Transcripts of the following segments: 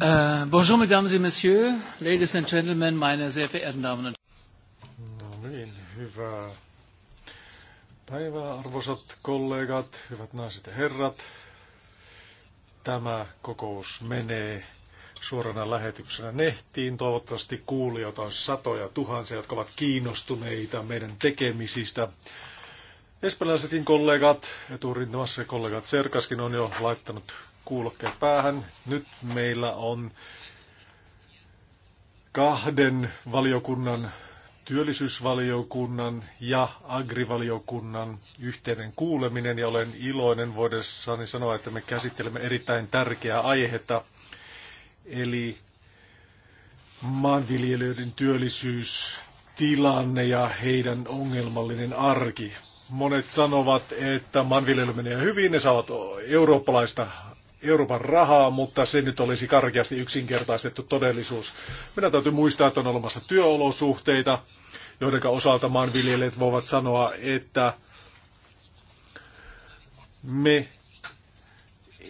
Uh, bonjour, mesdames et messieurs, ladies and gentlemen, meine sehr verehrten Damen und No niin, hyvää päivää, arvoisat kollegat, hyvät naiset ja herrat. Tämä kokous menee suorana lähetyksenä nehtiin. Toivottavasti kuulijoita on satoja tuhansia, jotka ovat kiinnostuneita meidän tekemisistä. Espanjalaisetkin kollegat, eturintamassa kollegat Serkaskin on jo laittanut kuulokkeen päähän. Nyt meillä on kahden valiokunnan, työllisyysvaliokunnan ja agrivaliokunnan yhteinen kuuleminen ja olen iloinen voidessani sanoa, että me käsittelemme erittäin tärkeää aihetta, eli maanviljelijöiden työllisyystilanne ja heidän ongelmallinen arki. Monet sanovat, että maanviljely menee hyvin, ne saavat eurooppalaista Euroopan rahaa, mutta se nyt olisi karkeasti yksinkertaistettu todellisuus. Meidän täytyy muistaa, että on olemassa työolosuhteita, joiden osalta maanviljelijät voivat sanoa, että me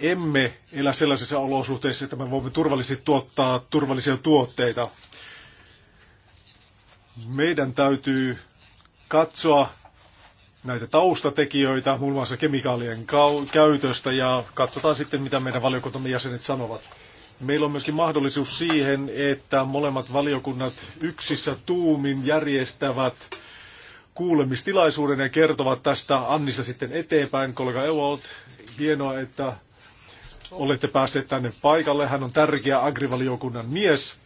emme elä sellaisissa olosuhteissa, että me voimme turvallisesti tuottaa turvallisia tuotteita. Meidän täytyy katsoa näitä taustatekijöitä, muun muassa kemikaalien käytöstä, ja katsotaan sitten, mitä meidän valiokuntamme jäsenet sanovat. Meillä on myöskin mahdollisuus siihen, että molemmat valiokunnat yksissä tuumin järjestävät kuulemistilaisuuden ja kertovat tästä Annissa sitten eteenpäin. Kollega Ewout, hienoa, että olette päässeet tänne paikalle. Hän on tärkeä agrivaliokunnan mies.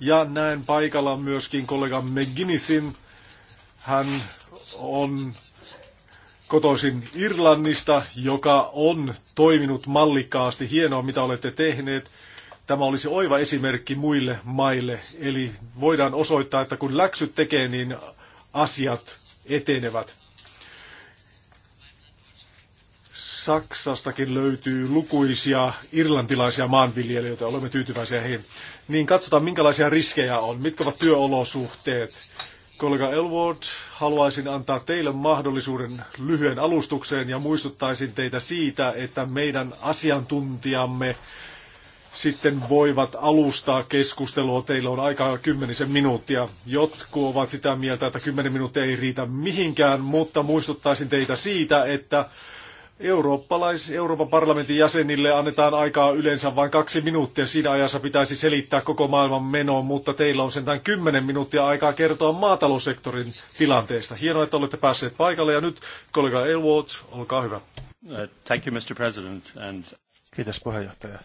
Ja näen paikalla myöskin kollega McGinnisin. Hän on kotoisin Irlannista, joka on toiminut mallikkaasti. Hienoa, mitä olette tehneet. Tämä olisi oiva esimerkki muille maille. Eli voidaan osoittaa, että kun läksyt tekee, niin asiat etenevät. Saksastakin löytyy lukuisia irlantilaisia maanviljelijöitä, olemme tyytyväisiä heihin. Niin katsotaan, minkälaisia riskejä on, mitkä ovat työolosuhteet, Kollega Elwood, haluaisin antaa teille mahdollisuuden lyhyen alustukseen ja muistuttaisin teitä siitä, että meidän asiantuntijamme sitten voivat alustaa keskustelua. Teillä on aikaa kymmenisen minuuttia. Jotkut ovat sitä mieltä, että kymmenen minuuttia ei riitä mihinkään, mutta muistuttaisin teitä siitä, että Eurooppalais, Euroopan parlamentin jäsenille annetaan aikaa yleensä vain kaksi minuuttia. Siinä ajassa pitäisi selittää koko maailman meno, mutta teillä on sentään kymmenen minuuttia aikaa kertoa maataloussektorin tilanteesta. Hienoa, että olette päässeet paikalle ja nyt kollega Elwood, olkaa hyvä. Uh, thank you, Mr. President. And... Kiitos puheenjohtaja.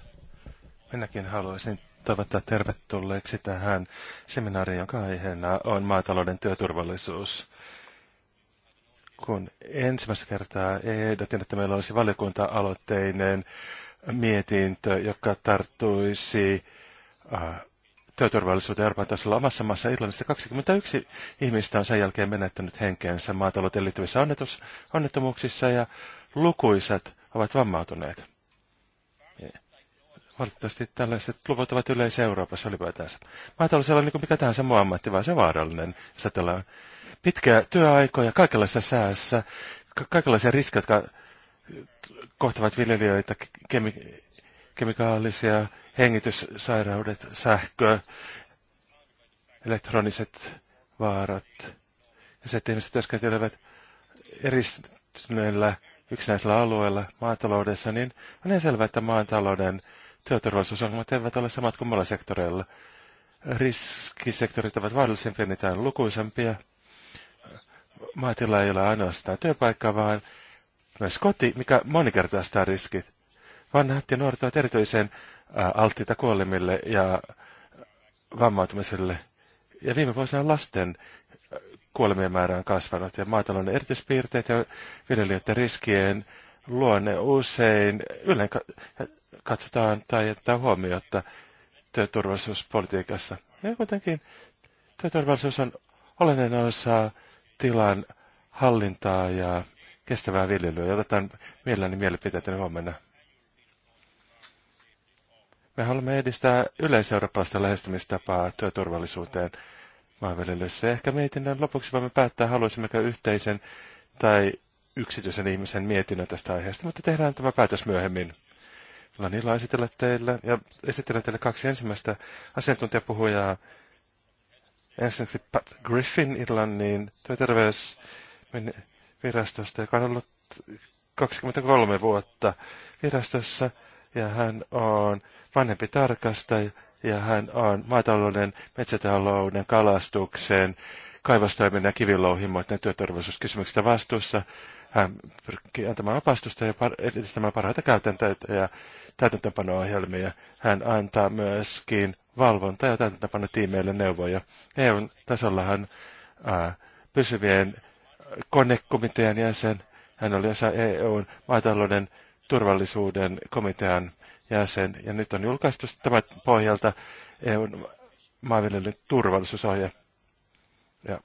Minäkin haluaisin toivottaa tervetulleeksi tähän seminaariin, jonka aiheena on maatalouden työturvallisuus kun ensimmäistä kertaa ehdotin, että meillä olisi valiokunta-aloitteinen mietintö, joka tarttuisi äh, työturvallisuuteen Euroopan tasolla omassa maassa Irlannissa. 21 ihmistä on sen jälkeen menettänyt henkeensä maatalouteen liittyvissä onnettomuuksissa ja lukuisat ovat vammautuneet. Valitettavasti tällaiset luvut ovat yleisiä Euroopassa ylipäätänsä. Maatalous ei ole niin kuin mikä tahansa muu ammatti, vaan se on vaarallinen, jos ajatellaan pitkiä työaikoja kaikenlaisessa säässä, ka- kaikenlaisia riskejä, jotka kohtavat viljelijöitä, kemi- kemikaalisia, hengityssairaudet, sähkö, elektroniset vaarat. Ja se, että ihmiset työskentelevät eristyneillä yksinäisellä alueella maataloudessa, niin on ihan selvää, että maatalouden työturvallisuusongelmat eivät ole samat kuin muilla sektoreilla. Riskisektorit ovat vaarallisempia, niitä on lukuisempia maatila ei ole ainoastaan työpaikka, vaan myös koti, mikä moninkertaistaa riskit. Vanhat ja nuoret ovat erityisen alttiita kuolemille ja vammautumiselle. Ja viime vuosina lasten kuolemien määrä on kasvanut ja maatalouden erityispiirteet ja viljelijöiden riskien luonne usein yleensä katsotaan tai jättää huomiota työturvallisuuspolitiikassa. Ja kuitenkin työturvallisuus on olennainen osa tilan hallintaa ja kestävää viljelyä. Ja otetaan mielelläni mielipiteitä niin huomenna. Me haluamme edistää yleiseurooppalaista lähestymistapaa työturvallisuuteen maanviljelyssä. Ehkä mietinnön lopuksi voimme päättää, haluaisimmeko yhteisen tai yksityisen ihmisen mietinnön tästä aiheesta, mutta tehdään tämä päätös myöhemmin. ilo esitellä teille ja esitellä teille kaksi ensimmäistä asiantuntijapuhujaa Ensinnäkin Pat Griffin Irlannin työterveysvirastosta, joka on ollut 23 vuotta virastossa, ja hän on vanhempi tarkastaja, ja hän on maatalouden, metsätalouden, kalastuksen, kaivastoiminnan ja kivilouhimoiden työterveyskysymyksistä vastuussa. Hän pyrkii antamaan opastusta ja edistämään parhaita käytäntöitä ja täytäntöönpano-ohjelmia. Hän antaa myöskin valvonta- ja tiimeille neuvoja. EUn tasollahan ää, pysyvien konekomitean jäsen, hän oli osa EUn maatalouden turvallisuuden komitean jäsen, ja nyt on julkaistu tämän pohjalta EUn maanviljelyn turvallisuusohje. Ja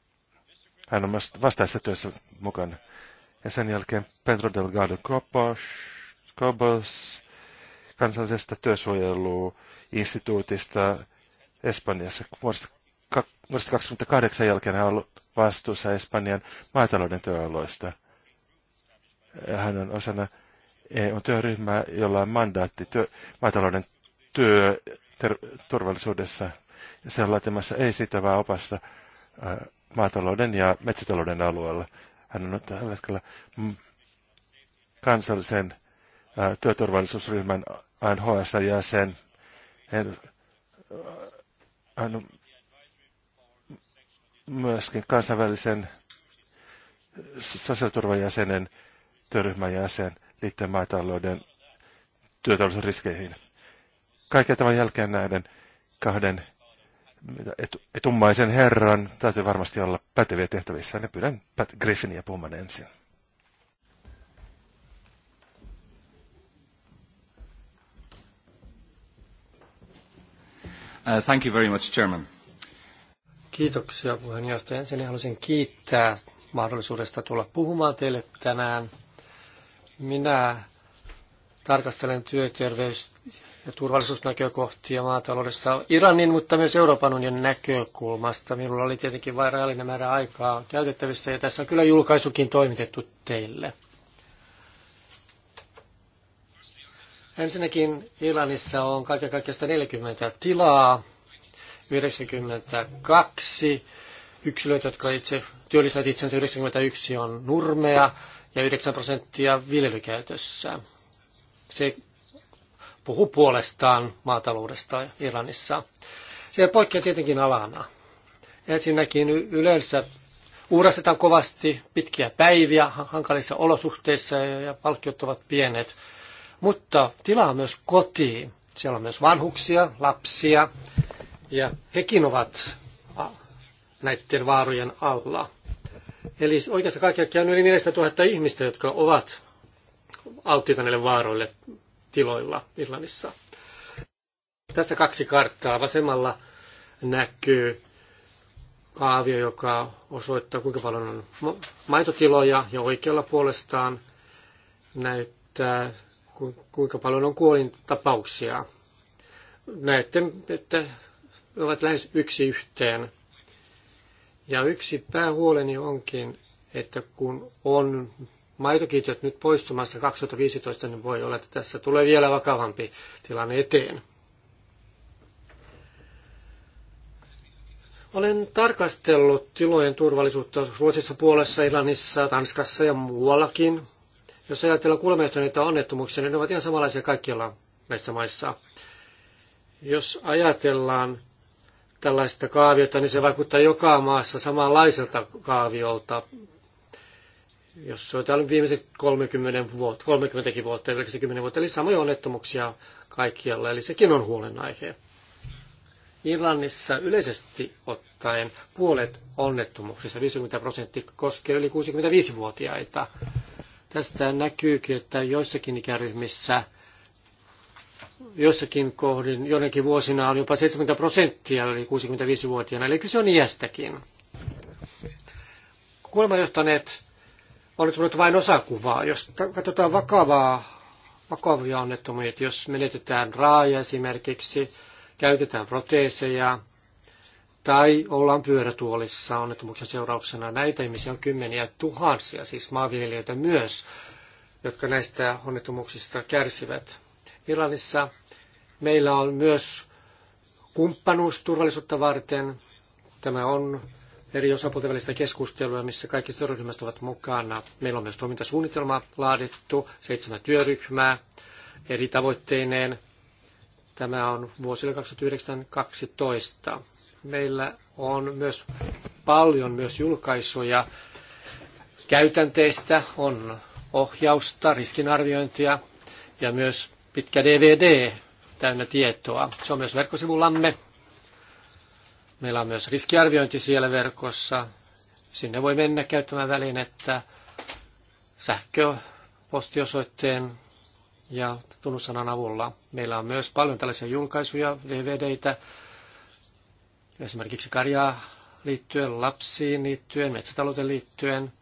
hän on myös vastaessa työssä mukana. Ja sen jälkeen Pedro Delgado Cobos, Cobos kansallisesta työsuojeluinstituutista Espanjassa. Vuodesta 2008 jälkeen hän on ollut vastuussa Espanjan maatalouden työoloista. Hän on osana EU-työryhmää, jolla on mandaatti työ, maatalouden työturvallisuudessa. Ja se on laitamassa ei-sitävää opasta maatalouden ja metsätalouden alueella. Hän on tällä hetkellä kansallisen työturvallisuusryhmän ANHS-jäsen. Hän, on myöskin kansainvälisen jäsenen työryhmän jäsen liittyen maatalouden työtalousriskeihin. Kaiken tämän jälkeen näiden kahden etummaisen herran täytyy varmasti olla päteviä tehtävissä. Ne niin pyydän Pat Griffinia puhumaan ensin. Uh, thank you very much, Chairman. Kiitoksia puheenjohtaja. Ensin haluaisin kiittää mahdollisuudesta tulla puhumaan teille tänään. Minä tarkastelen työterveys- ja turvallisuusnäkökohtia maataloudessa Iranin, mutta myös Euroopan unionin näkökulmasta. Minulla oli tietenkin vain rajallinen määrä aikaa käytettävissä ja tässä on kyllä julkaisukin toimitettu teille. Ensinnäkin Ilanissa on kaiken kaikkiaan 40 tilaa, 92 yksilöitä, jotka itse työllistävät itsensä, 91 on nurmea ja 9 prosenttia viljelykäytössä. Se puhuu puolestaan maataloudesta Iranissa. Se poikkeaa tietenkin alana. Ensinnäkin yleensä uurastetaan kovasti pitkiä päiviä hankalissa olosuhteissa ja palkkiot ovat pienet. Mutta tilaa myös kotiin. Siellä on myös vanhuksia, lapsia ja hekin ovat näiden vaarojen alla. Eli oikeastaan kaikkiaan on yli 4000 ihmistä, jotka ovat alttiita näille vaaroille tiloilla Irlannissa. Tässä kaksi karttaa. Vasemmalla näkyy kaavio, joka osoittaa kuinka paljon on maitotiloja ja oikealla puolestaan näyttää kuinka paljon on kuolin tapauksia. Näette, että ovat lähes yksi yhteen. Ja yksi päähuoleni onkin, että kun on maitokiitot nyt poistumassa 2015, niin voi olla, että tässä tulee vielä vakavampi tilanne eteen. Olen tarkastellut tilojen turvallisuutta Ruotsissa, Puolessa, Iranissa, Tanskassa ja muuallakin. Jos ajatellaan kuolemehtoneita onnettomuuksia, niin ne ovat ihan samanlaisia kaikkialla näissä maissa. Jos ajatellaan tällaista kaaviota, niin se vaikuttaa joka maassa samanlaiselta kaaviolta. Jos se on täällä viimeiset 30 vuotta, 30 vuotta, 90 vuotta, eli samoja onnettomuuksia kaikkialla, eli sekin on huolenaihe. Irlannissa yleisesti ottaen puolet onnettomuuksista, 50 prosenttia, koskee yli 65-vuotiaita. Tästä näkyykin, että joissakin ikäryhmissä, joissakin kohdin, jonnekin vuosina oli jopa 70 prosenttia, eli 65-vuotiaana, eli kyse on iästäkin. Kuolemanjohtaneet onnettomuudet vain osakuvaa. Jos katsotaan vakavaa, vakavia onnettomuuksia, jos menetetään raaja esimerkiksi, käytetään proteeseja, tai ollaan pyörätuolissa onnettomuuksien seurauksena. Näitä ihmisiä on kymmeniä tuhansia, siis maanviljelijöitä myös, jotka näistä onnettomuuksista kärsivät. Iranissa meillä on myös kumppanuus turvallisuutta varten. Tämä on eri osapuolten välistä keskustelua, missä kaikki työryhmät ovat mukana. Meillä on myös toimintasuunnitelma laadittu, seitsemän työryhmää eri tavoitteineen. Tämä on vuosille 2019 meillä on myös paljon myös julkaisuja käytänteistä, on ohjausta, riskinarviointia ja myös pitkä DVD täynnä tietoa. Se on myös verkkosivullamme. Meillä on myös riskiarviointi siellä verkossa. Sinne voi mennä käyttämään välinettä sähköpostiosoitteen ja tunnussanan avulla. Meillä on myös paljon tällaisia julkaisuja, DVDitä, esimerkiksi karjaa liittyen, lapsiin liittyen, metsätalouteen liittyen.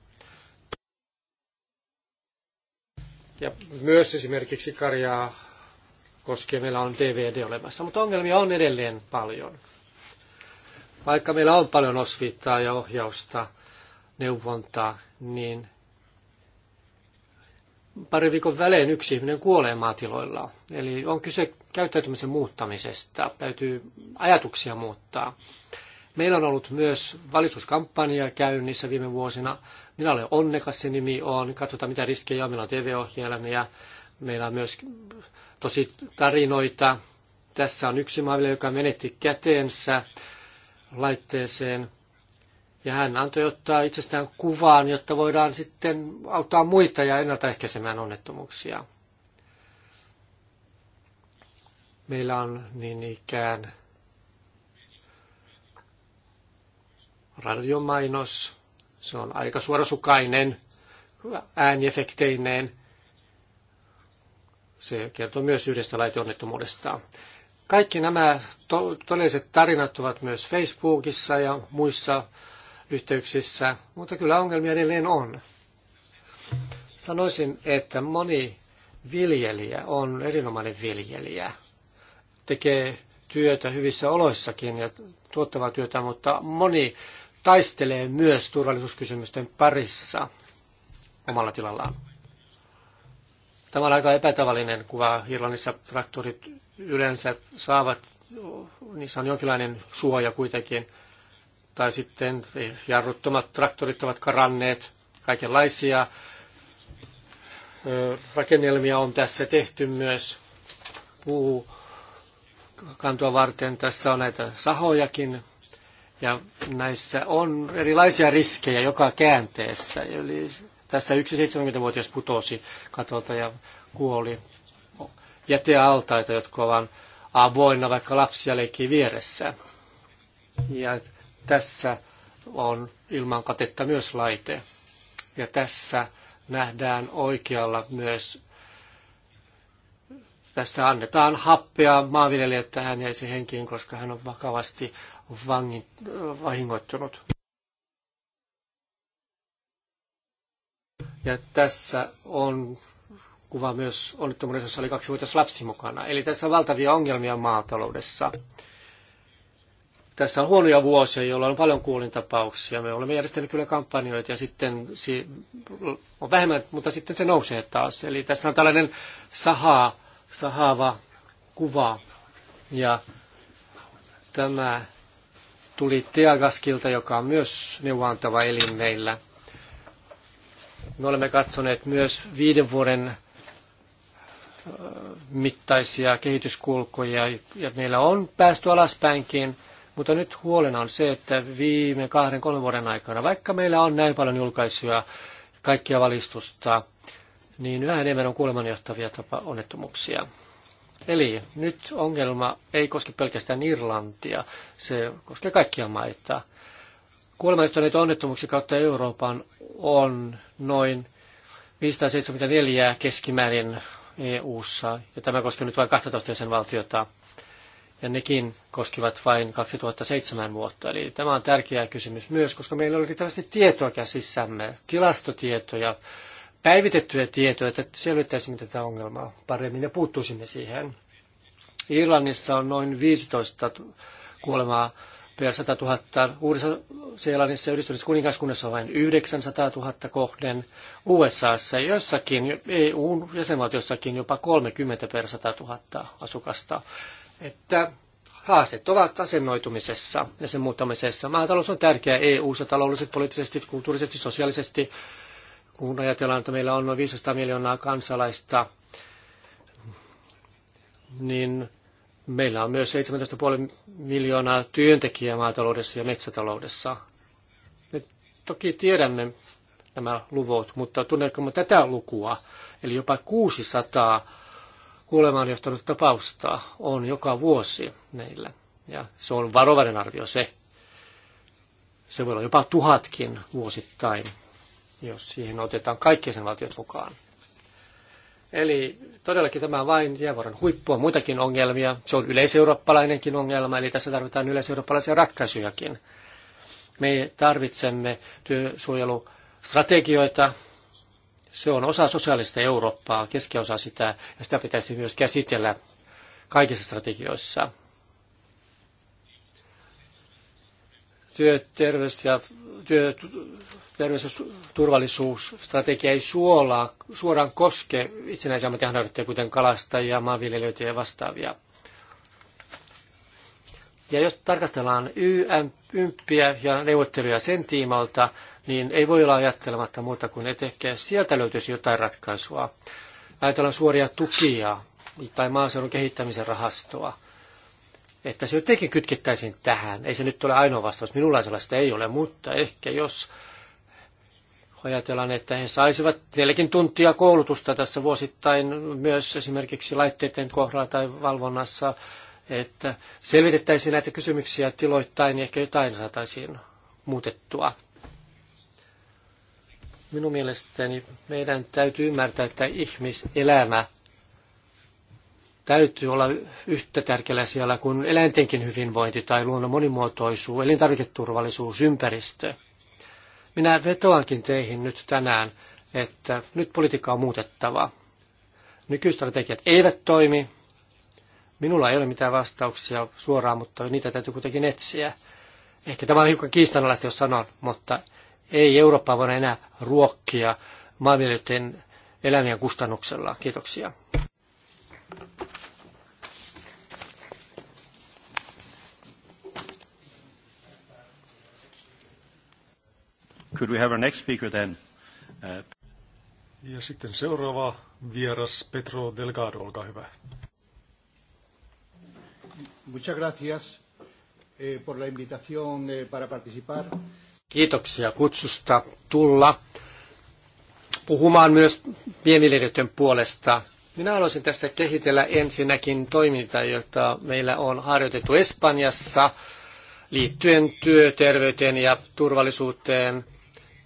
Ja myös esimerkiksi karjaa koskien meillä on DVD olemassa, mutta ongelmia on edelleen paljon. Vaikka meillä on paljon osviittaa ja ohjausta, neuvontaa, niin pari viikon välein yksi ihminen kuolee maatiloilla. Eli on kyse käyttäytymisen muuttamisesta, täytyy ajatuksia muuttaa. Meillä on ollut myös valituskampanja käynnissä viime vuosina. Minä olen onnekas, se nimi on. Katsotaan, mitä riskejä on. Meillä on TV-ohjelmia. Meillä on myös tosi tarinoita. Tässä on yksi maaville, joka menetti käteensä laitteeseen – ja hän antoi ottaa itsestään kuvaan, jotta voidaan sitten auttaa muita ja ennaltaehkäisemään onnettomuuksia. Meillä on niin ikään radiomainos. Se on aika suorasukainen, ääniefekteineen. Se kertoo myös yhdestä laiteonnettomuudesta. Kaikki nämä to- todelliset tarinat ovat myös Facebookissa ja muissa yhteyksissä, mutta kyllä ongelmia edelleen on. Sanoisin, että moni viljelijä on erinomainen viljelijä. Tekee työtä hyvissä oloissakin ja tuottavaa työtä, mutta moni taistelee myös turvallisuuskysymysten parissa omalla tilallaan. Tämä on aika epätavallinen kuva. Irlannissa traktorit yleensä saavat, niissä on jonkinlainen suoja kuitenkin – tai sitten jarruttomat traktorit ovat karanneet, kaikenlaisia rakennelmia on tässä tehty myös puu kantoa varten. Tässä on näitä sahojakin ja näissä on erilaisia riskejä joka käänteessä. Eli tässä yksi 70-vuotias putosi katolta ja kuoli jätealtaita, jotka ovat avoinna, vaikka lapsia leikkii vieressä. Ja tässä on ilman katetta myös laite. Ja tässä nähdään oikealla myös, tässä annetaan happea maanviljelijät tähän hän jäisi henkiin, koska hän on vakavasti vangin, vahingoittunut. Ja tässä on kuva myös onnettomuudessa, jossa oli vuotias lapsi mukana. Eli tässä on valtavia ongelmia maataloudessa. Tässä on huonoja vuosia, jolloin on paljon kuolintapauksia. Me olemme järjestäneet kyllä kampanjoita ja sitten si- on vähemmän, mutta sitten se nousee taas. Eli tässä on tällainen sahaa, sahaava kuva. Ja tämä tuli Teagaskilta, joka on myös neuvoantava elin meillä. Me olemme katsoneet myös viiden vuoden äh, mittaisia kehityskulkuja ja meillä on päästy alaspäinkin mutta nyt huolena on se, että viime kahden, kolmen vuoden aikana, vaikka meillä on näin paljon julkaisuja, kaikkia valistusta, niin yhä enemmän on kuolemanjohtavia tapa onnettomuuksia. Eli nyt ongelma ei koske pelkästään Irlantia, se koskee kaikkia maita. Kuolemanjohtaneita onnettomuuksia kautta Euroopan on noin 574 keskimäärin EU-ssa, ja tämä koskee nyt vain 12 jäsenvaltiota ja nekin koskivat vain 2007 vuotta. Eli tämä on tärkeä kysymys myös, koska meillä oli tällaista tietoa käsissämme, tilastotietoja, päivitettyjä tietoja, että selvittäisimme tätä ongelmaa paremmin ja puuttuisimme siihen. Irlannissa on noin 15 kuolemaa per 100 000. Uudessa-Seelannissa ja yhdistyneessä kuningaskunnassa on vain 900 000 kohden. USAssa jossakin, eu jäsenvaltiossakin jopa 30 per 100 000 asukasta että haasteet ovat asennoitumisessa ja sen muuttamisessa. Maatalous on tärkeä EU-ssa taloudellisesti, poliittisesti, kulttuurisesti, sosiaalisesti. Kun ajatellaan, että meillä on noin 500 miljoonaa kansalaista, niin meillä on myös 17,5 miljoonaa työntekijää maataloudessa ja metsätaloudessa. Me toki tiedämme nämä luvut, mutta me tätä lukua, eli jopa 600 kuolemaan johtanut tapausta on joka vuosi meillä. Ja se on varovainen arvio se. Se voi olla jopa tuhatkin vuosittain, jos siihen otetaan kaikki valtiot mukaan. Eli todellakin tämä on vain jäävuoren huippua, muitakin ongelmia. Se on yleiseurooppalainenkin ongelma, eli tässä tarvitaan yleiseurooppalaisia ratkaisujakin. Me tarvitsemme työsuojelustrategioita, se on osa sosiaalista Eurooppaa, keskiosa sitä, ja sitä pitäisi myös käsitellä kaikissa strategioissa. Työterveys ja, työterveys ja turvallisuusstrategia ei suola, suoraan koske itsenäisiä ammattiharjoittajia, kuten kalastajia, maanviljelijöitä ja vastaavia. Ja jos tarkastellaan YMPiä ja neuvotteluja sen tiimalta, niin ei voi olla ajattelematta muuta kuin, että ehkä sieltä löytyisi jotain ratkaisua. Ajatellaan suoria tukia tai maaseudun kehittämisen rahastoa, että se jotenkin kytkettäisiin tähän. Ei se nyt ole ainoa vastaus, minulla sellaista ei ole, mutta ehkä jos ajatellaan, että he saisivat neljäkin tuntia koulutusta tässä vuosittain myös esimerkiksi laitteiden kohdalla tai valvonnassa, että selvitettäisiin näitä kysymyksiä tiloittain, niin ehkä jotain saataisiin muutettua. Minun mielestäni meidän täytyy ymmärtää, että ihmiselämä täytyy olla yhtä tärkeällä siellä kuin eläintenkin hyvinvointi tai luonnon monimuotoisuus, elintarviketurvallisuus, ympäristö. Minä vetoankin teihin nyt tänään, että nyt politiikka on muutettava. Nykystrategiat eivät toimi. Minulla ei ole mitään vastauksia suoraan, mutta niitä täytyy kuitenkin etsiä. Ehkä tämä on hiukan kiistanalaista, jos sanon, mutta ei Eurooppaa voida enää ruokkia maanviljelijöiden elämien kustannuksella. Kiitoksia. Could we have our next speaker then? Uh... Ja sitten seuraava vieras, Petro Delgado, olkaa hyvä. Muchas gracias eh, por la invitación eh, para participar. Kiitoksia kutsusta tulla puhumaan myös pienviljelijöiden puolesta. Minä haluaisin tästä kehitellä ensinnäkin toimintaa, jota meillä on harjoitettu Espanjassa liittyen työterveyteen ja turvallisuuteen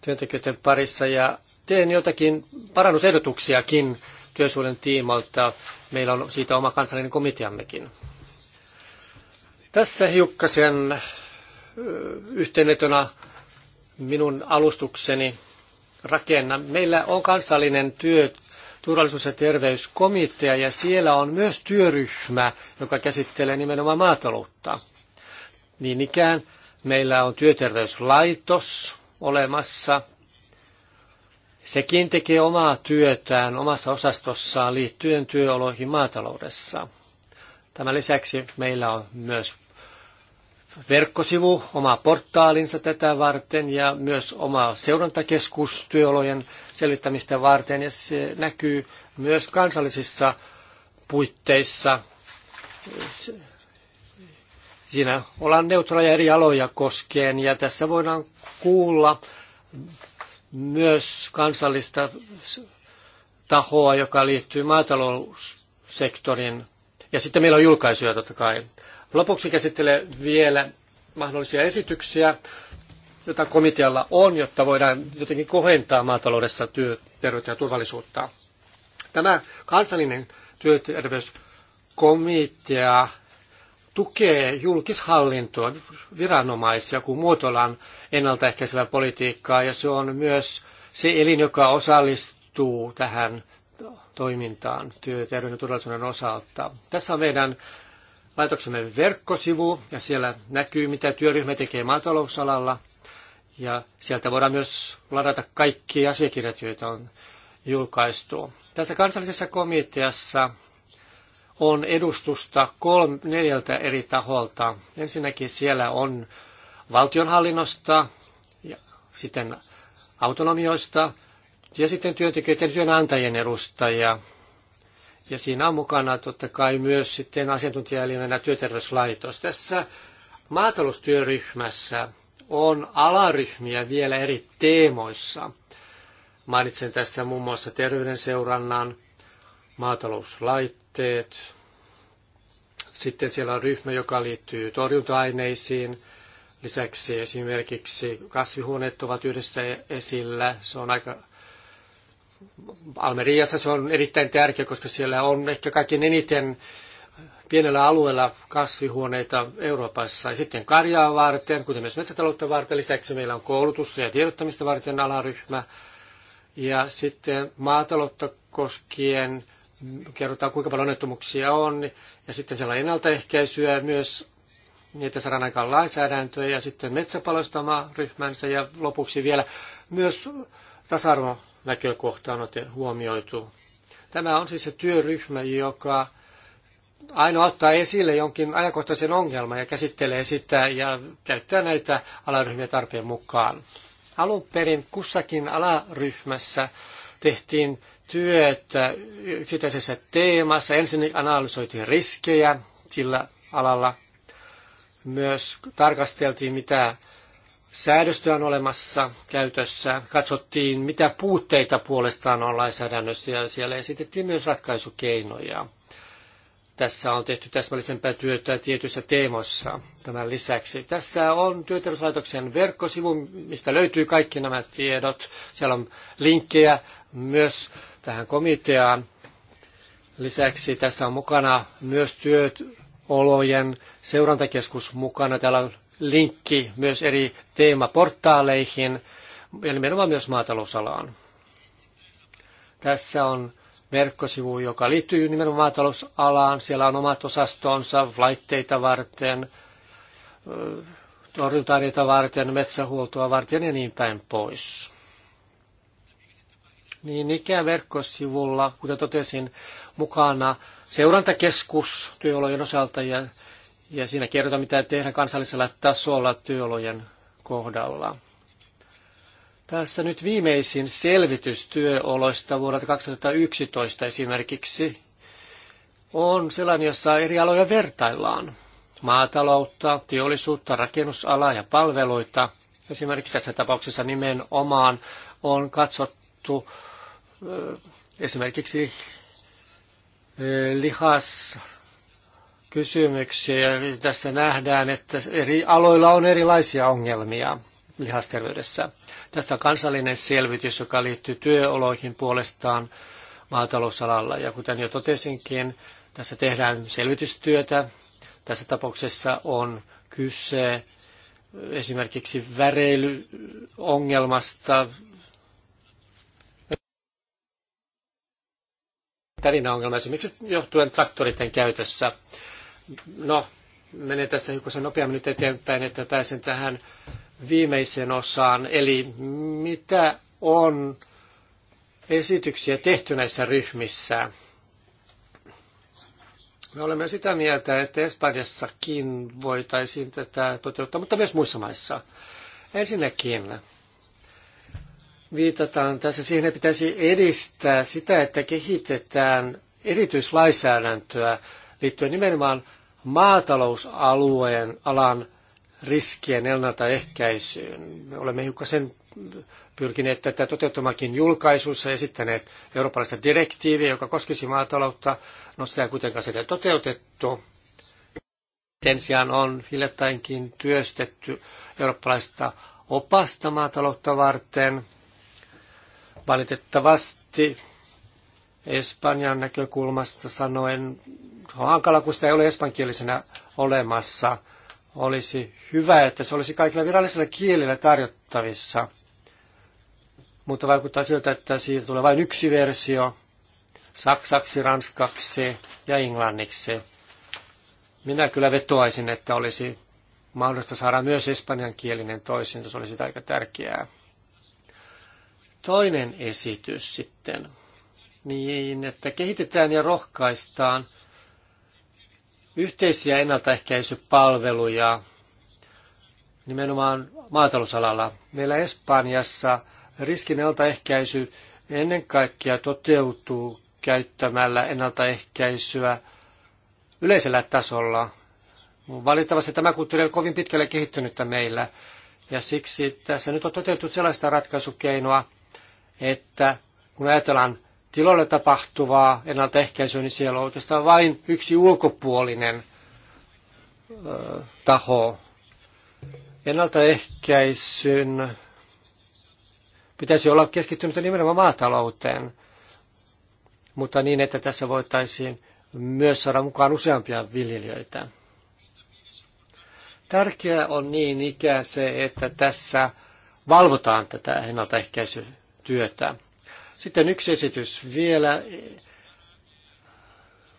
työntekijöiden parissa ja teen jotakin parannusehdotuksiakin työsuojelun tiimalta. Meillä on siitä oma kansallinen komiteammekin. Tässä hiukkasen yhteenvetona minun alustukseni rakenna. Meillä on kansallinen työ, turvallisuus- ja terveyskomitea ja siellä on myös työryhmä, joka käsittelee nimenomaan maataloutta. Niin ikään meillä on työterveyslaitos olemassa. Sekin tekee omaa työtään omassa osastossaan liittyen työoloihin maataloudessa. Tämän lisäksi meillä on myös verkkosivu, oma portaalinsa tätä varten ja myös oma seurantakeskus työolojen selvittämistä varten ja se näkyy myös kansallisissa puitteissa. Siinä ollaan neutraaleja eri aloja koskien ja tässä voidaan kuulla myös kansallista tahoa, joka liittyy maataloussektorin. Ja sitten meillä on julkaisuja totta kai Lopuksi käsittelen vielä mahdollisia esityksiä, joita komitealla on, jotta voidaan jotenkin kohentaa maataloudessa työterveyttä ja turvallisuutta. Tämä kansallinen työterveyskomitea tukee julkishallintoa, viranomaisia, kun muotoillaan ennaltaehkäisevää politiikkaa, ja se on myös se elin, joka osallistuu tähän toimintaan työterveyden ja turvallisuuden osalta. Tässä on meidän laitoksemme verkkosivu ja siellä näkyy, mitä työryhmä tekee maatalousalalla. Ja sieltä voidaan myös ladata kaikki asiakirjat, joita on julkaistu. Tässä kansallisessa komiteassa on edustusta kolm, neljältä eri taholta. Ensinnäkin siellä on valtionhallinnosta, ja sitten autonomioista ja sitten työntekijöiden työnantajien edustajia ja siinä on mukana totta kai myös sitten asiantuntijaelimenä työterveyslaitos. Tässä maataloustyöryhmässä on alaryhmiä vielä eri teemoissa. Mainitsen tässä muun muassa terveyden seurannan, maatalouslaitteet. Sitten siellä on ryhmä, joka liittyy torjunta-aineisiin. Lisäksi esimerkiksi kasvihuoneet ovat yhdessä esillä. Se on aika Almeriassa se on erittäin tärkeä, koska siellä on ehkä kaikkein eniten pienellä alueella kasvihuoneita Euroopassa. Ja sitten karjaa varten, kuten myös metsätaloutta varten, lisäksi meillä on koulutusta ja tiedottamista varten alaryhmä. Ja sitten maataloutta koskien kerrotaan, kuinka paljon onnettomuuksia on. Ja sitten siellä on ennaltaehkäisyä myös, niin että saadaan aikaan lainsäädäntöä. Ja sitten metsäpaloista oma ryhmänsä. Ja lopuksi vielä myös tasa-arvon näkökohta on huomioitu. Tämä on siis se työryhmä, joka aina ottaa esille jonkin ajankohtaisen ongelman ja käsittelee sitä ja käyttää näitä alaryhmiä tarpeen mukaan. Alun perin kussakin alaryhmässä tehtiin työtä yksittäisessä teemassa. Ensin analysoitiin riskejä sillä alalla. Myös tarkasteltiin, mitä säädöstö on olemassa käytössä. Katsottiin, mitä puutteita puolestaan on lainsäädännössä ja siellä esitettiin myös ratkaisukeinoja. Tässä on tehty täsmällisempää työtä tietyissä teemoissa tämän lisäksi. Tässä on työterveyslaitoksen verkkosivu, mistä löytyy kaikki nämä tiedot. Siellä on linkkejä myös tähän komiteaan. Lisäksi tässä on mukana myös työolojen seurantakeskus mukana. Täällä linkki myös eri teemaportaaleihin ja nimenomaan myös maatalousalaan. Tässä on verkkosivu, joka liittyy nimenomaan maatalousalaan. Siellä on omat osastonsa laitteita varten, torjuntarjota varten, metsähuoltoa varten ja niin päin pois. Niin ikään verkkosivulla, kuten totesin, mukana seurantakeskus työolojen osalta ja ja siinä kerrotaan, mitä tehdään kansallisella tasolla työolojen kohdalla. Tässä nyt viimeisin selvitys työoloista vuodelta 2011 esimerkiksi on sellainen, jossa eri aloja vertaillaan. Maataloutta, teollisuutta, rakennusalaa ja palveluita. Esimerkiksi tässä tapauksessa nimenomaan on katsottu esimerkiksi lihas kysymyksiä. Tässä nähdään, että eri aloilla on erilaisia ongelmia lihasterveydessä. Tässä on kansallinen selvitys, joka liittyy työoloihin puolestaan maatalousalalla. Ja kuten jo totesinkin, tässä tehdään selvitystyötä. Tässä tapauksessa on kyse esimerkiksi väreilyongelmasta, tärinäongelma esimerkiksi johtuen traktoriten käytössä. No, menen tässä hiukan nopeammin nyt eteenpäin, että pääsen tähän viimeiseen osaan. Eli mitä on esityksiä tehty näissä ryhmissä? Me olemme sitä mieltä, että Espanjassakin voitaisiin tätä toteuttaa, mutta myös muissa maissa. Ensinnäkin viitataan tässä siihen, että pitäisi edistää sitä, että kehitetään erityislainsäädäntöä liittyen nimenomaan maatalousalueen alan riskien ennaltaehkäisyyn. Me olemme hiukan sen pyrkineet tätä toteuttamakin julkaisuissa esittäneet eurooppalaista direktiiviä, joka koskisi maataloutta. No sitä ei kuitenkaan sitä toteutettu. Sen sijaan on hiljattainkin työstetty eurooppalaista opasta maataloutta varten. Valitettavasti Espanjan näkökulmasta sanoen hankala, kun sitä ei ole espankielisenä olemassa. Olisi hyvä, että se olisi kaikilla virallisilla kielillä tarjottavissa. Mutta vaikuttaa siltä, että siitä tulee vain yksi versio, saksaksi, ranskaksi ja englanniksi. Minä kyllä vetoaisin, että olisi mahdollista saada myös espanjankielinen toisin, se olisi aika tärkeää. Toinen esitys sitten, niin että kehitetään ja rohkaistaan yhteisiä ennaltaehkäisypalveluja nimenomaan maatalousalalla. Meillä Espanjassa riskin ennaltaehkäisy ennen kaikkea toteutuu käyttämällä ennaltaehkäisyä yleisellä tasolla. Valitettavasti tämä kulttuuri on kovin pitkälle kehittynyttä meillä, ja siksi tässä nyt on toteutettu sellaista ratkaisukeinoa, että kun ajatellaan tiloilla tapahtuvaa ennaltaehkäisyä, niin siellä on oikeastaan vain yksi ulkopuolinen ö, taho. Ennaltaehkäisyn pitäisi olla keskittynyt nimenomaan maatalouteen, mutta niin, että tässä voitaisiin myös saada mukaan useampia viljelijöitä. Tärkeää on niin ikään se, että tässä valvotaan tätä ennaltaehkäisytyötä. Sitten yksi esitys vielä.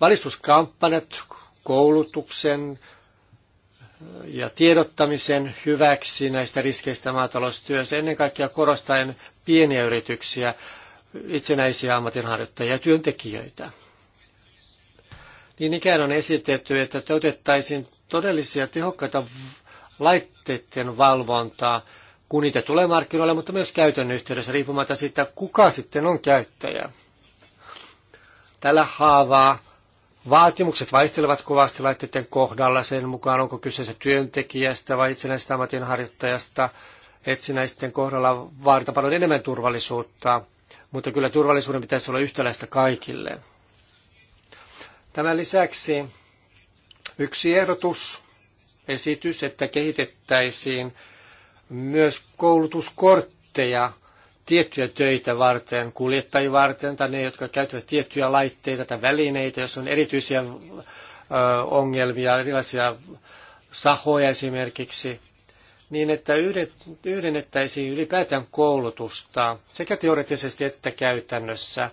Valistuskampanjat koulutuksen ja tiedottamisen hyväksi näistä riskeistä maataloustyössä, ennen kaikkea korostaen pieniä yrityksiä, itsenäisiä ammatinharjoittajia ja työntekijöitä. Niin ikään on esitetty, että otettaisiin todellisia tehokkaita laitteiden valvontaa, kun niitä tulee markkinoille, mutta myös käytön yhteydessä, riippumatta siitä, kuka sitten on käyttäjä. Tällä haavaa vaatimukset vaihtelevat kovasti laitteiden kohdalla sen mukaan, onko kyseessä työntekijästä vai itsenäisestä ammatinharjoittajasta. Etsinäisten kohdalla vaaditaan paljon enemmän turvallisuutta, mutta kyllä turvallisuuden pitäisi olla yhtäläistä kaikille. Tämän lisäksi yksi ehdotus, esitys, että kehitettäisiin myös koulutuskortteja tiettyjä töitä varten, kuljettajia varten tai ne, jotka käyttävät tiettyjä laitteita tai välineitä, jos on erityisiä ongelmia, erilaisia sahoja esimerkiksi, niin että yhdennettäisiin ylipäätään koulutusta sekä teoreettisesti että käytännössä,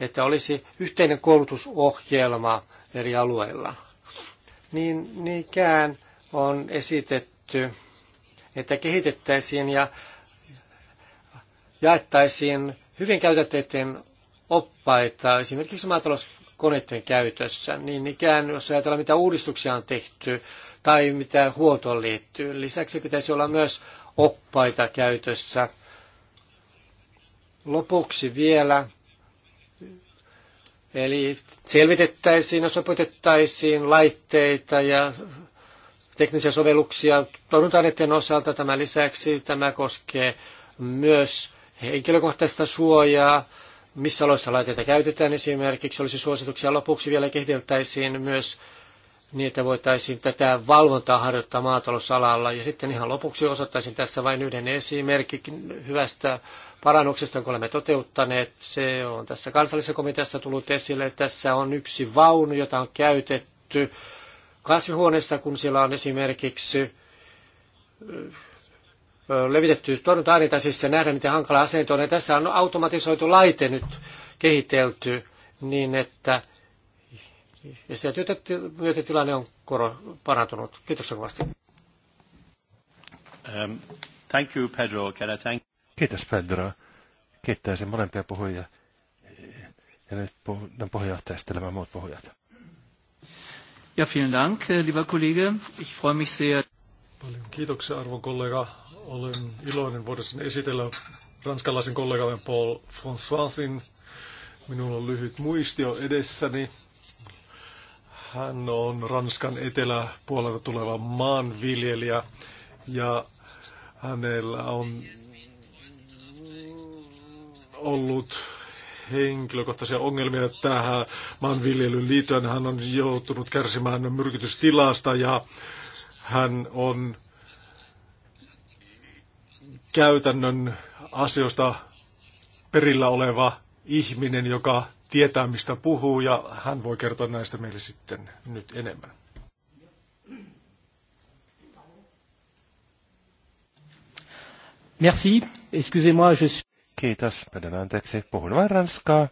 että olisi yhteinen koulutusohjelma eri alueilla. Niin, niin ikään on esitetty että kehitettäisiin ja jaettaisiin hyvin käytänteiden oppaita esimerkiksi maatalouskoneiden käytössä. Niin ikään, jos ajatellaan mitä uudistuksia on tehty tai mitä huoltoon liittyy. Lisäksi pitäisi olla myös oppaita käytössä. Lopuksi vielä Eli selvitettäisiin ja sopetettaisiin laitteita ja teknisiä sovelluksia torjunta-aineiden osalta. Tämän lisäksi tämä koskee myös henkilökohtaista suojaa, missä oloissa laitteita käytetään esimerkiksi. Olisi suosituksia lopuksi vielä kehiteltäisiin myös niin, että voitaisiin tätä valvontaa harjoittaa maatalousalalla. Ja sitten ihan lopuksi osoittaisin tässä vain yhden esimerkin hyvästä parannuksesta, jonka olemme toteuttaneet. Se on tässä kansallisessa komiteassa tullut esille. Tässä on yksi vaunu, jota on käytetty kasvihuoneessa, kun siellä on esimerkiksi levitetty torjunta-aineita, siis se nähdä, miten hankala asento on. Ja tässä on automatisoitu laite nyt kehitelty niin, että ja tilanne on koro, parantunut. Kiitoksia kovasti. Um, thank you, Pedro. Can I thank... Kiitos, Pedro. Kiittäisin molempia puhujia. Ja nyt puhun no, puheenjohtajasta nämä muut puhujat. Ja, vielen Dank, äh, lieber Kollege. Ich freue mich sehr. Paljon kiitoksia, arvon kollega. Olen iloinen voidessani esitellä ranskalaisen kollegamme Paul Françoisin. Minulla on lyhyt muistio edessäni. Hän on Ranskan eteläpuolelta tuleva maanviljelijä ja hänellä on ollut henkilökohtaisia ongelmia tähän maanviljelyyn liittyen. Hän on joutunut kärsimään myrkytystilasta ja hän on käytännön asioista perillä oleva ihminen, joka tietää mistä puhuu ja hän voi kertoa näistä meille sitten nyt enemmän. Merci. Excusez-moi, je suis... Kiitos, pyydän anteeksi. Puhun vain ranskaa.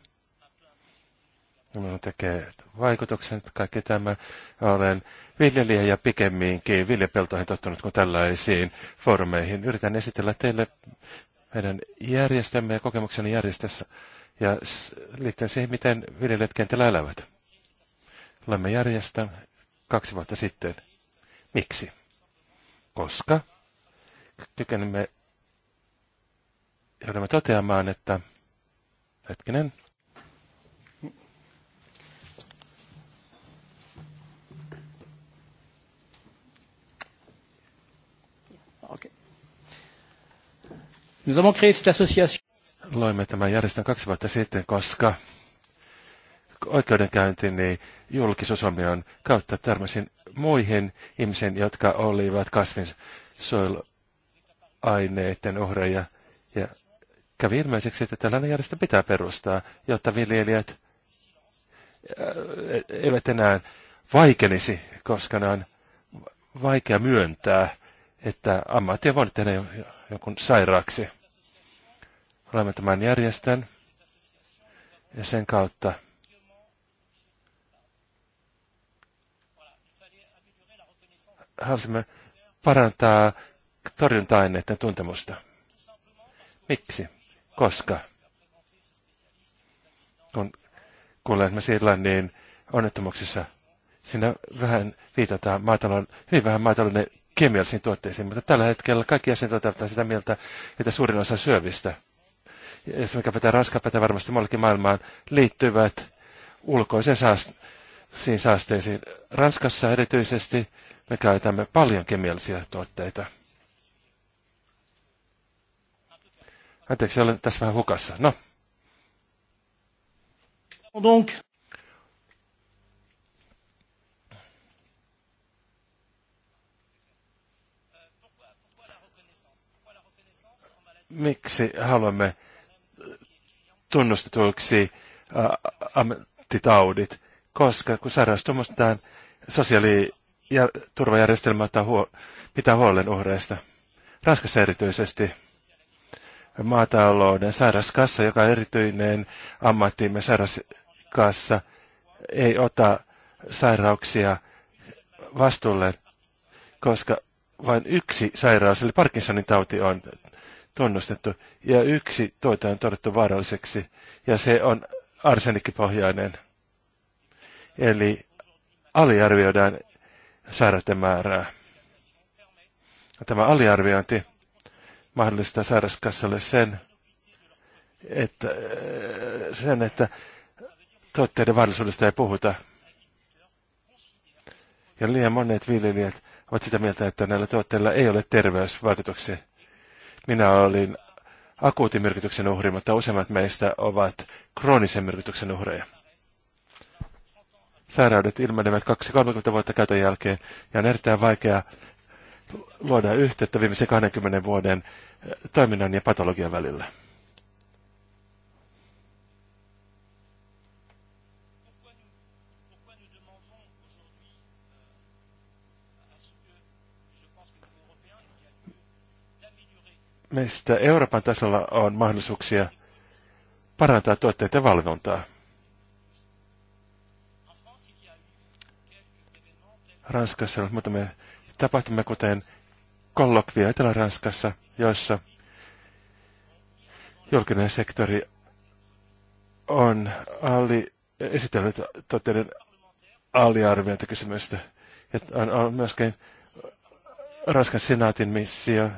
Minun tekee vaikutuksen kaikki tämä. Olen viljelijä ja pikemminkin viljepeltoihin tottunut kuin tällaisiin foorumeihin. Yritän esitellä teille meidän järjestämme ja kokemukseni järjestössä ja liittyen siihen, miten viljelijät kentällä elävät. Olemme järjestä kaksi vuotta sitten. Miksi? Koska kykenemme joudumme toteamaan, että hetkinen, Nous avons créé cette association. Loimme tämän järjestön kaksi vuotta sitten, koska oikeudenkäyntini niin julkisosomion kautta törmäsin muihin ihmisiin, jotka olivat kasvinsuojeluaineiden uhreja. Ja kävi ilmeiseksi, että tällainen järjestö pitää perustaa, jotta viljelijät e-, eivät enää vaikenisi, koska ne on vaikea myöntää, että ammatti on voinut tehdä jonkun sairaaksi. Olemme tämän järjestön ja sen kautta halusimme parantaa torjunta-aineiden tuntemusta. Miksi? Koska? Kun kuulen silloin, niin onnettomuuksissa siinä vähän viitataan maatalon, hyvin vähän maatalouden kemiallisiin tuotteisiin, mutta tällä hetkellä kaikki jäsenet ovat sitä mieltä, että suurin osa syövistä, ja se mikä vetää raskaapätä varmasti muillekin maailmaan, liittyvät ulkoiseen saasteisiin. Ranskassa erityisesti me käytämme paljon kemiallisia tuotteita. Anteeksi, olen tässä vähän hukassa. No. Donc. Miksi haluamme tunnustetuiksi äh, ammattitaudit? Koska kun sairaus tunnustetaan, sosiaaliturvajärjestelmä ottaa huo- pitää huolen uhreista. Ranskassa erityisesti – maatalouden sairaskassa, joka on erityinen ammattimme sairaskassa, ei ota sairauksia vastuulle, koska vain yksi sairaus, eli Parkinsonin tauti on tunnustettu, ja yksi tuote on todettu vaaralliseksi, ja se on arsenikkipohjainen. Eli aliarvioidaan sairaiden määrää. Tämä aliarviointi mahdollistaa sairaskassalle sen, että, sen, että tuotteiden vaarallisuudesta ei puhuta. Ja liian monet viljelijät ovat sitä mieltä, että näillä tuotteilla ei ole terveysvaikutuksia. Minä olin akuutin myrkytyksen uhri, mutta useimmat meistä ovat kroonisen myrkytyksen uhreja. Sairaudet ilmenevät 20 30 vuotta käytön jälkeen ja on erittäin vaikea Luodaan yhteyttä viimeisen 20 vuoden eh, toiminnan ja patologian välillä. meistä Euroopan tasolla on mahdollisuuksia parantaa tuotteiden valvontaa. Ranskassa on muutamia tapahtumia, kuten kollokvia Etelä-Ranskassa, joissa julkinen sektori on alli, esitellyt toteuden aliarviointikysymystä. on, on myöskin Ranskan senaatin missio,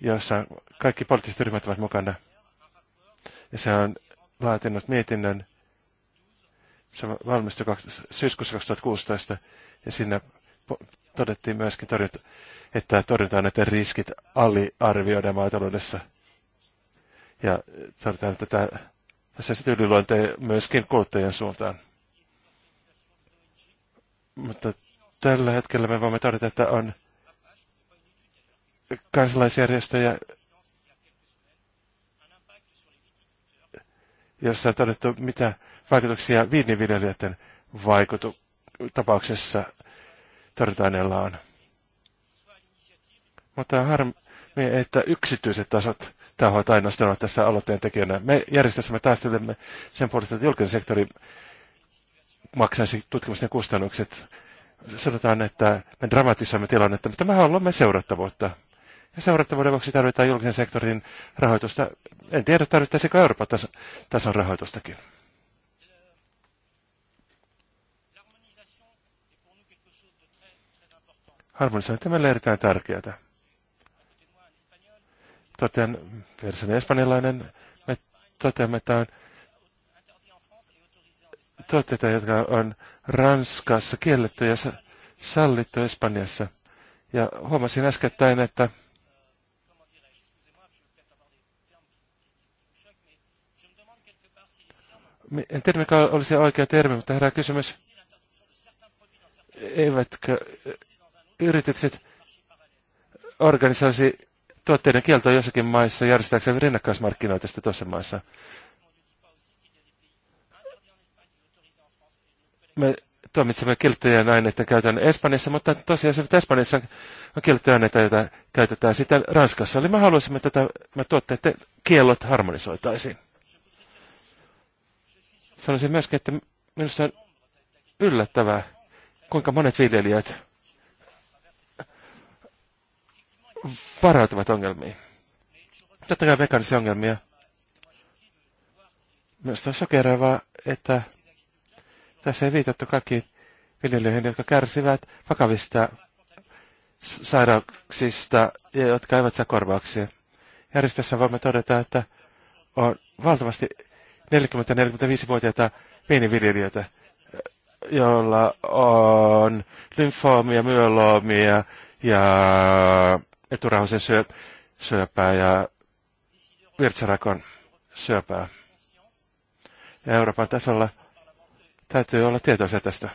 jossa kaikki poliittiset ryhmät ovat mukana. Ja se on laatinut mietinnön. Se valmistui syyskuussa 2016 ja siinä todettiin myöskin, torjunta, että torjutaan näiden riskit aliarvioidaan maataloudessa. Ja todetaan, että tämä, tässä sitten yliluontee myöskin kuluttajien suuntaan. Mutta tällä hetkellä me voimme todeta, että on kansalaisjärjestöjä, jossa on todettu, mitä vaikutuksia viiniviljelijöiden vaikutu- tapauksessa torjunta on. Mutta harmi, että yksityiset tasot tahot ainoastaan ovat tässä aloitteen tekijänä. Me järjestössä me taistelemme sen puolesta, että julkinen sektori maksaisi tutkimusten kustannukset. Sanotaan, että me dramatisoimme tilannetta, mutta me haluamme seurattavuutta. Ja seurattavuuden vuoksi tarvitaan julkisen sektorin rahoitusta. En tiedä, tarvittaisiko Euroopan tason rahoitustakin. Harmonisointi meille erittäin tärkeää. Totean, versen espanjalainen, me toteamme, että on tuotteita, jotka on Ranskassa kielletty ja sallittu Espanjassa. Ja huomasin äskettäin, että en tiedä mikä olisi oikea termi, mutta herää kysymys, eivätkö yritykset organisoisi tuotteiden kieltoa jossakin maissa järjestääkseen rinnakkaismarkkinoita sitten tuossa maissa. Me tuomitsemme kilttojen aineita käytön Espanjassa, mutta se, että Espanjassa on kilttoaineita, joita käytetään sitten Ranskassa. Eli me haluaisimme, että tämä tuotteiden kiellot harmonisoitaisiin. Sanoisin myöskin, että minusta on yllättävää, kuinka monet viljelijät varautuvat ongelmiin. Totta kai mekaanisia ongelmia. Myös on sokeraavaa, että tässä ei viitattu kaikkiin viljelijöihin, jotka kärsivät vakavista sairauksista ja jotka eivät saa korvauksia. Järjestössä voimme todeta, että on valtavasti 40-45-vuotiaita viiniviljelijöitä, joilla on lymfoomia, myöloomia ja eturauhasen syö, syöpää ja virtsarakon syöpää. Ja Euroopan tasolla täytyy olla tietoisia tästä.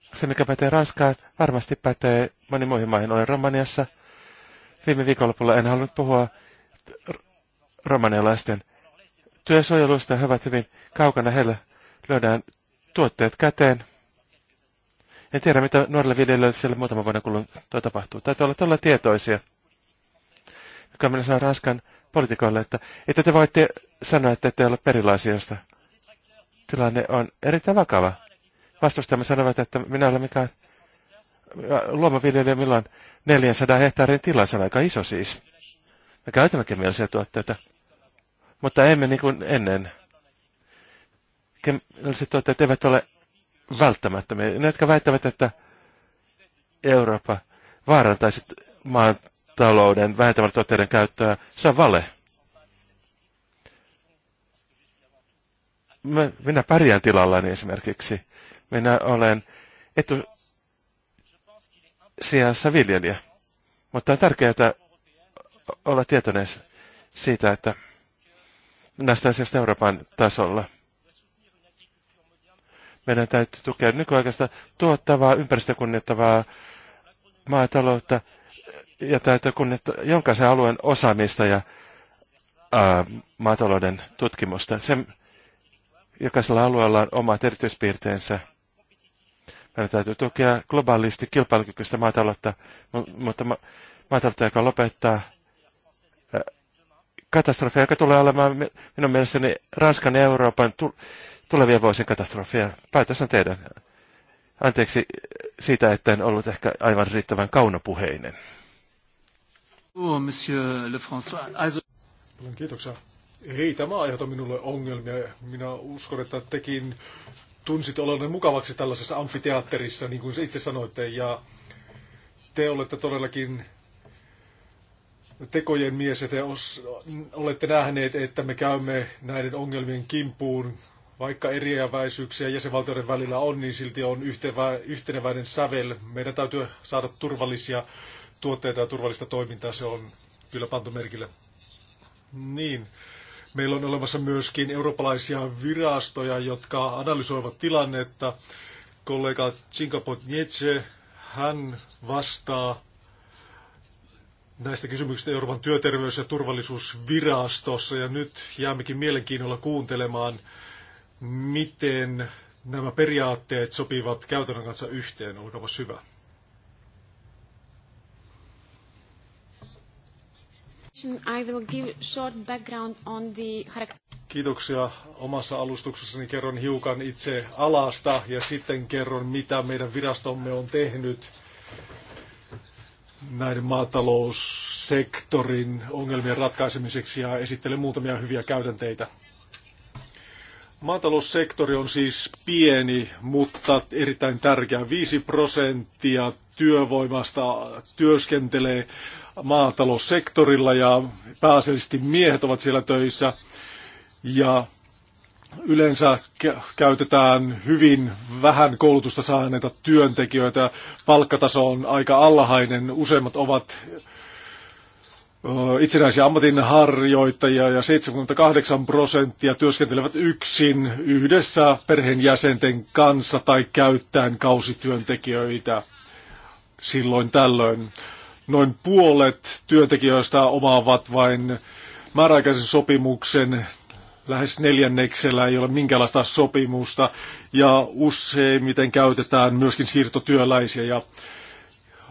Se, mikä pätee Ranskaan, varmasti pätee moniin muihin maihin. Olen Romaniassa. Viime viikonlopulla en halunnut puhua romanialaisten työsuojelusta. He ovat hyvin kaukana. Heillä löydään tuotteet käteen. En tiedä, mitä nuorille viljelijöille siellä muutama vuoden kuluttua tapahtuu. Täytyy olla todella tietoisia. Joka minä sanon Ranskan poliitikoille, että, että te voitte sanoa, että ette ole perilaisista. Tilanne on erittäin vakava. Vastustamme sanovat, että minä olen mikään luomaviljelijä, millä on 400 hehtaarin tila, se on aika iso siis. Me käytämme kemiallisia tuotteita, mutta emme niin kuin ennen. Kemialliset tuotteet eivät ole välttämättömiä. Ne, jotka väittävät, että Eurooppa vaarantaisi maan talouden vähentävällä tuotteiden käyttöä, se on vale. minä pärjään tilallani esimerkiksi. Minä olen etu sijassa viljelijä. Mutta on tärkeää olla tietoinen siitä, että näistä asioista Euroopan tasolla – meidän täytyy tukea nykyaikaista tuottavaa, ympäristökunnittavaa maataloutta ja täytyy kunnittaa jonkaisen alueen osaamista ja ää, maatalouden tutkimusta. Sen, jokaisella alueella on omat erityispiirteensä. Meidän täytyy tukea globaalisti kilpailukykyistä maataloutta, mutta ma- maataloutta, joka lopettaa katastrofi, joka tulee olemaan minun mielestäni Ranskan ja Euroopan tulevien vuosien katastrofia. Päätös on teidän. Anteeksi siitä, että en ollut ehkä aivan riittävän kaunopuheinen. Oh, Paljon kiitoksia. Ei tämä aiheuta minulle ongelmia. Minä uskon, että tekin tunsit olonne mukavaksi tällaisessa amfiteatterissa, niin kuin itse sanoitte, ja te olette todellakin tekojen mies, ja te os, olette nähneet, että me käymme näiden ongelmien kimppuun, vaikka eriäväisyyksiä jäsenvaltioiden välillä on, niin silti on yhtevä, yhteneväinen sävel. Meidän täytyy saada turvallisia tuotteita ja turvallista toimintaa, se on kyllä pantu merkille. Niin. Meillä on olemassa myöskin eurooppalaisia virastoja, jotka analysoivat tilannetta. Kollega Tsinkapot hän vastaa näistä kysymyksistä Euroopan työterveys- ja turvallisuusvirastossa ja nyt jäämmekin mielenkiinnolla kuuntelemaan, miten nämä periaatteet sopivat käytännön kanssa yhteen. Olkaapa hyvä. Kiitoksia. Omassa alustuksessani kerron hiukan itse alasta ja sitten kerron, mitä meidän virastomme on tehnyt näiden maataloussektorin ongelmien ratkaisemiseksi ja esittelen muutamia hyviä käytänteitä. Maataloussektori on siis pieni, mutta erittäin tärkeä. 5 prosenttia työvoimasta työskentelee maataloussektorilla ja pääasiallisesti miehet ovat siellä töissä. Ja yleensä käytetään hyvin vähän koulutusta saaneita työntekijöitä. Palkkataso on aika alhainen. Useimmat ovat itsenäisiä ammatinharjoittajia ja 78 prosenttia työskentelevät yksin yhdessä perheenjäsenten kanssa tai käyttäen kausityöntekijöitä silloin tällöin. Noin puolet työntekijöistä omaavat vain määräaikaisen sopimuksen lähes neljänneksellä ei ole minkäänlaista sopimusta ja useimmiten käytetään myöskin siirtotyöläisiä. Ja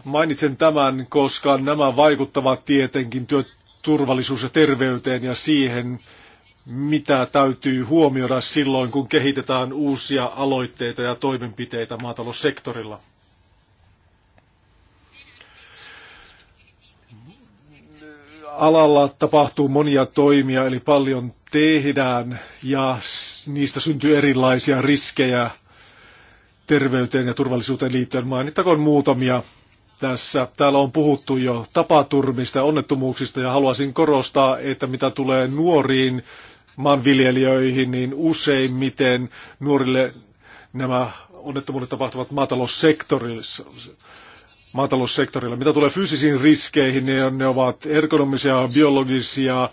mainitsen tämän, koska nämä vaikuttavat tietenkin työturvallisuus ja terveyteen ja siihen, mitä täytyy huomioida silloin, kun kehitetään uusia aloitteita ja toimenpiteitä maataloussektorilla. alalla tapahtuu monia toimia, eli paljon tehdään ja niistä syntyy erilaisia riskejä terveyteen ja turvallisuuteen liittyen. Mainittakoon muutamia tässä. Täällä on puhuttu jo tapaturmista ja onnettomuuksista ja haluaisin korostaa, että mitä tulee nuoriin maanviljelijöihin, niin useimmiten nuorille nämä onnettomuudet tapahtuvat maataloussektorilla maataloussektorilla. Mitä tulee fyysisiin riskeihin, ne, niin ne ovat ergonomisia, biologisia,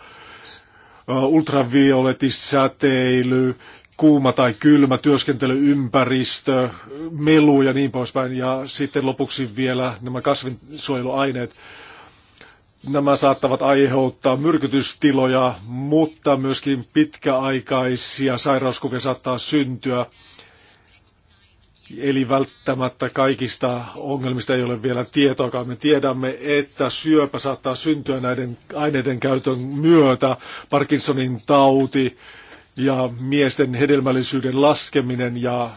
ultraviolettisäteily, kuuma tai kylmä työskentelyympäristö, melu ja niin poispäin. Ja sitten lopuksi vielä nämä kasvinsuojeluaineet. Nämä saattavat aiheuttaa myrkytystiloja, mutta myöskin pitkäaikaisia sairauskuvia saattaa syntyä Eli välttämättä kaikista ongelmista ei ole vielä tietoakaan. Me tiedämme, että syöpä saattaa syntyä näiden aineiden käytön myötä, Parkinsonin tauti ja miesten hedelmällisyyden laskeminen ja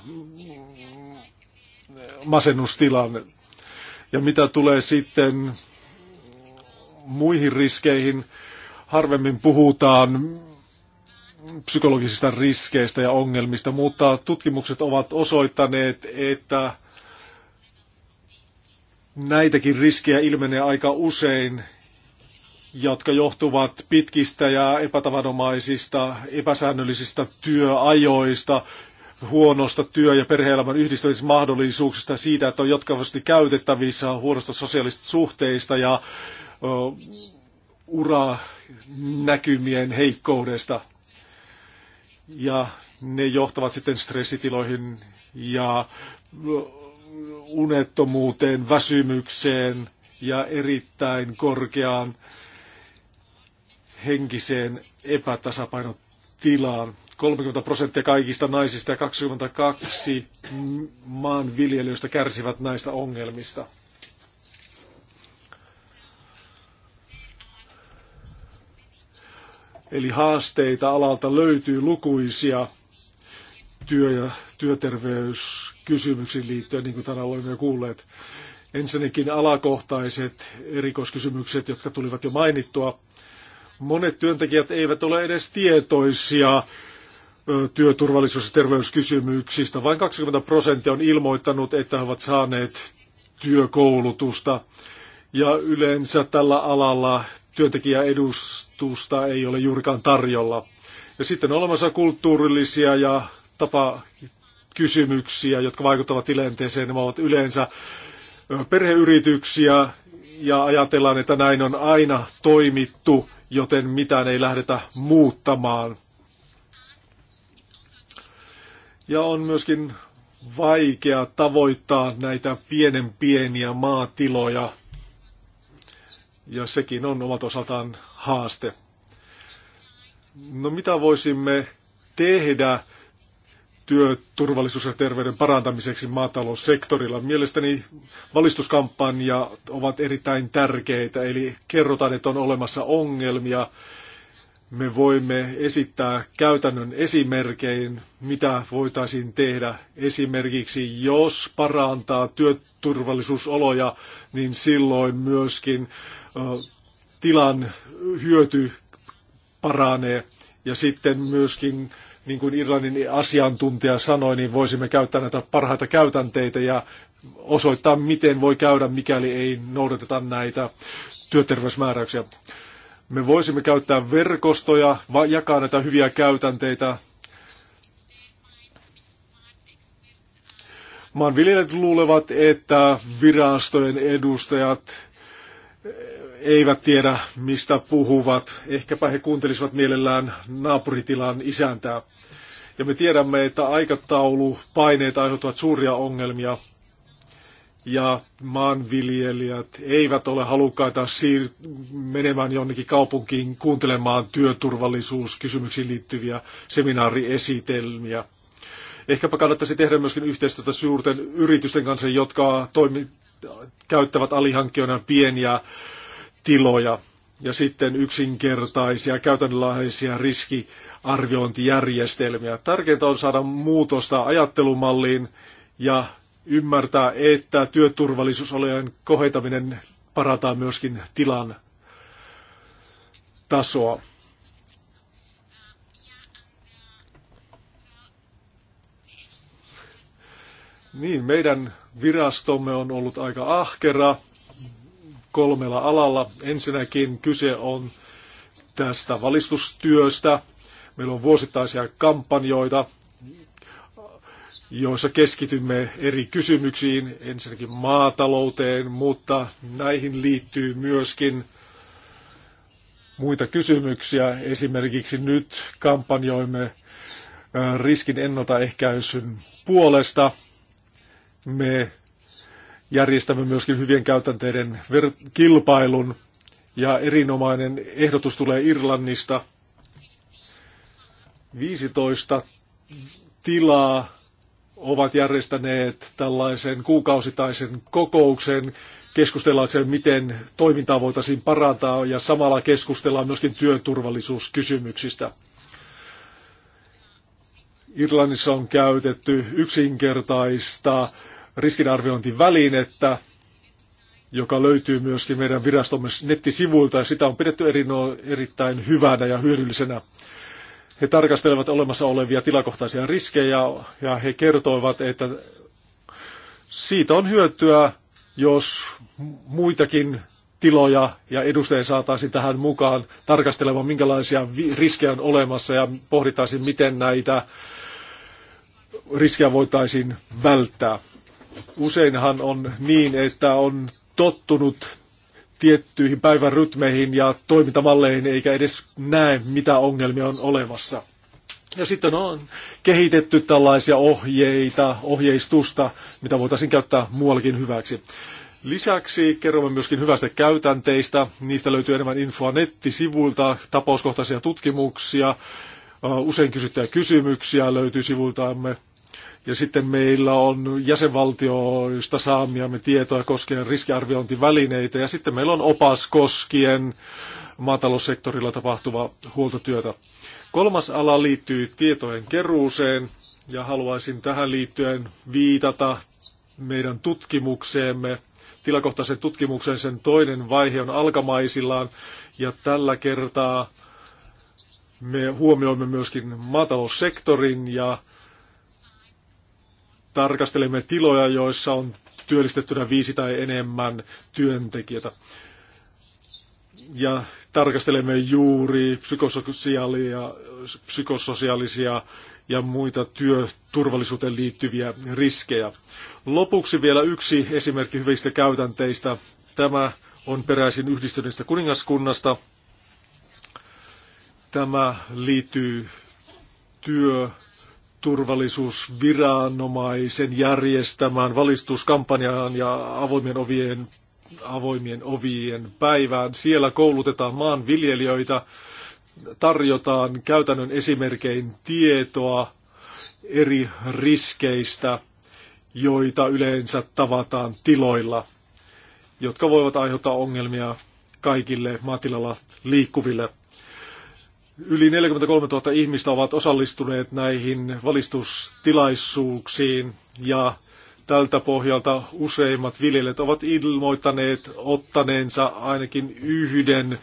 masennustilanne. Ja mitä tulee sitten muihin riskeihin, harvemmin puhutaan psykologisista riskeistä ja ongelmista, mutta tutkimukset ovat osoittaneet, että näitäkin riskejä ilmenee aika usein, jotka johtuvat pitkistä ja epätavanomaisista, epäsäännöllisistä työajoista, huonosta työ- ja perhe-elämän yhdistämismahdollisuuksista, siitä, että on jatkuvasti käytettävissä huonosta sosiaalisista suhteista ja uranäkymien heikkoudesta ja ne johtavat sitten stressitiloihin ja unettomuuteen, väsymykseen ja erittäin korkeaan henkiseen epätasapainotilaan. 30 prosenttia kaikista naisista ja 22 maanviljelijöistä kärsivät näistä ongelmista. Eli haasteita alalta löytyy lukuisia työ- ja työterveyskysymyksiin liittyen, niin kuin tänään olemme jo kuulleet. Ensinnäkin alakohtaiset erikoiskysymykset, jotka tulivat jo mainittua. Monet työntekijät eivät ole edes tietoisia työturvallisuus- ja terveyskysymyksistä. Vain 20 prosenttia on ilmoittanut, että he ovat saaneet työkoulutusta. Ja yleensä tällä alalla työntekijäedustusta ei ole juurikaan tarjolla. Ja sitten on olemassa kulttuurillisia ja tapa kysymyksiä, jotka vaikuttavat tilanteeseen. Ne ovat yleensä perheyrityksiä ja ajatellaan, että näin on aina toimittu, joten mitään ei lähdetä muuttamaan. Ja on myöskin vaikea tavoittaa näitä pienen pieniä maatiloja – ja sekin on omalta osaltaan haaste. No mitä voisimme tehdä työturvallisuus ja terveyden parantamiseksi maataloussektorilla? Mielestäni valistuskampanja ovat erittäin tärkeitä, eli kerrotaan, että on olemassa ongelmia. Me voimme esittää käytännön esimerkein, mitä voitaisiin tehdä. Esimerkiksi jos parantaa työturvallisuusoloja, niin silloin myöskin tilan hyöty paranee. Ja sitten myöskin, niin kuin Irlannin asiantuntija sanoi, niin voisimme käyttää näitä parhaita käytänteitä ja osoittaa, miten voi käydä, mikäli ei noudateta näitä työterveysmääräyksiä. Me voisimme käyttää verkostoja, jakaa näitä hyviä käytänteitä. Maanviljelijät luulevat, että virastojen edustajat eivät tiedä, mistä puhuvat. Ehkäpä he kuuntelisivat mielellään naapuritilan isäntää. Ja me tiedämme, että aikataulu, paineet aiheuttavat suuria ongelmia. Ja maanviljelijät eivät ole halukkaita siir- menemään jonnekin kaupunkiin kuuntelemaan työturvallisuuskysymyksiin liittyviä seminaariesitelmiä. Ehkäpä kannattaisi tehdä myöskin yhteistyötä suurten yritysten kanssa, jotka toimi- käyttävät alihankkijoina pieniä tiloja ja sitten yksinkertaisia käytännönläheisiä riskiarviointijärjestelmiä. Tärkeintä on saada muutosta ajattelumalliin ja ymmärtää, että työturvallisuusolojen kohetaminen parataan myöskin tilan tasoa. Niin, meidän virastomme on ollut aika ahkera kolmella alalla. Ensinnäkin kyse on tästä valistustyöstä. Meillä on vuosittaisia kampanjoita, joissa keskitymme eri kysymyksiin, ensinnäkin maatalouteen, mutta näihin liittyy myöskin muita kysymyksiä. Esimerkiksi nyt kampanjoimme äh, riskin ennaltaehkäisyn puolesta. Me järjestämme myöskin hyvien käytänteiden kilpailun ja erinomainen ehdotus tulee Irlannista. 15 tilaa ovat järjestäneet tällaisen kuukausitaisen kokouksen keskustellakseen, miten toimintaa voitaisiin parantaa ja samalla keskustellaan myöskin työturvallisuuskysymyksistä. Irlannissa on käytetty yksinkertaista riskinarviointivälinettä, joka löytyy myöskin meidän virastomme nettisivuilta ja sitä on pidetty erino, erittäin hyvänä ja hyödyllisenä. He tarkastelevat olemassa olevia tilakohtaisia riskejä ja he kertoivat, että siitä on hyötyä, jos muitakin tiloja ja edustajia saataisiin tähän mukaan tarkastelemaan, minkälaisia riskejä on olemassa ja pohdittaisiin, miten näitä riskejä voitaisiin välttää. Useinhan on niin, että on tottunut tiettyihin päivän rytmeihin ja toimintamalleihin, eikä edes näe, mitä ongelmia on olemassa. Ja sitten on kehitetty tällaisia ohjeita, ohjeistusta, mitä voitaisiin käyttää muuallakin hyväksi. Lisäksi kerromme myöskin hyvästä käytänteistä. Niistä löytyy enemmän infoa nettisivuilta, tapauskohtaisia tutkimuksia, usein kysyttyjä kysymyksiä löytyy sivuiltamme. Ja sitten meillä on jäsenvaltioista saamiamme tietoja koskien riskiarviointivälineitä ja sitten meillä on opas koskien maataloussektorilla tapahtuvaa huoltotyötä. Kolmas ala liittyy tietojen keruuseen ja haluaisin tähän liittyen viitata meidän tutkimukseemme. Tilakohtaisen tutkimuksen sen toinen vaihe on alkamaisillaan ja tällä kertaa me huomioimme myöskin maataloussektorin ja tarkastelemme tiloja, joissa on työllistettynä viisi tai enemmän työntekijöitä. Ja tarkastelemme juuri psykososiaalia, psykososiaalisia ja muita työturvallisuuteen liittyviä riskejä. Lopuksi vielä yksi esimerkki hyvistä käytänteistä. Tämä on peräisin yhdistyneestä kuningaskunnasta. Tämä liittyy työ turvallisuusviranomaisen järjestämään valistuskampanjaan ja avoimien ovien, avoimien ovien päivään. Siellä koulutetaan maanviljelijöitä, tarjotaan käytännön esimerkein tietoa eri riskeistä, joita yleensä tavataan tiloilla, jotka voivat aiheuttaa ongelmia kaikille maatilalla liikkuville Yli 43 000 ihmistä ovat osallistuneet näihin valistustilaisuuksiin ja tältä pohjalta useimmat viljelijät ovat ilmoittaneet ottaneensa ainakin yhden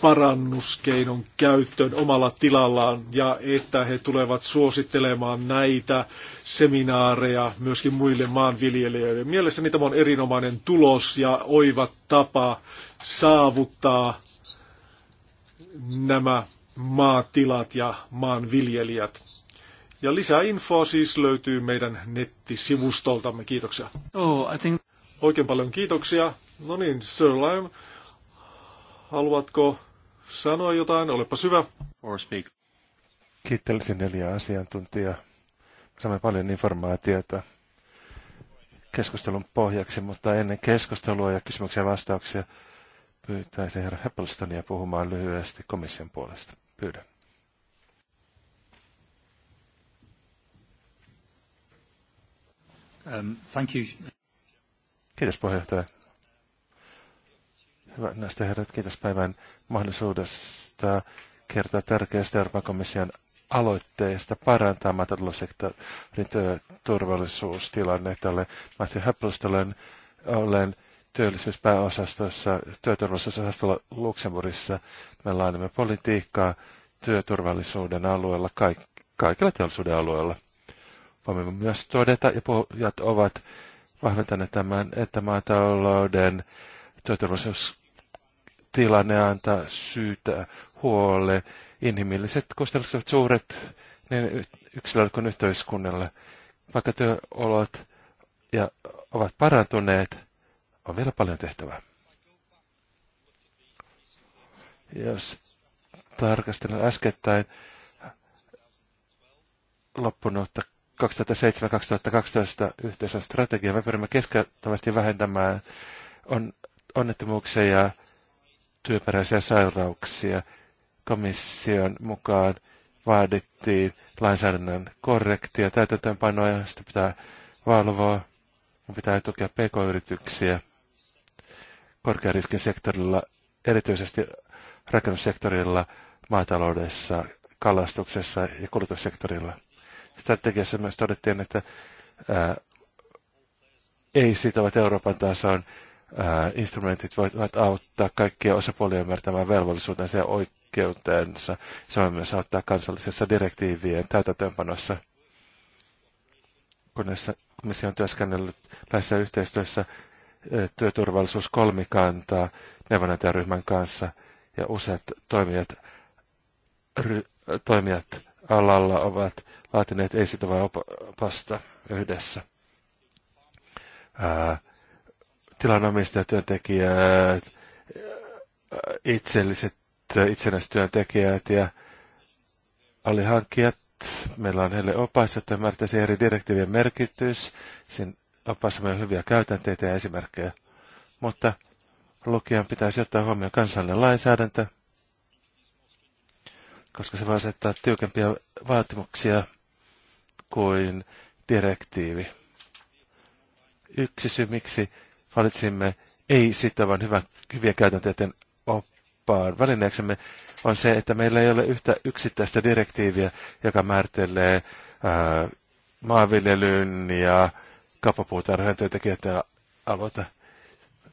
parannuskeinon käyttöön omalla tilallaan ja että he tulevat suosittelemaan näitä seminaareja myöskin muille maanviljelijöille. Mielestäni tämä on erinomainen tulos ja oiva tapa saavuttaa nämä maatilat ja maanviljelijät. Ja lisää infoa siis löytyy meidän nettisivustoltamme. Kiitoksia. Oh, I think... Oikein paljon kiitoksia. No niin, Sir Lime, haluatko sanoa jotain? Olepa syvä. Or speak. Kiittelisin neljä asiantuntijaa. Saamme paljon informaatiota keskustelun pohjaksi, mutta ennen keskustelua ja kysymyksiä ja vastauksia pyytäisin herra Heppelstania puhumaan lyhyesti komission puolesta. Pyydän. Um, thank you. Kiitos puheenjohtaja. Hyvä näistä herrat, kiitos päivän mahdollisuudesta kertoa tärkeästä Euroopan komission aloitteesta parantaa maataloussektorin turvallisuustilanne tälle, Matthew Happelst, olen, olen työllisyyspääosastossa, työturvallisuusosastolla Luxemburgissa. Me laadimme politiikkaa työturvallisuuden alueella, kaik, kaikilla teollisuuden alueilla. Voimme myös todeta, ja puhujat ovat vahventaneet tämän, että maatalouden työturvallisuustilanne antaa syytä huolelle. Inhimilliset kustannukset ovat suuret niin yksilölle kuin yhteiskunnalle. Vaikka työolot ja ovat parantuneet, on vielä paljon tehtävää. Jos tarkastelen äskettäin loppunutta 2007-2012 yhteisen strategian, me pyrimme keskittävästi vähentämään on onnettomuuksia ja työperäisiä sairauksia. Komission mukaan vaadittiin lainsäädännön korrektia täytäntöönpanoja, sitä pitää valvoa, pitää tukea pk-yrityksiä – korkeariskin sektorilla, erityisesti rakennussektorilla, maataloudessa, kalastuksessa ja kulutussektorilla. Strategiassa myös todettiin, että ää, ei sitovat Euroopan tason ää, instrumentit voivat auttaa kaikkia osapuolia ymmärtämään velvollisuutensa ja oikeutensa. Samoin myös auttaa kansallisessa direktiivien täytäntöönpanossa kunnes komissio on työskennellyt läheisessä yhteistyössä työturvallisuus kolmikantaa neuvonantajaryhmän kanssa ja useat toimijat, ry, toimijat alalla ovat laatineet esitävää opasta yhdessä. Ää, tilanomistajat, työntekijät, itselliset työntekijät ja alihankkijat. Meillä on heille opas, jotta ymmärtäisi eri direktiivien merkitys, Siinä oppaassamme on hyviä käytänteitä ja esimerkkejä, mutta lukijan pitäisi ottaa huomioon kansallinen lainsäädäntö, koska se voi asettaa tiukempia vaatimuksia kuin direktiivi. Yksi syy, miksi valitsimme ei-sitovan hyvän, hyviä käytänteiden oppaan välineeksemme, on se, että meillä ei ole yhtä yksittäistä direktiiviä, joka määrittelee ää, maanviljelyn ja kauppapuutarhojen työntekijöitä ja alueita.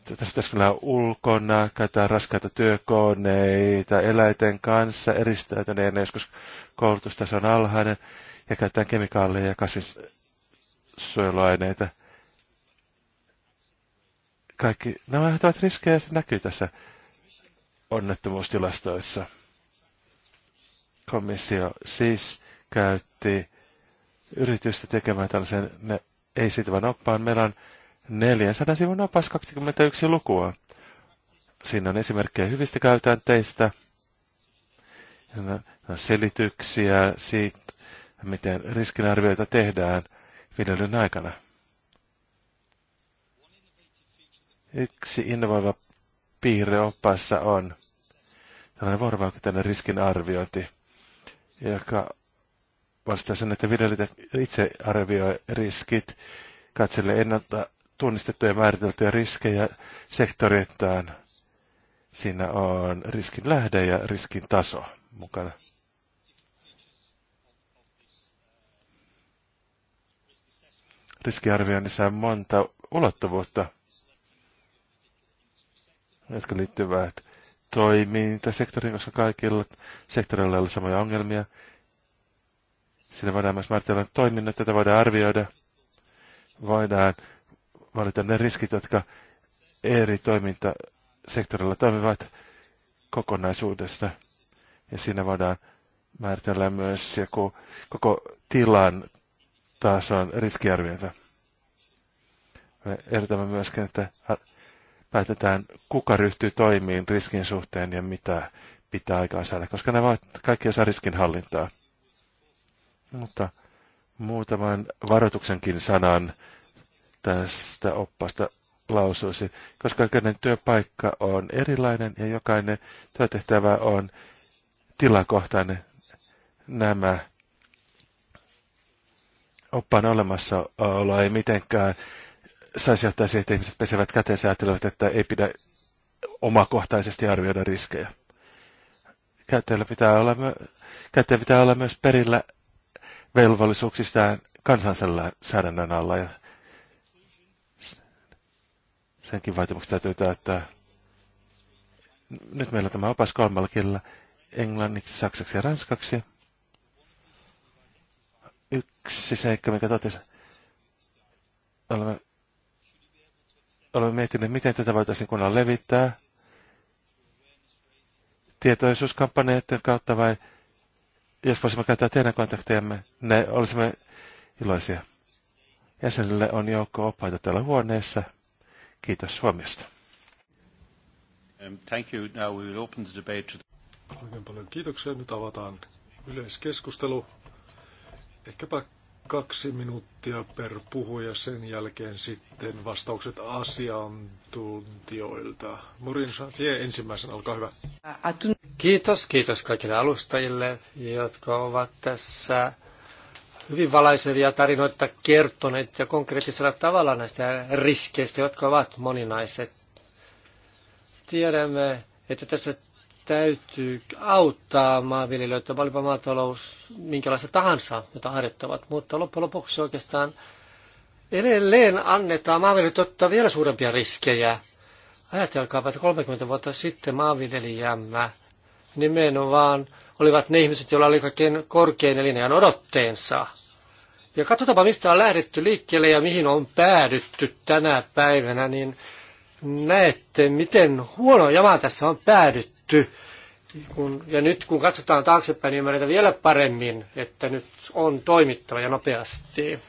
Tässä pitäisi kyllä ulkona, käytetään raskaita työkoneita eläinten kanssa, eristäytyneenä, joskus koulutustaso on alhainen, ja käytetään kemikaaleja ja kasvinsuojeluaineita. Kaikki nämä ovat riskejä ja se näkyy tässä onnettomuustilastoissa. Komissio siis käytti yritystä tekemään tällaisen ei sitovaan oppaan. Meillä on 400 sivun opas 21 lukua. Siinä on esimerkkejä hyvistä käytänteistä. Siinä on selityksiä siitä, miten riskinarvioita tehdään viljelyn aikana. Yksi innovoiva piirre oppaassa on tällainen vuorovaikutteinen riskinarviointi, joka vastaa sen, että viljelijät itse arvioi riskit, katselee ennalta tunnistettuja määriteltyjä riskejä sektoreittain. Siinä on riskin lähde ja riskin taso mukana. Riskiarvioinnissa on monta ulottuvuutta, jotka liittyvät toimintasektoriin, koska kaikilla sektoreilla on samoja ongelmia. Sillä voidaan myös määritellä toiminnot, tätä voidaan arvioida. Voidaan valita ne riskit, jotka eri toimintasektorilla toimivat kokonaisuudesta. Ja siinä voidaan määritellä myös joku, koko tilan tason riskiarviota. Me erotamme myöskin, että päätetään, kuka ryhtyy toimiin riskin suhteen ja mitä pitää aikaa saada, koska nämä ovat kaikki osa riskinhallintaa. Mutta muutaman varoituksenkin sanan tästä oppasta lausuisi, koska jokainen työpaikka on erilainen ja jokainen työtehtävä on tilakohtainen. Nämä oppaan olemassaolo ei mitenkään saisi johtaa siihen, että ihmiset pesevät käteensä ja ajattelevat, että ei pidä omakohtaisesti arvioida riskejä. Käyttäjällä pitää olla, pitää olla myös perillä velvollisuuksistaan kansansäädännön alla. Ja senkin vaatimuksesta täytyy täyttää. Nyt meillä on tämä opas kolmella kielellä englanniksi, saksaksi ja ranskaksi. Yksi seikka, mikä totesi, olemme, olemme miettineet, miten tätä voitaisiin kunnolla levittää. Tietoisuuskampanjeiden kautta vai jos voisimme käyttää teidän kontaktejamme, ne olisimme iloisia. Jäsenille on joukko oppaita täällä huoneessa. Kiitos huomiosta. Um, thank you. Now we will open the debate. Oikein paljon kiitoksia. Nyt avataan yleiskeskustelu. Ehkäpä kaksi minuuttia per puhuja, sen jälkeen sitten vastaukset asiantuntijoilta. Morin Chantier ensimmäisen, olkaa hyvä. Kiitos, kiitos kaikille alustajille, jotka ovat tässä hyvin valaisevia tarinoita kertoneet ja konkreettisella tavalla näistä riskeistä, jotka ovat moninaiset. Tiedämme, että tässä täytyy auttaa maanviljelijöitä, olipa maatalous minkälaista tahansa, jota harjoittavat. Mutta loppujen lopuksi oikeastaan edelleen annetaan maanviljelijöitä ottaa vielä suurempia riskejä. Ajatelkaa, että 30 vuotta sitten maanviljelijämme nimenomaan olivat ne ihmiset, joilla oli kaikkein korkein elinajan odotteensa. Ja katsotaanpa, mistä on lähdetty liikkeelle ja mihin on päädytty tänä päivänä, niin näette, miten huono jama tässä on päädytty tehty. Kun, ja nyt kun katsotaan taaksepäin, niin ymmärretään vielä paremmin, että nyt on toimittava ja nopeasti.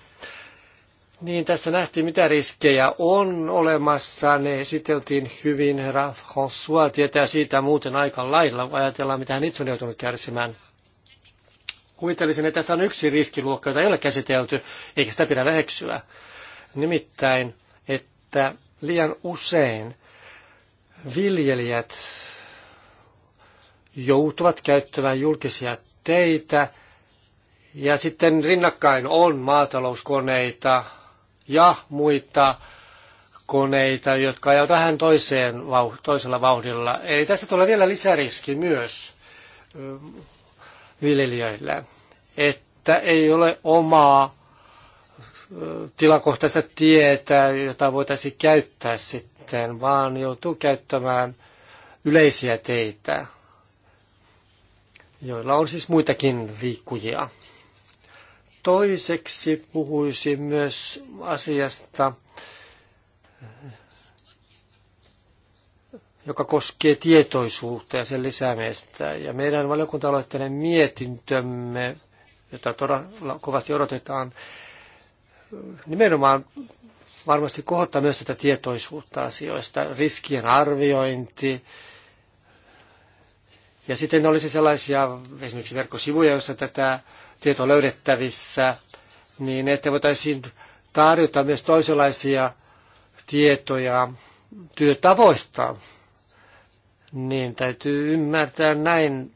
Niin tässä nähtiin, mitä riskejä on olemassa. Ne esiteltiin hyvin. Herra François tietää siitä muuten aika lailla. Ajatellaan, mitä hän itse on joutunut kärsimään. Kuvittelisin, että tässä on yksi riskiluokka, jota ei ole käsitelty, eikä sitä pidä väheksyä. Nimittäin, että liian usein viljelijät joutuvat käyttämään julkisia teitä. Ja sitten rinnakkain on maatalouskoneita ja muita koneita, jotka ajavat vähän toiseen, toisella vauhdilla. Eli tässä tulee vielä lisäriski myös viljelijöille, että ei ole omaa tilakohtaista tietä, jota voitaisiin käyttää sitten, vaan joutuu käyttämään yleisiä teitä joilla on siis muitakin liikkujia. Toiseksi puhuisin myös asiasta, joka koskee tietoisuutta ja sen lisäämistä. Ja meidän valiokunta-aloitteinen mietintömme, jota todella kovasti odotetaan, nimenomaan varmasti kohottaa myös tätä tietoisuutta asioista, riskien arviointi, ja sitten olisi sellaisia esimerkiksi verkkosivuja, joissa tätä tietoa löydettävissä, niin että voitaisiin tarjota myös toisenlaisia tietoja työtavoista, niin täytyy ymmärtää näin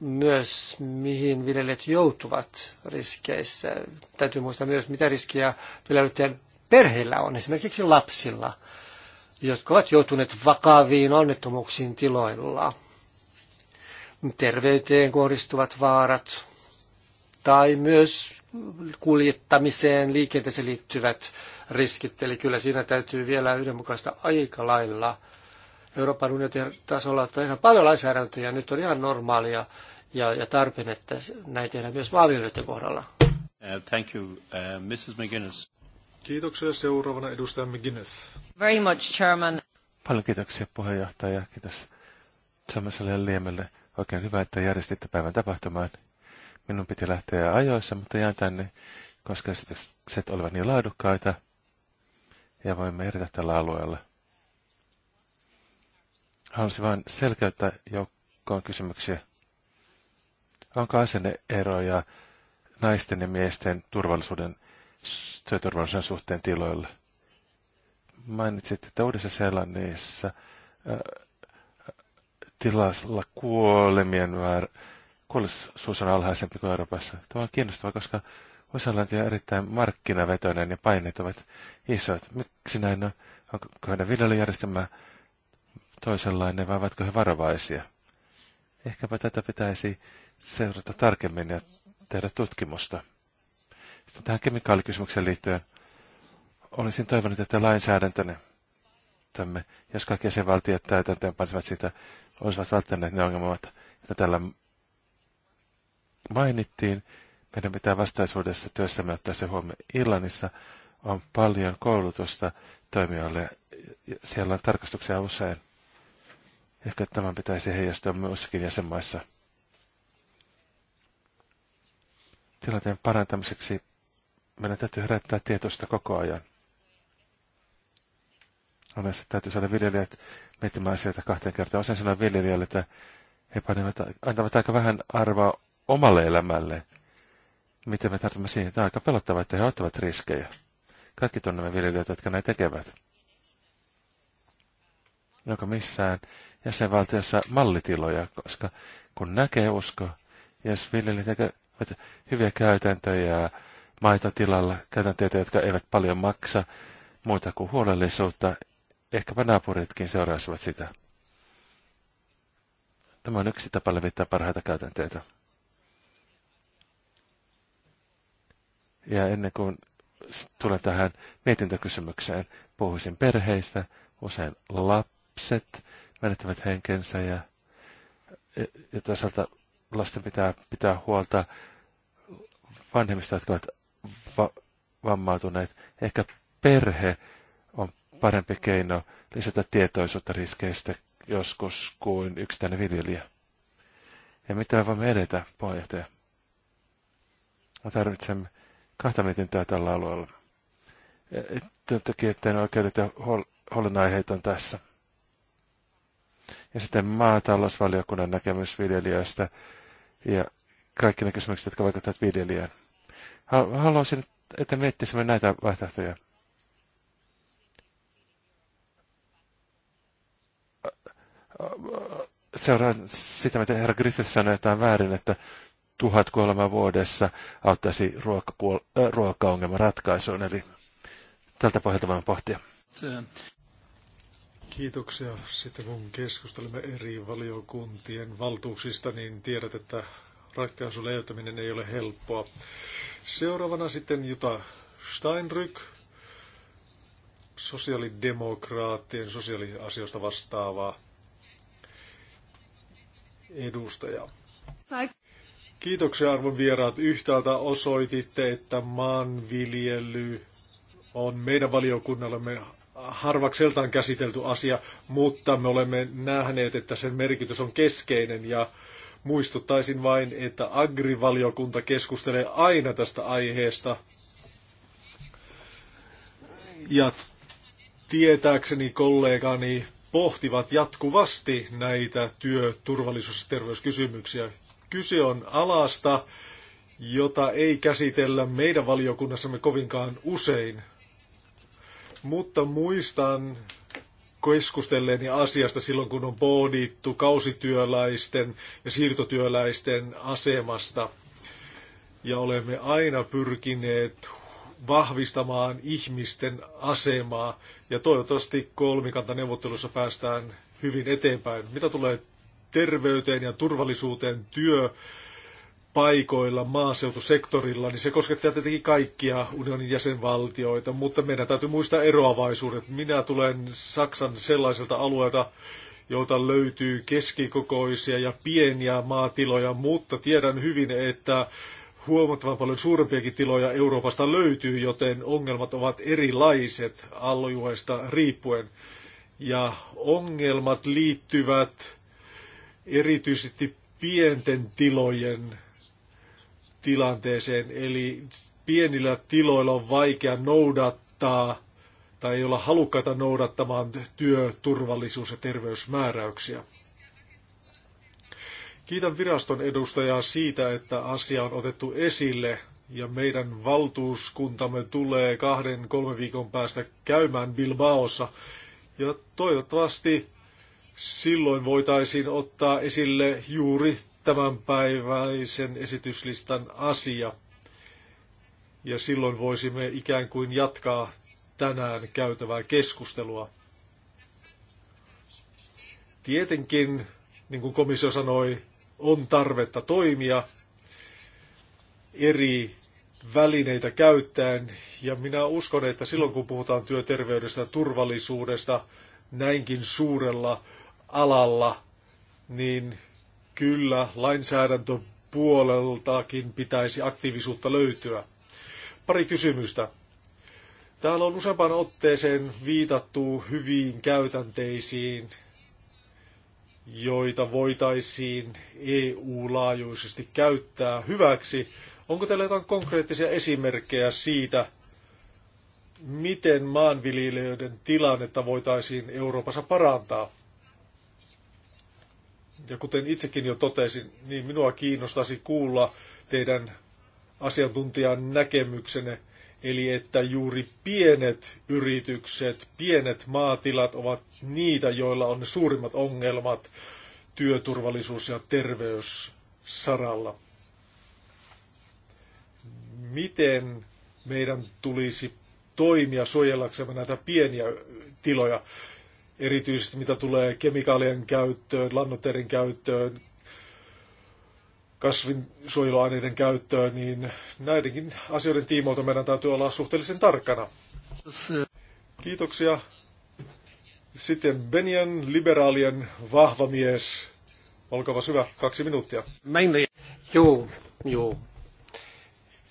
myös, mihin viljelijät joutuvat riskeissä. Täytyy muistaa myös, mitä riskiä viljelijöiden perheillä on, esimerkiksi lapsilla, jotka ovat joutuneet vakaviin onnettomuuksiin tiloilla terveyteen kohdistuvat vaarat tai myös kuljettamiseen, liikenteeseen liittyvät riskit. Eli kyllä siinä täytyy vielä yhdenmukaista aika lailla Euroopan unionin tasolla on ihan paljon lainsäädäntöjä. Nyt on ihan normaalia ja, ja tarpeen, että näin tehdään myös maanviljelijöiden kohdalla. Uh, thank you, uh, Mrs. McGuinness. Kiitoksia. Seuraavana edustaja McGuinness. Very much, Chairman. Paljon kiitoksia puheenjohtaja. Kiitos Samaselle Liemelle Oikein hyvä, että järjestitte päivän tapahtumaan. Minun piti lähteä ajoissa, mutta jään tänne, koska esitykset olivat niin laadukkaita ja voimme edetä tällä alueella. Haluaisin vain selkeyttää joukkoon kysymyksiä. Onko asenneeroja naisten ja miesten turvallisuuden, työturvallisuuden suhteen tiloilla? Mainitsit, että Uudessa-Seelannissa tilalla kuolemien määrä, kuolleisuus on alhaisempi kuin Euroopassa. Tämä on kiinnostavaa, koska Osalanti on erittäin markkinavetoinen ja paineet ovat isot. Miksi näin on? Onko heidän viljelyjärjestelmä toisenlainen vai ovatko he varovaisia? Ehkäpä tätä pitäisi seurata tarkemmin ja tehdä tutkimusta. Sitten tähän kemikaalikysymykseen liittyen olisin toivonut, että lainsäädäntönne käyttämme, jos kaikki jäsenvaltiot täytäntöön panisivat sitä, olisivat välttäneet ne ongelmat, joita tällä mainittiin. Meidän pitää vastaisuudessa työssämme ottaa se huomioon. Irlannissa on paljon koulutusta toimijoille. Siellä on tarkastuksia usein. Ehkä tämän pitäisi heijastua muissakin jäsenmaissa. Tilanteen parantamiseksi meidän täytyy herättää tietoista koko ajan. Olensa täytyy saada viljelijät miettimään sieltä kahteen kertaan. Osan sanoa viljelijälle, että he panevat, antavat aika vähän arvoa omalle elämälle. Miten me tartumme siihen? Tämä on aika pelottavaa, että he ottavat riskejä. Kaikki tunnemme viljelijöitä, jotka näin tekevät. Joka missään jäsenvaltiossa mallitiloja, koska kun näkee usko, jos viljelijät tekevät hyviä käytäntöjä maitotilalla, käytäntöjä, jotka eivät paljon maksa, muuta kuin huolellisuutta, Ehkäpä naapuritkin seuraisivat sitä. Tämä on yksi tapa levittää parhaita käytänteitä. Ja ennen kuin tulen tähän mietintökysymykseen, puhuisin perheistä. Usein lapset menettävät henkensä ja, ja toisaalta lasten pitää pitää huolta vanhemmista, jotka ovat va- vammautuneet. Ehkä perhe on parempi keino lisätä tietoisuutta riskeistä joskus kuin yksittäinen viljelijä. Ja mitä voimme edetä, puheenjohtaja? Me tarvitsemme kahta mietintöä tällä alueella. Työntekijöiden oikeudet ja huolenaiheet on tässä. Ja sitten maatalousvaliokunnan näkemys viljelijöistä ja kaikki ne kysymykset, jotka vaikuttavat viljelijään. Haluaisin, että miettisimme näitä vaihtoehtoja. seuraan sitä, mitä herra Griffith sanoi jotain väärin, että tuhat kuolemaa vuodessa auttaisi ruokakuol- äh, ruokaongelman ratkaisuun. Eli tältä pohjalta voin pohtia. Kiitoksia. Sitten kun keskustelemme eri valiokuntien valtuuksista, niin tiedät, että ratkaisun löytäminen ei ole helppoa. Seuraavana sitten Jutta Steinryk, sosiaalidemokraattien sosiaaliasioista vastaavaa edustaja. Kiitoksia arvon vieraat. Yhtäältä osoititte, että maanviljely on meidän valiokunnallamme harvakseltaan käsitelty asia, mutta me olemme nähneet, että sen merkitys on keskeinen ja muistuttaisin vain, että agrivaliokunta keskustelee aina tästä aiheesta ja tietääkseni kollegani pohtivat jatkuvasti näitä turvallisuus- ja terveyskysymyksiä. Kyse on alasta, jota ei käsitellä meidän valiokunnassamme kovinkaan usein. Mutta muistan keskustelleeni asiasta silloin, kun on pohdittu kausityöläisten ja siirtotyöläisten asemasta. Ja olemme aina pyrkineet vahvistamaan ihmisten asemaa ja toivottavasti neuvottelussa päästään hyvin eteenpäin. Mitä tulee terveyteen ja turvallisuuteen työ paikoilla, maaseutusektorilla, niin se koskettaa tietenkin kaikkia unionin jäsenvaltioita, mutta meidän täytyy muistaa eroavaisuudet. Minä tulen Saksan sellaiselta alueelta, joita löytyy keskikokoisia ja pieniä maatiloja, mutta tiedän hyvin, että huomattavan paljon suurempiakin tiloja Euroopasta löytyy, joten ongelmat ovat erilaiset alueesta riippuen. Ja ongelmat liittyvät erityisesti pienten tilojen tilanteeseen, eli pienillä tiloilla on vaikea noudattaa tai ei olla halukkaita noudattamaan työturvallisuus- ja terveysmääräyksiä. Kiitän viraston edustajaa siitä, että asia on otettu esille ja meidän valtuuskuntamme tulee kahden kolme viikon päästä käymään Bilbaossa. Ja toivottavasti silloin voitaisiin ottaa esille juuri tämänpäiväisen esityslistan asia. Ja silloin voisimme ikään kuin jatkaa tänään käytävää keskustelua. Tietenkin, niin kuin komissio sanoi, on tarvetta toimia eri välineitä käyttäen. Ja minä uskon, että silloin kun puhutaan työterveydestä ja turvallisuudesta näinkin suurella alalla, niin kyllä lainsäädäntöpuoleltakin pitäisi aktiivisuutta löytyä. Pari kysymystä. Täällä on useampaan otteeseen viitattu hyviin käytänteisiin joita voitaisiin EU-laajuisesti käyttää hyväksi. Onko teillä jotain konkreettisia esimerkkejä siitä, miten maanviljelijöiden tilannetta voitaisiin Euroopassa parantaa? Ja kuten itsekin jo totesin, niin minua kiinnostaisi kuulla teidän asiantuntijan näkemyksenne Eli että juuri pienet yritykset, pienet maatilat ovat niitä, joilla on ne suurimmat ongelmat työturvallisuus- ja terveyssaralla. Miten meidän tulisi toimia suojellaksemme näitä pieniä tiloja, erityisesti mitä tulee kemikaalien käyttöön, lannoitteiden käyttöön, kasvinsuojeluaineiden käyttöön, niin näidenkin asioiden tiimoilta meidän täytyy olla suhteellisen tarkkana. Kiitoksia. Sitten Benjan, liberaalien vahva mies. Olkaa hyvä, kaksi minuuttia. Mainly. Joo, joo.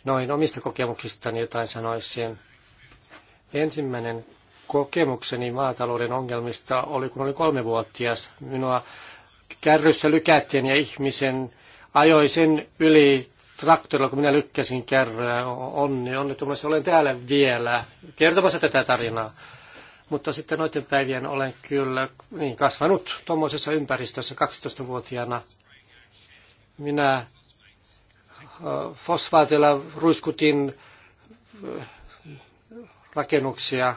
Noin omista kokemuksistani jotain sanoisin. Ensimmäinen kokemukseni maatalouden ongelmista oli, kun olin kolmevuotias. Minua kärryssä lykättiin ja ihmisen ajoi sen yli traktorilla, kun minä lykkäsin kärryä. Onni, onnettomasti olen täällä vielä kertomassa tätä tarinaa. Mutta sitten noiden päivien olen kyllä niin, kasvanut tuommoisessa ympäristössä 12-vuotiaana. Minä äh, fosfaatilla ruiskutin äh, rakennuksia.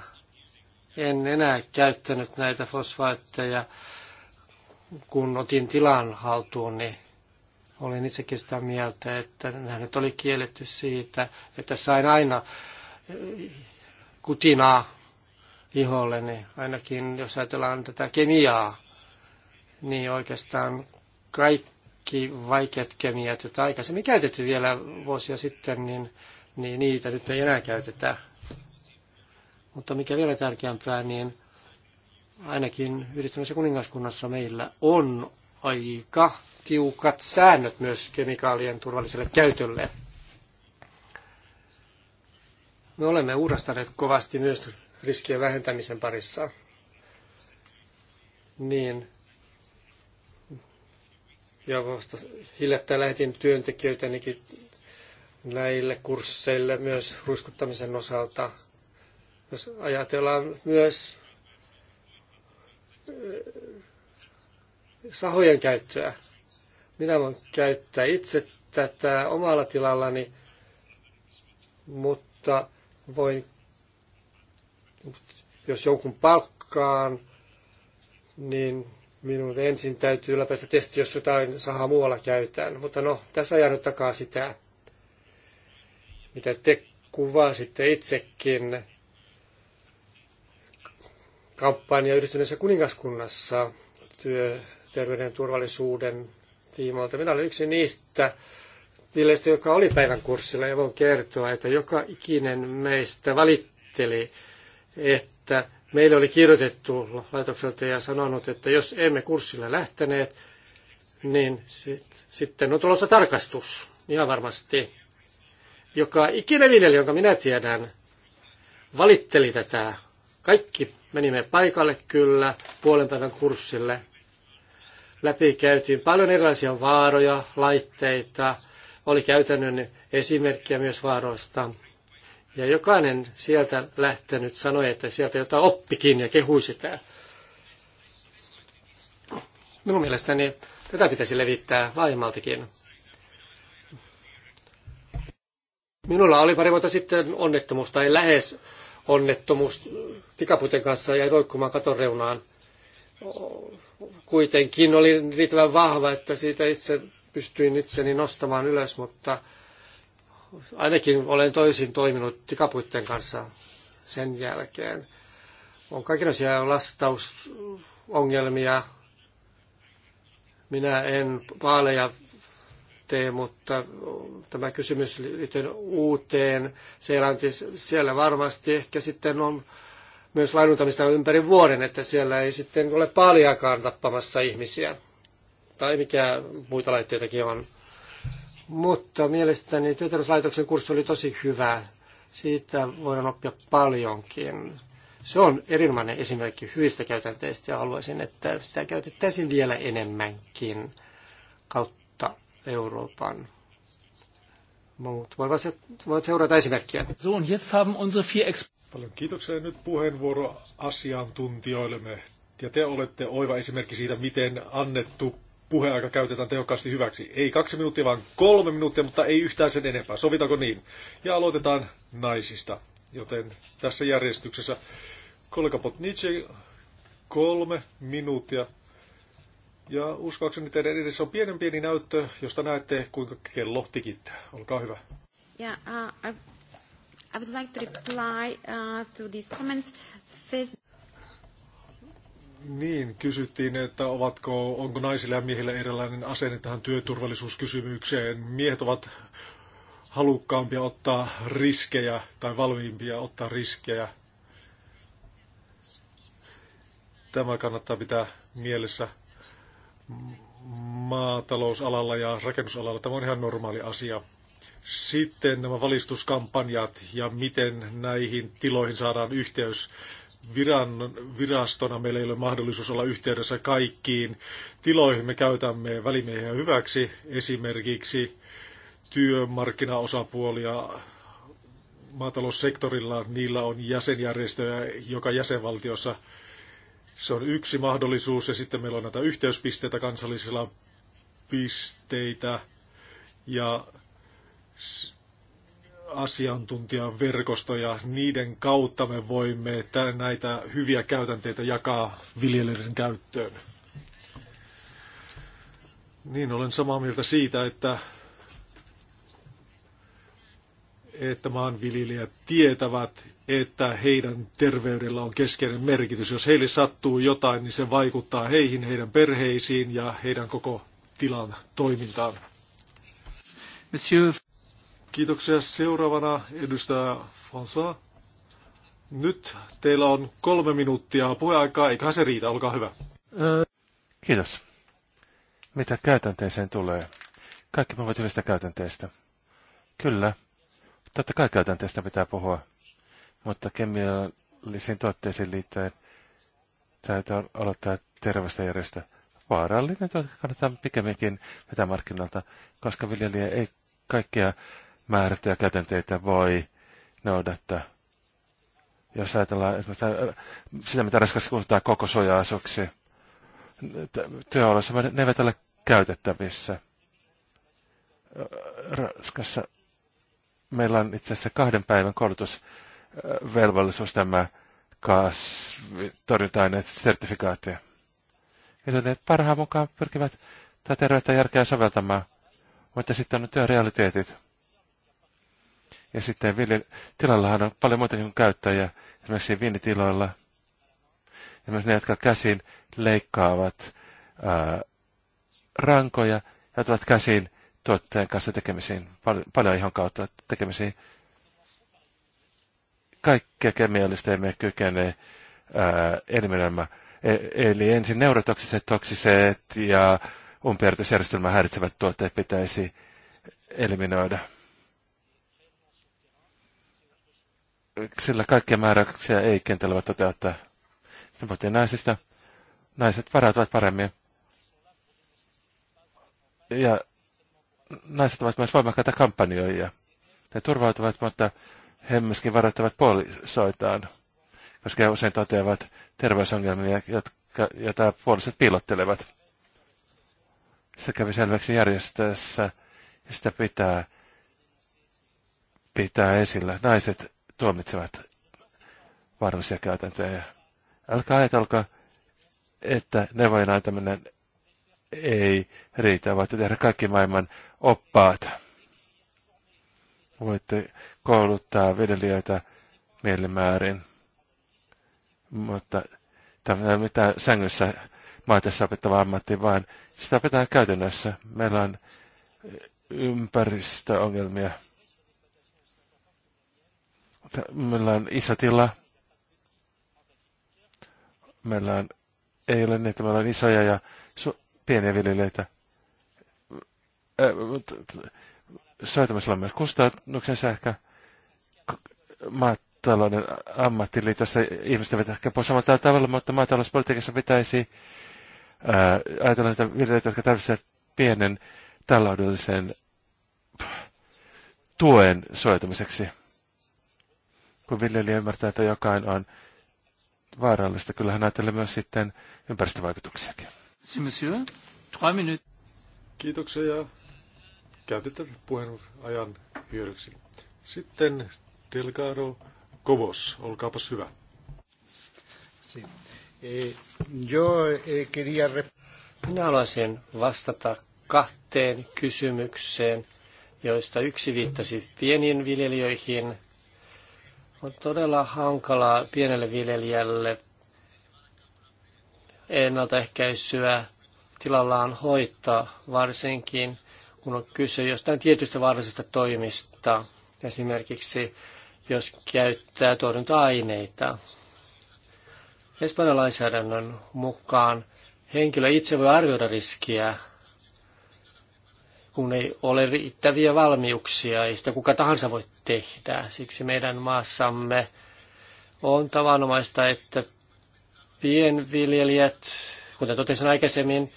En enää käyttänyt näitä fosfaatteja, kun otin tilan haltuun, niin olen itsekin sitä mieltä, että nyt oli kielletty siitä, että sain aina eh, kutinaa iholleni, niin ainakin jos ajatellaan tätä kemiaa, niin oikeastaan kaikki vaikeat kemiat, joita aikaisemmin käytettiin vielä vuosia sitten, niin, niin niitä nyt ei enää käytetä. Mutta mikä vielä tärkeämpää, niin ainakin yhdistyneessä kuningaskunnassa meillä on aika tiukat säännöt myös kemikaalien turvalliselle käytölle. Me olemme uudistaneet kovasti myös riskien vähentämisen parissa. Niin. Ja vasta hiljattain lähetin työntekijöitä näille kursseille myös ruiskuttamisen osalta. Jos ajatellaan myös eh, sahojen käyttöä, minä voin käyttää itse tätä omalla tilallani, mutta voin, jos jonkun palkkaan, niin minun ensin täytyy läpäistä testi, jos jotain sahaa muualla käytään. Mutta no, tässä jarruttakaa sitä, mitä te kuvasitte itsekin kampanja yhdistyneessä kuningaskunnassa työterveyden turvallisuuden tiimoilta. Minä olen yksi niistä viljelijöistä, joka oli päivän kurssilla ja voin kertoa, että joka ikinen meistä valitteli, että meille oli kirjoitettu laitokselta ja sanonut, että jos emme kurssille lähteneet, niin sit, sitten on tulossa tarkastus, ihan varmasti. Joka ikinen viljelijä, jonka minä tiedän, valitteli tätä. Kaikki menimme paikalle kyllä puolen päivän kurssille, läpi käytiin paljon erilaisia vaaroja, laitteita, oli käytännön esimerkkejä myös vaaroista. Ja jokainen sieltä lähtenyt sanoi, että sieltä jotain oppikin ja kehui sitä. Minun mielestäni tätä pitäisi levittää laajemmaltikin. Minulla oli pari vuotta sitten onnettomuus tai lähes onnettomuus pikaputen kanssa ja roikkumaan katon reunaan kuitenkin oli riittävän vahva, että siitä itse pystyin itseni nostamaan ylös, mutta ainakin olen toisin toiminut tikapuitten kanssa sen jälkeen. On kaikenlaisia lastausongelmia. Minä en vaaleja tee, mutta tämä kysymys liittyen uuteen Seelantis, siellä varmasti ehkä sitten on myös laiduntamista ympäri vuoden, että siellä ei sitten ole paljakaan tappamassa ihmisiä. Tai mikä muita laitteitakin on. Mutta mielestäni työterveyslaitoksen kurssi oli tosi hyvä. Siitä voidaan oppia paljonkin. Se on erinomainen esimerkki hyvistä käytänteistä ja haluaisin, että sitä käytettäisiin vielä enemmänkin kautta Euroopan Mutta voivat, seurata esimerkkiä. So, und jetzt haben unsere vier Paljon kiitoksia nyt puheenvuoro asiantuntijoillemme. Ja te olette oiva esimerkki siitä, miten annettu puheaika käytetään tehokkaasti hyväksi. Ei kaksi minuuttia, vaan kolme minuuttia, mutta ei yhtään sen enempää. Sovitako niin? Ja aloitetaan naisista. Joten tässä järjestyksessä kollega Potnice, kolme minuuttia. Ja uskoakseni teidän edessä on pienen pieni näyttö, josta näette, kuinka kello tikittää. Olkaa hyvä. Yeah, uh, I've I would like to reply uh, to these comments. First... Niin, kysyttiin, että ovatko, onko naisilla ja miehillä erilainen asenne tähän työturvallisuuskysymykseen. Miehet ovat halukkaampia ottaa riskejä tai valmiimpia ottaa riskejä. Tämä kannattaa pitää mielessä maatalousalalla ja rakennusalalla. Tämä on ihan normaali asia. Sitten nämä valistuskampanjat ja miten näihin tiloihin saadaan yhteys. Viran, virastona meillä ei ole mahdollisuus olla yhteydessä kaikkiin tiloihin. Me käytämme välimiehiä hyväksi, esimerkiksi työmarkkinaosapuolia maataloussektorilla. Niillä on jäsenjärjestöjä joka jäsenvaltiossa. Se on yksi mahdollisuus ja sitten meillä on näitä yhteyspisteitä, kansallisilla pisteitä ja asiantuntijaverkostoja. Niiden kautta me voimme näitä hyviä käytänteitä jakaa viljelijöiden käyttöön. Niin, olen samaa mieltä siitä, että, että maanviljelijät tietävät, että heidän terveydellä on keskeinen merkitys. Jos heille sattuu jotain, niin se vaikuttaa heihin, heidän perheisiin ja heidän koko tilan toimintaan. Monsieur. Kiitoksia. Seuraavana edustaja François. Nyt teillä on kolme minuuttia puheaikaa, eiköhän se riitä, olkaa hyvä. Kiitos. Mitä käytänteeseen tulee? Kaikki puhuvat hyvistä käytänteistä. Kyllä. Totta kai käytänteestä pitää puhua. Mutta kemiallisiin tuotteisiin liittyen täytyy aloittaa terveestä järjestä. Vaarallinen tuote kannattaa pikemminkin vetää markkinoilta, koska viljelijä ei kaikkea määrättyjä käytänteitä voi noudattaa. Jos ajatellaan esimerkiksi äh, sitä, mitä Ranskassa kuntaa koko suoja-asuksi, työoloissa ne eivät ole käytettävissä. Äh, Raskassa meillä on itse asiassa kahden päivän koulutusvelvollisuus tämä kasvitorjunta-aineet sertifikaatti. Eli ne parhaan mukaan pyrkivät tätä terveyttä järkeä soveltamaan, mutta sitten on työrealiteetit. realiteetit. Ja sitten tilallahan on paljon muitakin kuin käyttäjiä, esimerkiksi viinitiloilla. myös ne, jotka käsin leikkaavat ää, rankoja ja ottavat käsin tuotteen kanssa tekemisiin, pal- paljon ihan kautta tekemisiin. Kaikkea kemiallista emme kykene eliminoimaan. E- eli ensin neurotoksiset, toksiset ja umpiertysjärjestelmän häiritsevät tuotteet pitäisi eliminoida. sillä kaikkia määräyksiä ei kentällä voi toteuttaa. Sitten puhuttiin naisista. Naiset varautuvat paremmin. Ja naiset ovat myös voimakkaita kampanjoijia. He turvautuvat, mutta he myöskin varoittavat puolisoitaan, koska he usein toteavat terveysongelmia, jotka, joita puoliset piilottelevat. Se kävi selväksi järjestössä ja sitä pitää pitää esillä. Naiset tuomitsevat vaarallisia käytäntöjä. Älkää ajatelko, että neuvojen antaminen ei riitä, voitte tehdä kaikki maailman oppaat. Voitte kouluttaa viljelijöitä mielimäärin, mutta tämä ei ole mitään sängyssä maatessa opettava ammatti, vaan sitä opetetaan käytännössä. Meillä on ympäristöongelmia Meillä on iso tila. Meillä on, ei ole niitä, meillä on isoja ja su- pieniä viljelijöitä. Soitamisella on myös kustannuksen sähkö. Maatalouden ammattiliitossa ihmiset eivät ehkä puhu samalla tavalla, mutta maatalouspolitiikassa pitäisi ää, ajatella niitä viljelijöitä, jotka tarvitsevat pienen taloudellisen tuen soitamiseksi kun viljelijä ymmärtää, että jokain on vaarallista, kyllähän ajattelee myös sitten ympäristövaikutuksiakin. Si, monsieur. Trois minutes. Kiitoksia ja käytetään puheenajan hyödyksi. Sitten Delgado Kovos, olkaapas hyvä. Si. Eh, yo, eh, quería... Minä haluaisin vastata kahteen kysymykseen, joista yksi viittasi pieniin viljelijöihin – on todella hankalaa pienelle viljelijälle ennaltaehkäisyä tilallaan hoitaa, varsinkin kun on kyse jostain tietystä vaarallisesta toimista, esimerkiksi jos käyttää torjunta-aineita. Espanjan lainsäädännön mukaan henkilö itse voi arvioida riskiä kun ei ole riittäviä valmiuksia, ei sitä kuka tahansa voi tehdä. Siksi meidän maassamme on tavanomaista, että pienviljelijät, kuten totesin aikaisemmin,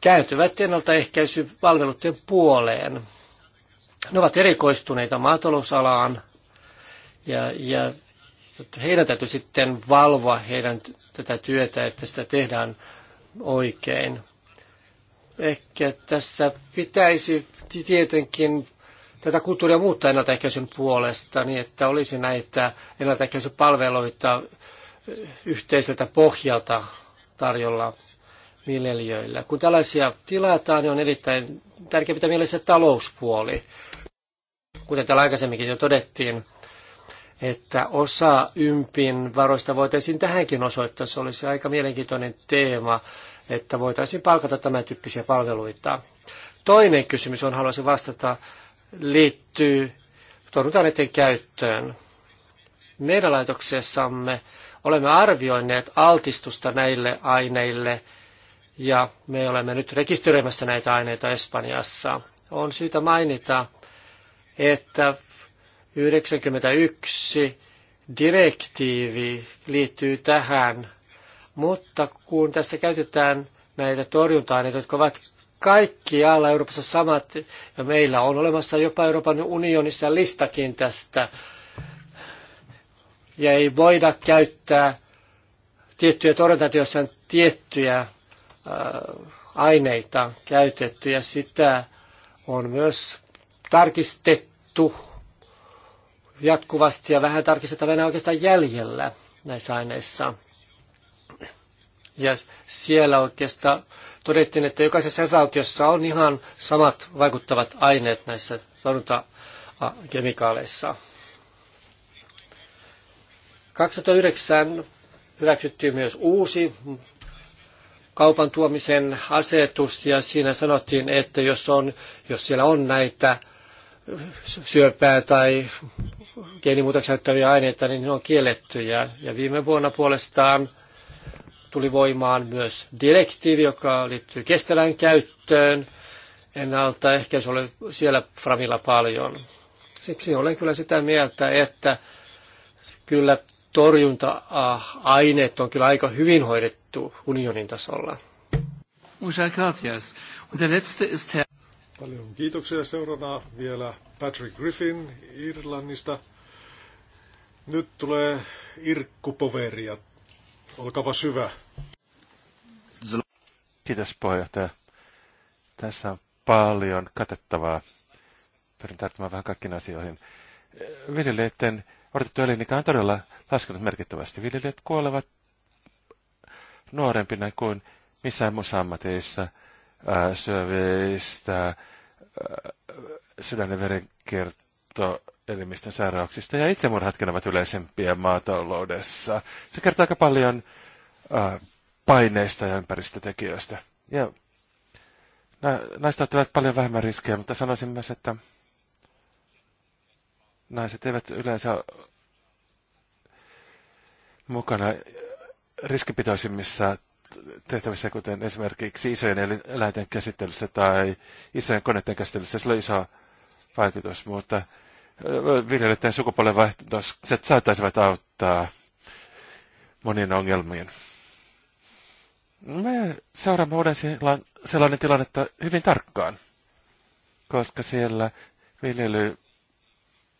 kääntyvät ennaltaehkäisypalveluiden puoleen. Ne ovat erikoistuneita maatalousalaan ja, ja heidän täytyy sitten valvoa heidän tätä työtä, että sitä tehdään oikein. Ehkä tässä pitäisi tietenkin tätä kulttuuria muuttaa ennaltaehkäisyn puolesta niin, että olisi näitä palveluita eh, yhteiseltä pohjalta tarjolla viljelijöillä. Kun tällaisia tilataan, niin on erittäin tärkeä pitää mielessä talouspuoli. Kuten täällä aikaisemminkin jo todettiin, että osa ympin varoista voitaisiin tähänkin osoittaa. Se olisi aika mielenkiintoinen teema, että voitaisiin palkata tämän tyyppisiä palveluita. Toinen kysymys, on haluaisin vastata, liittyy torjunta-aineiden käyttöön. Meidän laitoksessamme olemme arvioineet altistusta näille aineille ja me olemme nyt rekisteröimässä näitä aineita Espanjassa. On syytä mainita, että 91 direktiivi liittyy tähän mutta kun tässä käytetään näitä torjunta-aineita, jotka ovat alla Euroopassa samat, ja meillä on olemassa jopa Euroopan unionissa listakin tästä, ja ei voida käyttää tiettyjä torjuntatyössä tiettyjä äh, aineita käytetty, ja sitä on myös tarkistettu jatkuvasti, ja vähän tarkistettavana oikeastaan jäljellä näissä aineissa. Ja siellä oikeastaan todettiin, että jokaisessa valtiossa on ihan samat vaikuttavat aineet näissä torjuntakemikaaleissa. 2009 hyväksyttiin myös uusi kaupan tuomisen asetus ja siinä sanottiin, että jos, on, jos siellä on näitä syöpää tai geenimuutoksia aineita, niin ne on kielletty. Ja, ja viime vuonna puolestaan tuli voimaan myös direktiivi, joka liittyy kestävän käyttöön. se oli siellä Framilla paljon. Siksi olen kyllä sitä mieltä, että kyllä torjunta-aineet on kyllä aika hyvin hoidettu unionin tasolla. Paljon kiitoksia. Seuraavana vielä Patrick Griffin Irlannista. Nyt tulee irkkupoveria Olkaapa syvä. Kiitos puheenjohtaja. Tässä on paljon katettavaa. Pyrin tarttumaan vähän kaikkiin asioihin. Viljelijöiden odotettu elinikä on todella laskenut merkittävästi. Viljelijät kuolevat nuorempina kuin missään muussa ammateissa syövistä, sydän- ja verenkierto elimistön sairauksista ja itsemurhatkin ovat yleisempiä maataloudessa. Se kertoo aika paljon äh, paineista ja ympäristötekijöistä. Ja na, naiset ottavat paljon vähemmän riskejä, mutta sanoisin myös, että naiset eivät yleensä mukana riskipitoisimmissa tehtävissä, kuten esimerkiksi isojen eläinten käsittelyssä tai isojen koneiden käsittelyssä, sillä on iso vaikutus, mutta viljelijöiden sukupolvenvaihdokset saattaisivat auttaa monien ongelmien. Me seuraamme uuden sellainen tilannetta hyvin tarkkaan, koska siellä viljely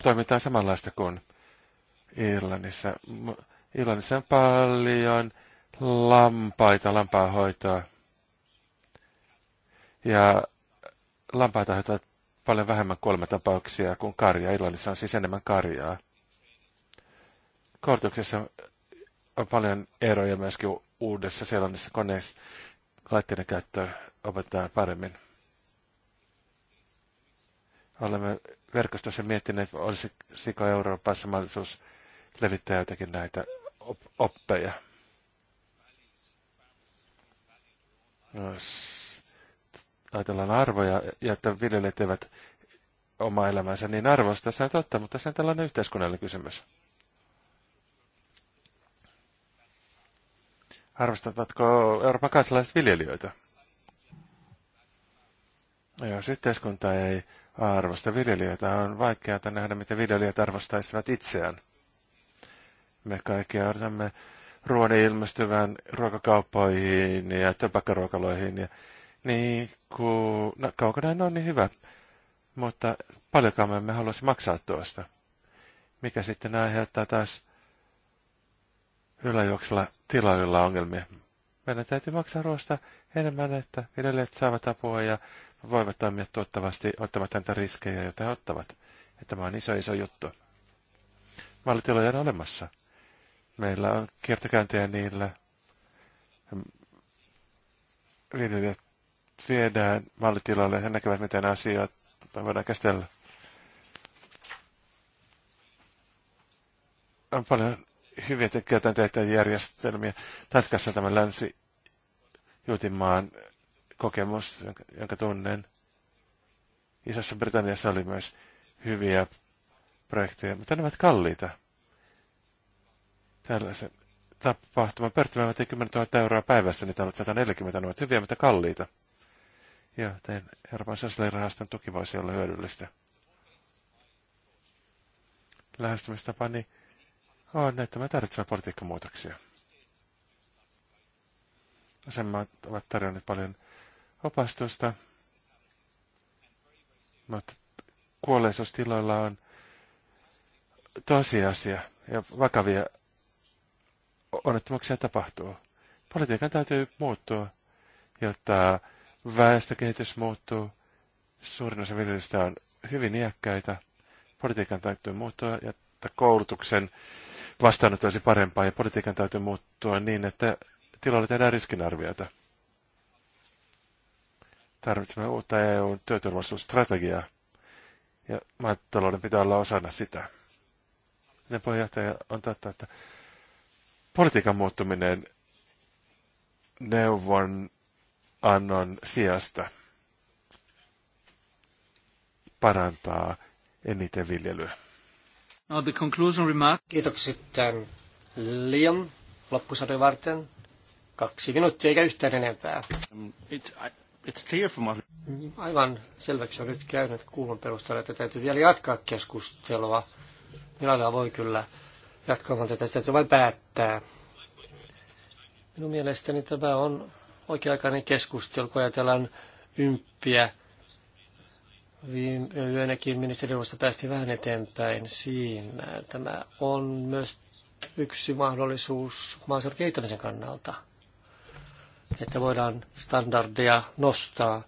toimitaan samanlaista kuin Irlannissa. Irlannissa on paljon lampaita, lampaa hoitaa. Ja lampaita hoitaa paljon vähemmän tapauksia kuin karjaa. Illallissa on siis enemmän karjaa. Kortuksessa on paljon eroja myöskin uudessa sellaisessa koneessa. Laitteiden käyttö opetetaan paremmin. Olemme verkostossa miettineet, olisiko Euroopassa mahdollisuus levittää jotakin näitä op- oppeja ajatellaan arvoja ja että viljelijät eivät oma elämänsä niin arvosta. Se on totta, mutta se on tällainen yhteiskunnallinen kysymys. Arvostatvatko Euroopan kansalaiset viljelijöitä? No jos yhteiskunta ei arvosta viljelijöitä, on vaikeaa nähdä, miten viljelijät arvostaisivat itseään. Me kaikki odotamme ruoan ilmestyvän ruokakauppoihin ja töpäkkäruokaloihin ja niin kun no, näin on niin hyvä, mutta paljonkaan me emme haluaisi maksaa tuosta. Mikä sitten aiheuttaa taas yläjuoksella tilaajilla ongelmia. Meidän täytyy maksaa ruoasta enemmän, että viljelijät saavat apua ja voivat toimia tuottavasti ottamatta niitä riskejä, joita he ottavat. Ja tämä on iso, iso juttu. Mallitiloja on olemassa. Meillä on kiertokäyntejä niillä. Viljelijät viedään vallitilalle. He näkevät, miten asiat voidaan käsitellä. On paljon hyviä tekijöitä tehtäviä järjestelmiä. Tanskassa tämä länsi Juutinmaan kokemus, jonka, jonka tunnen. Isossa Britanniassa oli myös hyviä projekteja, mutta ne ovat kalliita. Tällaisen tapahtuman pörttimään 10 000 euroa päivässä, niin täällä on 140 ne ovat hyviä, mutta kalliita joten Euroopan sosiaalirahaston tuki voisi olla hyödyllistä. Lähestymistapani on, että me tarvitsemme politiikkamuutoksia. Asemat ovat tarjonneet paljon opastusta, mutta kuolleisuustiloilla on tosiasia ja vakavia onnettomuuksia tapahtuu. Politiikan täytyy muuttua, jotta Väestökehitys muuttuu. Suurin osa viljelijöistä on hyvin iäkkäitä. Politiikan täytyy muuttua, jotta koulutuksen vastaanotto olisi parempaa ja politiikan täytyy muuttua niin, että tilalle tehdään riskinarviota. Tarvitsemme uutta eu työturvallisuusstrategiaa ja maatalouden pitää olla osana sitä. Ne puheenjohtaja on totta, että politiikan muuttuminen neuvon annon sijasta parantaa eniten viljelyä. Now the conclusion remark. Kiitokset tämän Liam loppusadon varten. Kaksi minuuttia eikä yhtään enempää. Um, it's, it's clear for what... Mm, aivan selväksi on nyt käynyt kuulon perusteella, että täytyy vielä jatkaa keskustelua. Milalla voi kyllä jatkaa, mutta tästä täytyy vain päättää. Minun mielestäni tämä on oikea-aikainen keskustelu, kun ajatellaan ymppiä. Viime yönäkin ministeriöstä päästi vähän eteenpäin siinä. Tämä on myös yksi mahdollisuus maaseudun kehittämisen kannalta, että voidaan standardeja nostaa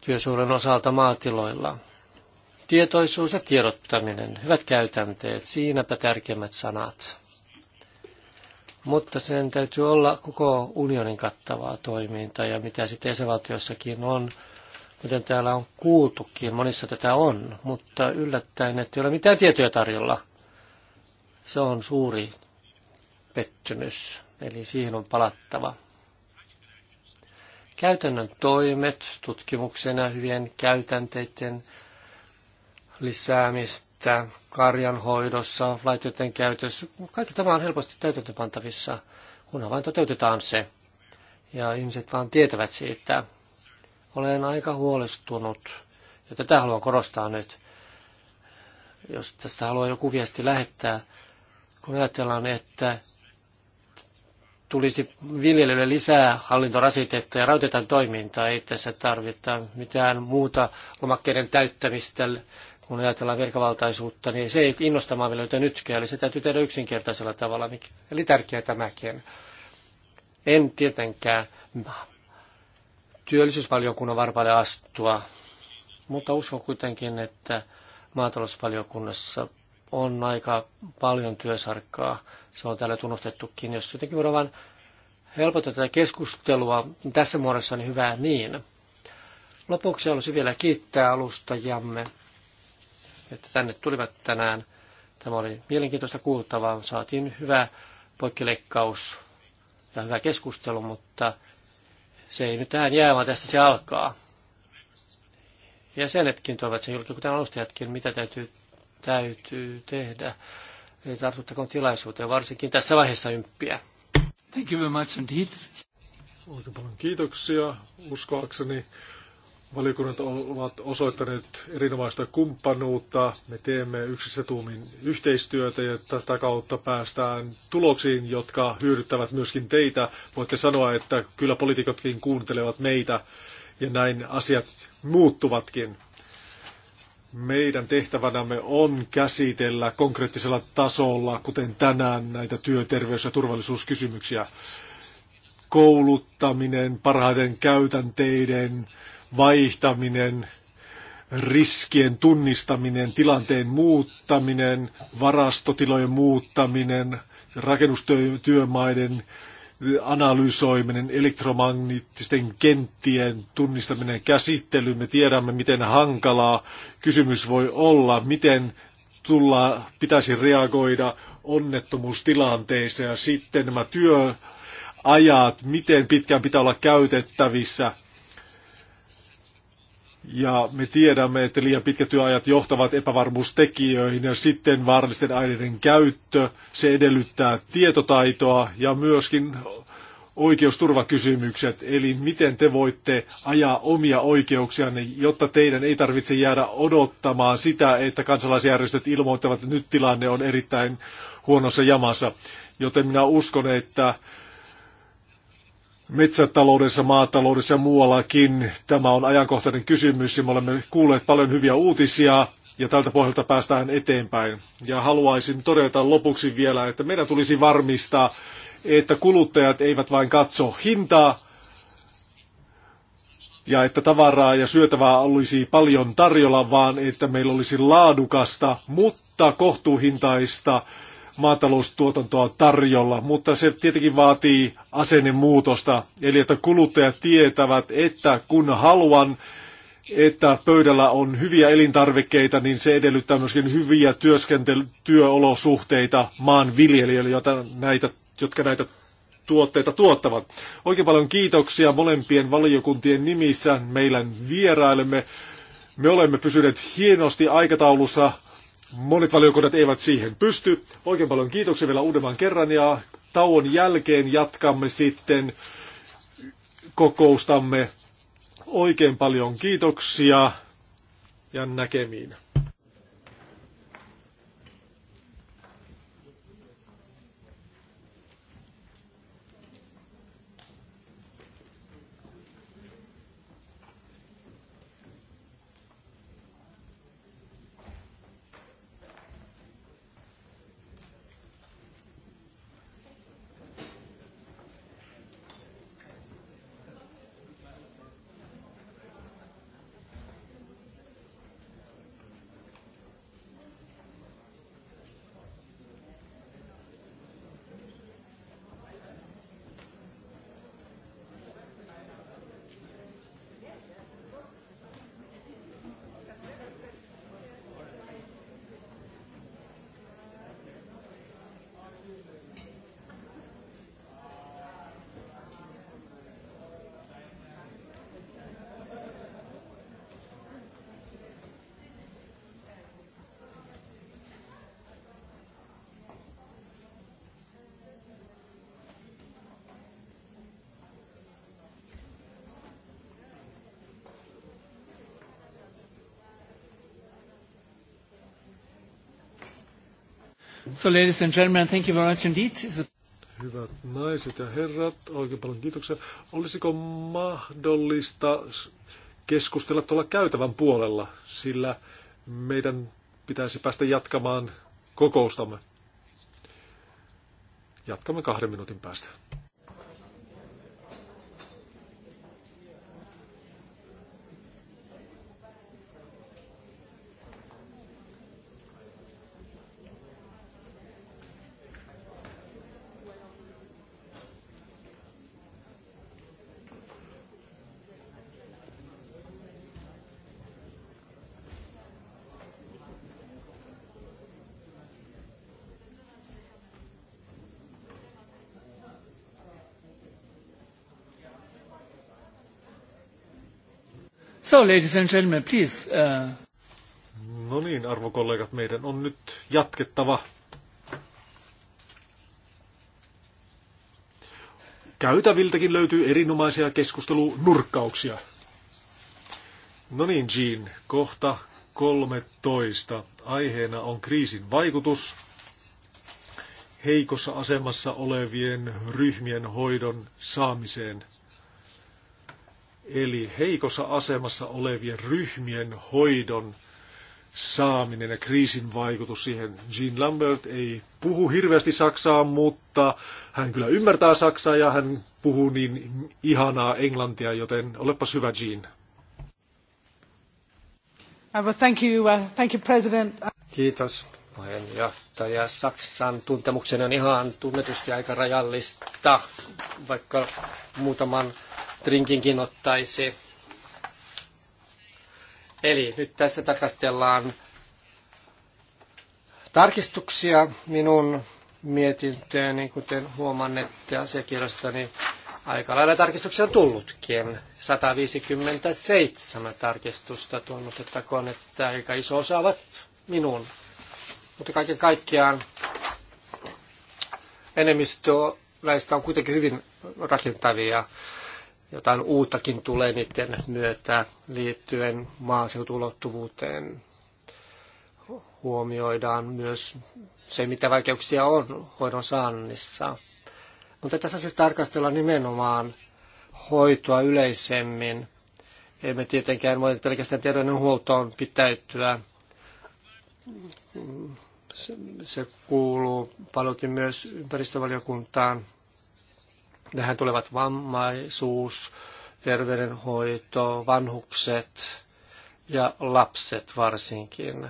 työsuuren osalta maatiloilla. Tietoisuus ja tiedottaminen, hyvät käytänteet, siinäpä tärkeimmät sanat mutta sen täytyy olla koko unionin kattavaa toimintaa ja mitä sitten jäsenvaltiossakin on, kuten täällä on kuultukin, monissa tätä on, mutta yllättäen, että ei ole mitään tietoja tarjolla. Se on suuri pettymys, eli siihen on palattava. Käytännön toimet tutkimuksena hyvien käytänteiden lisäämistä vettä karjanhoidossa, laitteiden käytössä. Kaikki tämä on helposti täytäntöpantavissa, kunhan vain toteutetaan se. Ja ihmiset vaan tietävät siitä. Olen aika huolestunut, ja tätä haluan korostaa nyt, jos tästä haluaa joku viesti lähettää, kun ajatellaan, että tulisi viljelijöille lisää hallintorasitetta ja rautetaan toimintaa. Ei tässä tarvita mitään muuta lomakkeiden täyttämistä kun ajatellaan virkavaltaisuutta, niin se ei innostamaan vielä nytkään, eli se täytyy tehdä yksinkertaisella tavalla, eli tärkeää tämäkin. En tietenkään työllisyysvaliokunnan varpaille astua, mutta uskon kuitenkin, että maatalousvaliokunnassa on aika paljon työsarkkaa. Se on täällä tunnustettukin. Jos jotenkin voidaan vain helpottaa tätä keskustelua tässä muodossa, niin hyvää niin. Lopuksi haluaisin vielä kiittää alustajamme että tänne tulivat tänään. Tämä oli mielenkiintoista kuultavaa. Saatiin hyvä poikkileikkaus ja hyvä keskustelu, mutta se ei nyt tähän jää, vaan tästä se alkaa. Jäsenetkin toivat sen julki, kuten alustajatkin, mitä täytyy, täytyy tehdä. Eli tartuttakoon tilaisuuteen, varsinkin tässä vaiheessa ymppiä. Thank you very much indeed. Oikein paljon kiitoksia. Uskoakseni Valiokunnat ovat osoittaneet erinomaista kumppanuutta. Me teemme yksissä tuumin yhteistyötä ja tästä kautta päästään tuloksiin, jotka hyödyttävät myöskin teitä. Voitte sanoa, että kyllä poliitikotkin kuuntelevat meitä ja näin asiat muuttuvatkin. Meidän tehtävänämme on käsitellä konkreettisella tasolla, kuten tänään, näitä työterveys- ja turvallisuuskysymyksiä. Kouluttaminen, parhaiten käytänteiden, vaihtaminen, riskien tunnistaminen, tilanteen muuttaminen, varastotilojen muuttaminen, rakennustyömaiden analysoiminen, elektromagneettisten kenttien tunnistaminen, käsittely. Me tiedämme, miten hankalaa kysymys voi olla, miten tulla, pitäisi reagoida onnettomuustilanteeseen ja sitten nämä työajat, miten pitkään pitää olla käytettävissä – ja me tiedämme, että liian pitkät työajat johtavat epävarmuustekijöihin ja sitten vaarallisten aineiden käyttö, se edellyttää tietotaitoa ja myöskin oikeusturvakysymykset, eli miten te voitte ajaa omia oikeuksianne, jotta teidän ei tarvitse jäädä odottamaan sitä, että kansalaisjärjestöt ilmoittavat, että nyt tilanne on erittäin huonossa jamassa. Joten minä uskon, että metsätaloudessa, maataloudessa ja muuallakin. Tämä on ajankohtainen kysymys ja me olemme kuulleet paljon hyviä uutisia ja tältä pohjalta päästään eteenpäin. Ja haluaisin todeta lopuksi vielä, että meidän tulisi varmistaa, että kuluttajat eivät vain katso hintaa, ja että tavaraa ja syötävää olisi paljon tarjolla, vaan että meillä olisi laadukasta, mutta kohtuuhintaista maataloustuotantoa tarjolla, mutta se tietenkin vaatii asennemuutosta, eli että kuluttajat tietävät, että kun haluan, että pöydällä on hyviä elintarvikkeita, niin se edellyttää myöskin hyviä työskentely- työolosuhteita maanviljelijöille, jota näitä, jotka näitä tuotteita tuottavat. Oikein paljon kiitoksia molempien valiokuntien nimissä meidän vierailemme. Me olemme pysyneet hienosti aikataulussa Monet valiokunnat eivät siihen pysty. Oikein paljon kiitoksia vielä uudemman kerran ja tauon jälkeen jatkamme sitten kokoustamme. Oikein paljon kiitoksia ja näkemiin. So ladies and gentlemen, thank you very much indeed. Hyvät naiset ja herrat, oikein paljon kiitoksia. Olisiko mahdollista keskustella tuolla käytävän puolella, sillä meidän pitäisi päästä jatkamaan kokoustamme. Jatkamme kahden minuutin päästä. So, ladies and gentlemen, please. Uh... No niin, arvokollegat, meidän on nyt jatkettava. Käytäviltäkin löytyy erinomaisia keskustelunurkkauksia. No niin, Jean, kohta 13. Aiheena on kriisin vaikutus heikossa asemassa olevien ryhmien hoidon saamiseen – Eli heikossa asemassa olevien ryhmien hoidon saaminen ja kriisin vaikutus siihen. Jean Lambert ei puhu hirveästi Saksaa, mutta hän kyllä ymmärtää Saksaa ja hän puhuu niin ihanaa englantia, joten olepas hyvä Jean. Uh, thank you, uh, thank you, President. Kiitos puheenjohtaja. Saksan tuntemukseni on ihan tunnetusti aika rajallista, vaikka muutaman drinkinkin ottaisi. Eli nyt tässä tarkastellaan tarkistuksia minun mietintööni, kuten huomannette asiakirjastani. Aika lailla tarkistuksia on tullutkin. 157 tarkistusta tunnustettakoon, että aika iso osa ovat minun. Mutta kaiken kaikkiaan enemmistö näistä on kuitenkin hyvin rakentavia jotain uuttakin tulee niiden myötä liittyen maaseutulottuvuuteen. Huomioidaan myös se, mitä vaikeuksia on hoidon saannissa. Mutta tässä siis tarkastellaan nimenomaan hoitoa yleisemmin. Emme tietenkään voi pelkästään terveydenhuoltoon pitäytyä. Se kuuluu paljon myös ympäristövaliokuntaan Tähän tulevat vammaisuus, terveydenhoito, vanhukset ja lapset varsinkin.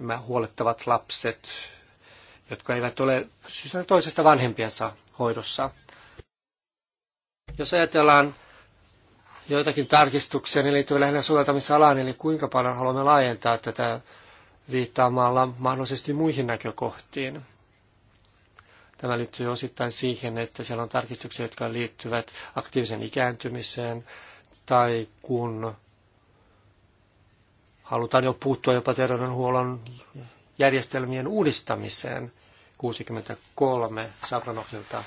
Nämä huolettavat lapset, jotka eivät ole syystä toisesta vanhempiensa hoidossa. Jos ajatellaan joitakin tarkistuksia, niin liittyy lähinnä soveltamisalaan, eli kuinka paljon haluamme laajentaa tätä viittaamalla mahdollisesti muihin näkökohtiin. Tämä liittyy osittain siihen, että siellä on tarkistuksia, jotka liittyvät aktiivisen ikääntymiseen tai kun halutaan jo puuttua jopa terveydenhuollon järjestelmien uudistamiseen 63 Sabranohilta.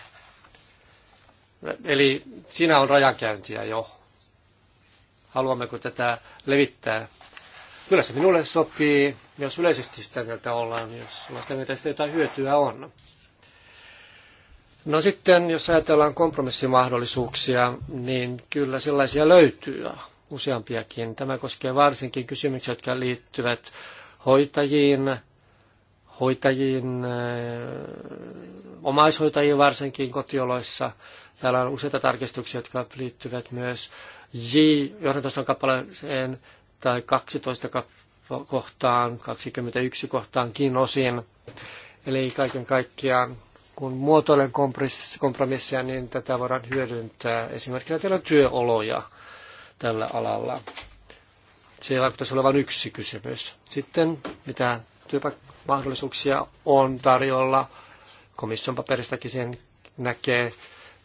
Eli siinä on rajakäyntiä jo. Haluammeko tätä levittää? Kyllä se minulle sopii, jos yleisesti sitä mieltä ollaan, jos sellaista mieltä sitä jotain hyötyä on. No sitten, jos ajatellaan kompromissimahdollisuuksia, niin kyllä sellaisia löytyy useampiakin. Tämä koskee varsinkin kysymyksiä, jotka liittyvät hoitajiin, hoitajiin, eh, omaishoitajiin varsinkin kotioloissa. Täällä on useita tarkistuksia, jotka liittyvät myös J, johdantoson kappaleeseen tai 12 kohtaan, 21 kohtaankin osin. Eli kaiken kaikkiaan kun muotoilen kompromisseja niin tätä voidaan hyödyntää. Esimerkiksi ajatellaan työoloja tällä alalla. Se ei vaikuttaisi olevan yksi kysymys. Sitten mitä työmahdollisuuksia on tarjolla. Komission paperistakin sen näkee.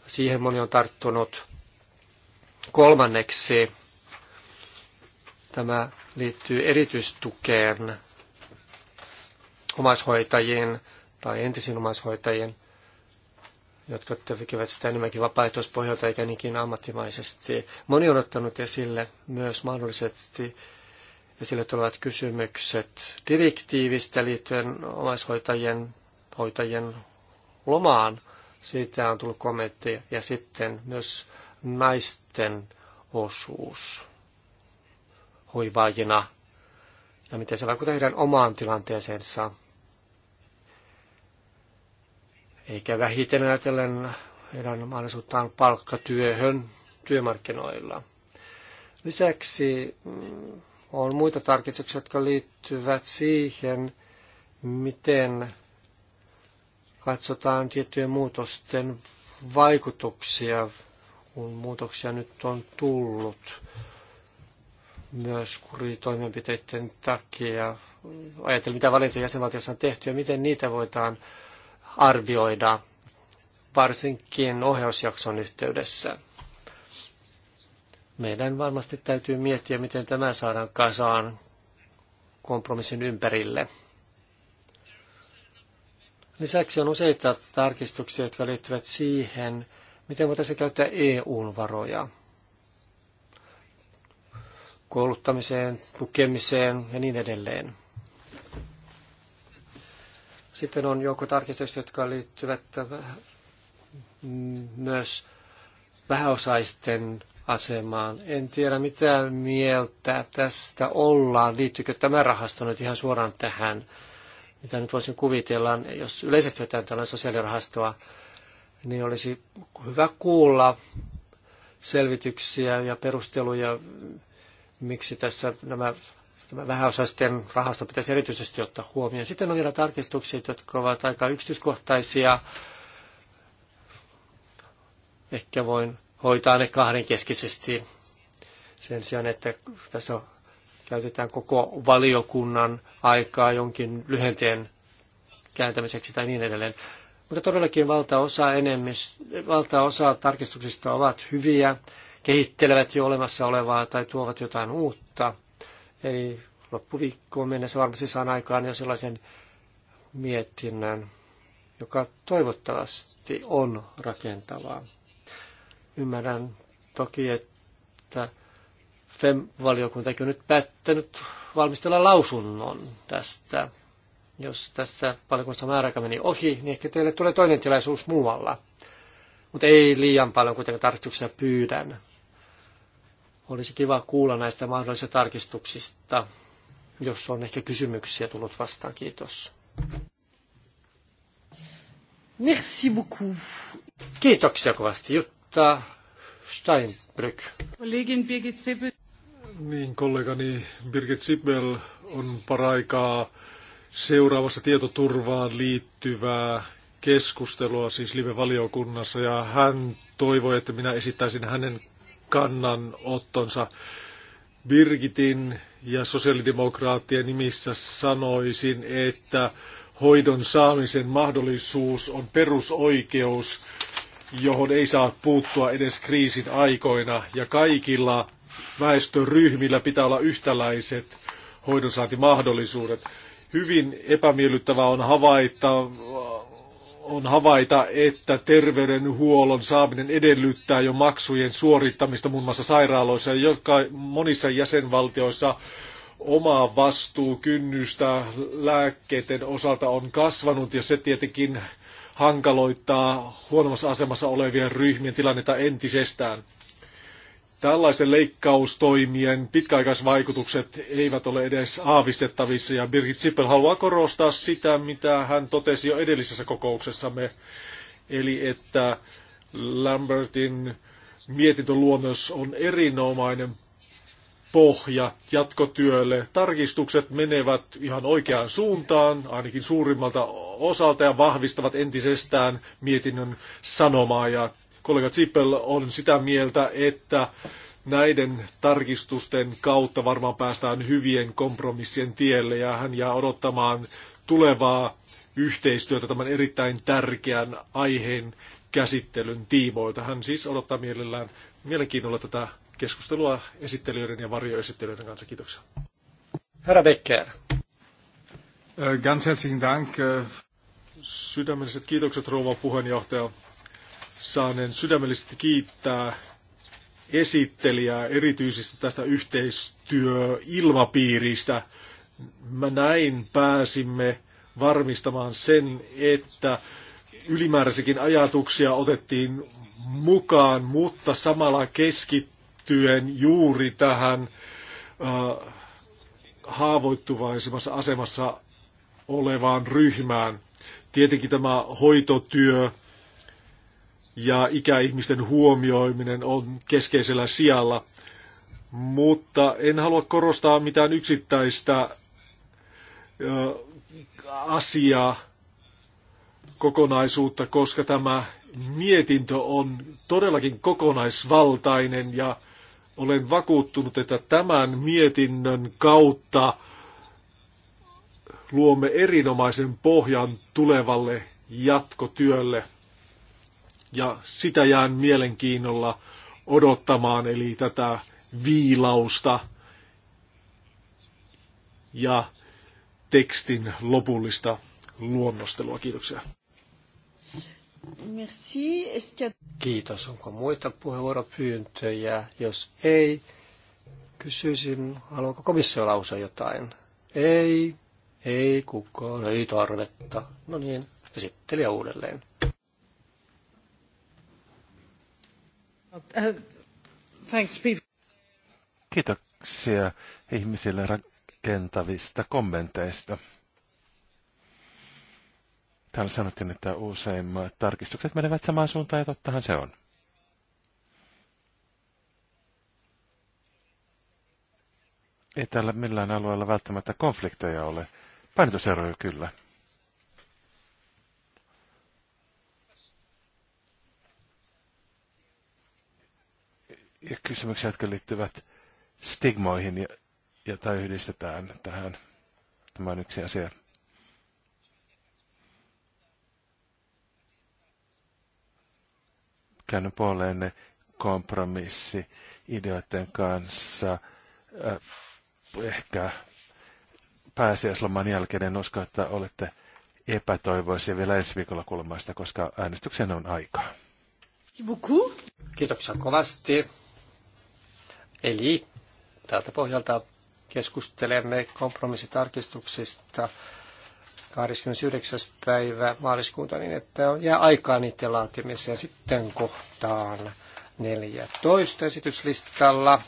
Siihen moni on tarttunut. Kolmanneksi tämä liittyy erityistukeen omaishoitajien tai entisiin omaishoitajien jotka tekevät sitä enemmänkin vapaaehtoispohjalta eikä niinkin ammattimaisesti. Moni on ottanut esille myös mahdollisesti esille tulevat kysymykset direktiivistä liittyen omaishoitajien hoitajien lomaan. Siitä on tullut kommentteja. Ja sitten myös naisten osuus hoivaajina ja miten se vaikuttaa heidän omaan tilanteeseensa eikä vähiten ajatellen heidän mahdollisuuttaan palkkatyöhön työmarkkinoilla. Lisäksi mm, on muita tarkistuksia, jotka liittyvät siihen, miten katsotaan tiettyjen muutosten vaikutuksia, kun muutoksia nyt on tullut myös kuritoimenpiteiden takia. Ajatellaan, mitä valintoja jäsenvaltiossa on tehty ja miten niitä voidaan arvioida, varsinkin ohjausjakson yhteydessä. Meidän varmasti täytyy miettiä, miten tämä saadaan kasaan kompromissin ympärille. Lisäksi on useita tarkistuksia, jotka liittyvät siihen, miten voitaisiin käyttää EU-varoja kouluttamiseen, tukemiseen ja niin edelleen. Sitten on joukko tarkistuksia, jotka liittyvät myös vähäosaisten asemaan. En tiedä mitä mieltä tästä ollaan. Liittyykö tämä rahasto nyt ihan suoraan tähän, mitä nyt voisin kuvitella, jos yleisesti jotain tällainen sosiaalirahastoa, niin olisi hyvä kuulla selvityksiä ja perusteluja, miksi tässä nämä Tämä vähäosaisten rahasto pitäisi erityisesti ottaa huomioon. Sitten on vielä tarkistuksia, jotka ovat aika yksityiskohtaisia. Ehkä voin hoitaa ne kahdenkeskisesti sen sijaan, että tässä käytetään koko valiokunnan aikaa jonkin lyhenteen kääntämiseksi tai niin edelleen. Mutta todellakin valtaosa, enemmis, valtaosa tarkistuksista ovat hyviä, kehittelevät jo olemassa olevaa tai tuovat jotain uutta. Eli loppuviikkoon mennessä varmasti saan aikaan jo sellaisen mietinnän, joka toivottavasti on rakentavaa. Ymmärrän toki, että FEM-valiokuntakin on nyt päättänyt valmistella lausunnon tästä. Jos tässä valiokunnassa määräaika meni ohi, niin ehkä teille tulee toinen tilaisuus muualla. Mutta ei liian paljon kuitenkaan tarkistuksia pyydän. Olisi kiva kuulla näistä mahdollisista tarkistuksista, jos on ehkä kysymyksiä tullut vastaan. Kiitos. Merci beaucoup. Kiitoksia kovasti Jutta Steinbrück. Birgit Niin, kollegani Birgit Sibel on paraikaa seuraavassa tietoturvaan liittyvää keskustelua siis live-valiokunnassa ja hän toivoi, että minä esittäisin hänen kannanottonsa. Birgitin ja sosiaalidemokraattien nimissä sanoisin, että hoidon saamisen mahdollisuus on perusoikeus, johon ei saa puuttua edes kriisin aikoina, ja kaikilla väestöryhmillä pitää olla yhtäläiset hoidonsaantimahdollisuudet. Hyvin epämiellyttävää on havaita on havaita, että terveydenhuollon saaminen edellyttää jo maksujen suorittamista muun muassa sairaaloissa, jotka monissa jäsenvaltioissa omaa vastuukynnystä lääkkeiden osalta on kasvanut ja se tietenkin hankaloittaa huonommassa asemassa olevien ryhmien tilannetta entisestään. Tällaisten leikkaustoimien pitkäaikaisvaikutukset eivät ole edes aavistettavissa ja Birgit Sippel haluaa korostaa sitä, mitä hän totesi jo edellisessä kokouksessamme, eli että Lambertin mietintöluonnos on erinomainen pohja jatkotyölle. Tarkistukset menevät ihan oikeaan suuntaan, ainakin suurimmalta osalta, ja vahvistavat entisestään mietinnön sanomaa ja Kollega Zippel on sitä mieltä, että näiden tarkistusten kautta varmaan päästään hyvien kompromissien tielle ja hän jää odottamaan tulevaa yhteistyötä tämän erittäin tärkeän aiheen käsittelyn tiimoilta. Hän siis odottaa mielellään mielenkiinnolla tätä keskustelua esittelijöiden ja varjoesittelijöiden kanssa. Kiitoksia. Herra Becker. Ganz herzlichen Dank. Sydämelliset kiitokset rouva puheenjohtaja saanen sydämellisesti kiittää esittelijää erityisesti tästä yhteistyöilmapiiristä. Mä näin pääsimme varmistamaan sen, että ylimääräisikin ajatuksia otettiin mukaan, mutta samalla keskittyen juuri tähän äh, haavoittuvaisemmassa asemassa olevaan ryhmään. Tietenkin tämä hoitotyö, ja ikäihmisten huomioiminen on keskeisellä sijalla. Mutta en halua korostaa mitään yksittäistä asiaa, kokonaisuutta, koska tämä mietintö on todellakin kokonaisvaltainen ja olen vakuuttunut, että tämän mietinnön kautta luomme erinomaisen pohjan tulevalle jatkotyölle ja sitä jään mielenkiinnolla odottamaan, eli tätä viilausta ja tekstin lopullista luonnostelua. Kiitoksia. Merci. Kiitos. Onko muita puheenvuoropyyntöjä? Jos ei, kysyisin, haluaako komissio lausua jotain? Ei, ei kukaan, ei tarvetta. No niin, esittelijä uudelleen. Uh, Kiitoksia ihmisille rakentavista kommenteista. Täällä sanottiin, että useimmat tarkistukset menevät samaan suuntaan, ja tottahan se on. Ei täällä millään alueella välttämättä konflikteja ole. Painotuseroja kyllä. ja kysymyksiä, jotka liittyvät stigmoihin, joita yhdistetään tähän. Tämä on yksi asia. Käännön puoleenne kompromissi ideoiden kanssa. Äh, ehkä pääsiäisloman jälkeen en usko, että olette epätoivoisia vielä ensi viikolla kuulemasta, koska äänestyksen on aikaa. Kiitoksia kovasti. Eli tältä pohjalta keskustelemme kompromissitarkistuksista 29. päivä maaliskuuta niin, että jää aikaa niiden laatimiseen sitten kohtaan 14 esityslistalla.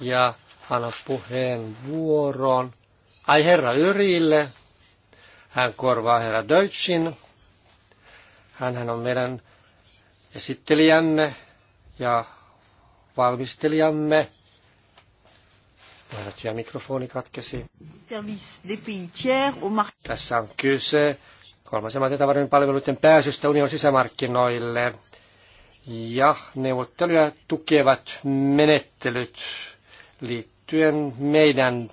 Ja puheen vuoron. Ai herra Yrille. Hän korvaa herra Deutschin. Hänhän on meidän esittelijämme ja valmistelijamme. Ja mikrofoni katkesi. Tässä on kyse kolmasen maiden tavaroiden palveluiden pääsystä union sisämarkkinoille ja neuvotteluja tukevat menettelyt liittyen meidän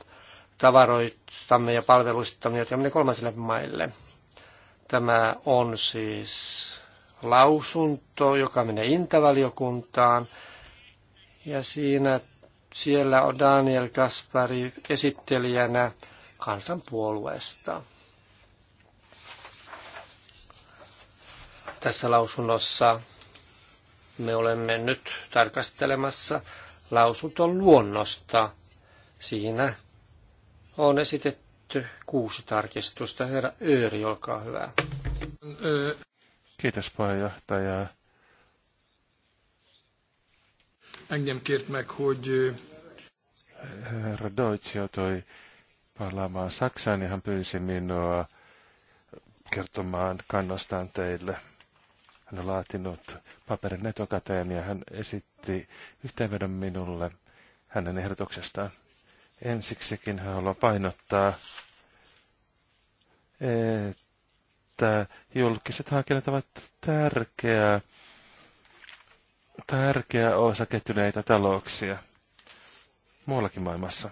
tavaroistamme ja palveluistamme, ja kolmasille maille. Tämä on siis lausunto, joka menee intavaliokuntaan. Ja siinä siellä on Daniel Kaspari esittelijänä kansanpuolueesta. Tässä lausunnossa me olemme nyt tarkastelemassa lausunton luonnosta. Siinä on esitetty kuusi tarkistusta. Herra Ööri, olkaa hyvä. Kiitos puheenjohtaja. Engem kért meg, hogy... Herra Deutsch joutui palaamaan Saksaan ja niin hän pyysi minua kertomaan kannastaan teille. Hän on laatinut paperin etukäteen ja hän esitti yhteenvedon minulle hänen ehdotuksestaan. Ensiksikin hän haluaa painottaa, että julkiset hankinnat ovat tärkeää tärkeä osa kettyneitä talouksia muuallakin maailmassa.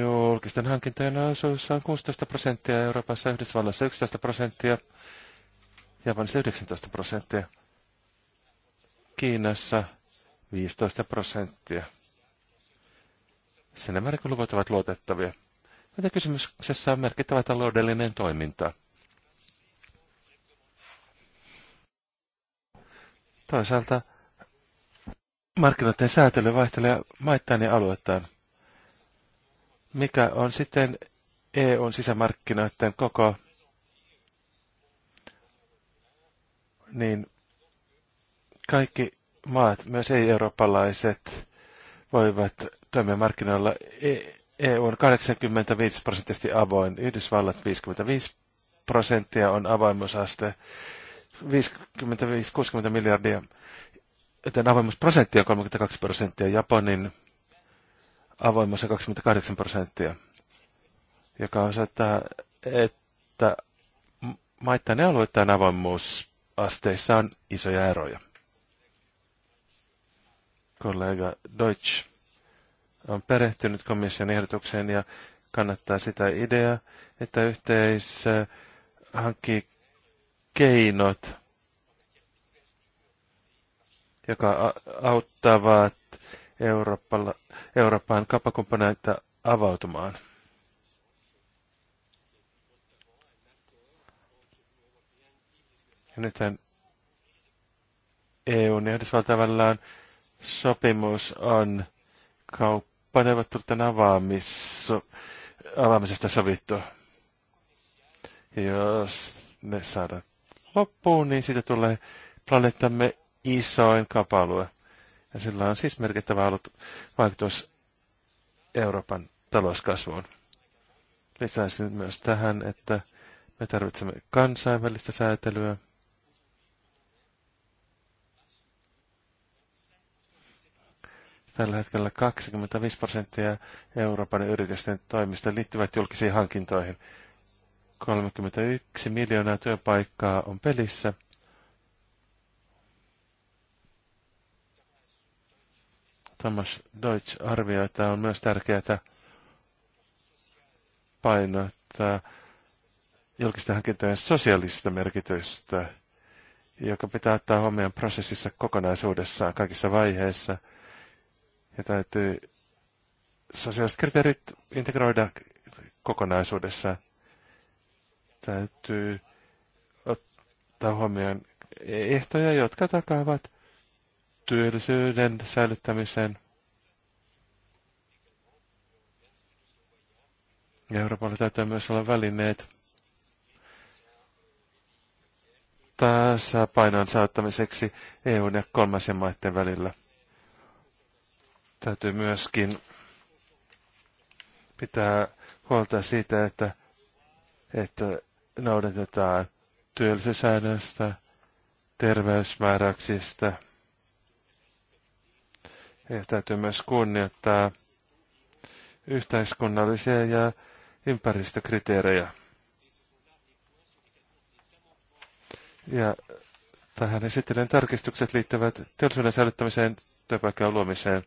Julkisten hankintojen osuus on 16 prosenttia, Euroopassa Yhdysvalloissa 11 prosenttia, Japanissa 19 prosenttia, Kiinassa 15 prosenttia. Sen määrin, kun luvut ovat luotettavia. Mitä kysymyksessä on merkittävä taloudellinen toiminta – Toisaalta markkinoiden säätely vaihtelee maittain ja alueittain. Mikä on sitten EUn sisämarkkinoiden koko, niin kaikki maat, myös ei-eurooppalaiset, voivat toimia markkinoilla. EU on 85 prosenttisesti avoin, Yhdysvallat 55 prosenttia on avoimuusaste 50 60 miljardia, joten avoimuusprosentti on 32 prosenttia, Japanin avoimuus on 28 prosenttia, joka osoittaa, että maittain ja alueittain avoimuusasteissa on isoja eroja. Kollega Deutsch on perehtynyt komission ehdotukseen ja kannattaa sitä ideaa, että yhteis hankkii keinot, joka auttavat Euroopalla, Euroopan kapakumppaneita avautumaan. Ja nythän EUn ja Yhdysvaltain välillä sopimus on kauppaneuvotteluiden avaamisso, avaamisesta sovittu. Ja jos ne saadaan loppuu, niin siitä tulee planeettamme isoin kapalue. Ja sillä on siis merkittävä ollut vaikutus Euroopan talouskasvuun. Lisäisin myös tähän, että me tarvitsemme kansainvälistä säätelyä. Tällä hetkellä 25 prosenttia Euroopan yritysten toimista liittyvät julkisiin hankintoihin. 31 miljoonaa työpaikkaa on pelissä. Thomas Deutsch arvioi, että on myös tärkeää painottaa julkisten hankintojen sosiaalista merkitystä, joka pitää ottaa huomioon prosessissa kokonaisuudessaan kaikissa vaiheissa. Ja täytyy sosiaaliset kriteerit integroida kokonaisuudessaan täytyy ottaa huomioon ehtoja, jotka takaavat työllisyyden säilyttämisen. Euroopalla täytyy myös olla välineet tasapainon saattamiseksi EUn ja kolmansien maiden välillä. Täytyy myöskin pitää huolta siitä, että että noudatetaan työllisyyssäännöistä, terveysmääräyksistä. Ja täytyy myös kunnioittaa yhteiskunnallisia ja ympäristökriteerejä. Ja tähän esittelen tarkistukset liittyvät työllisyyden säilyttämiseen, työpaikan luomiseen.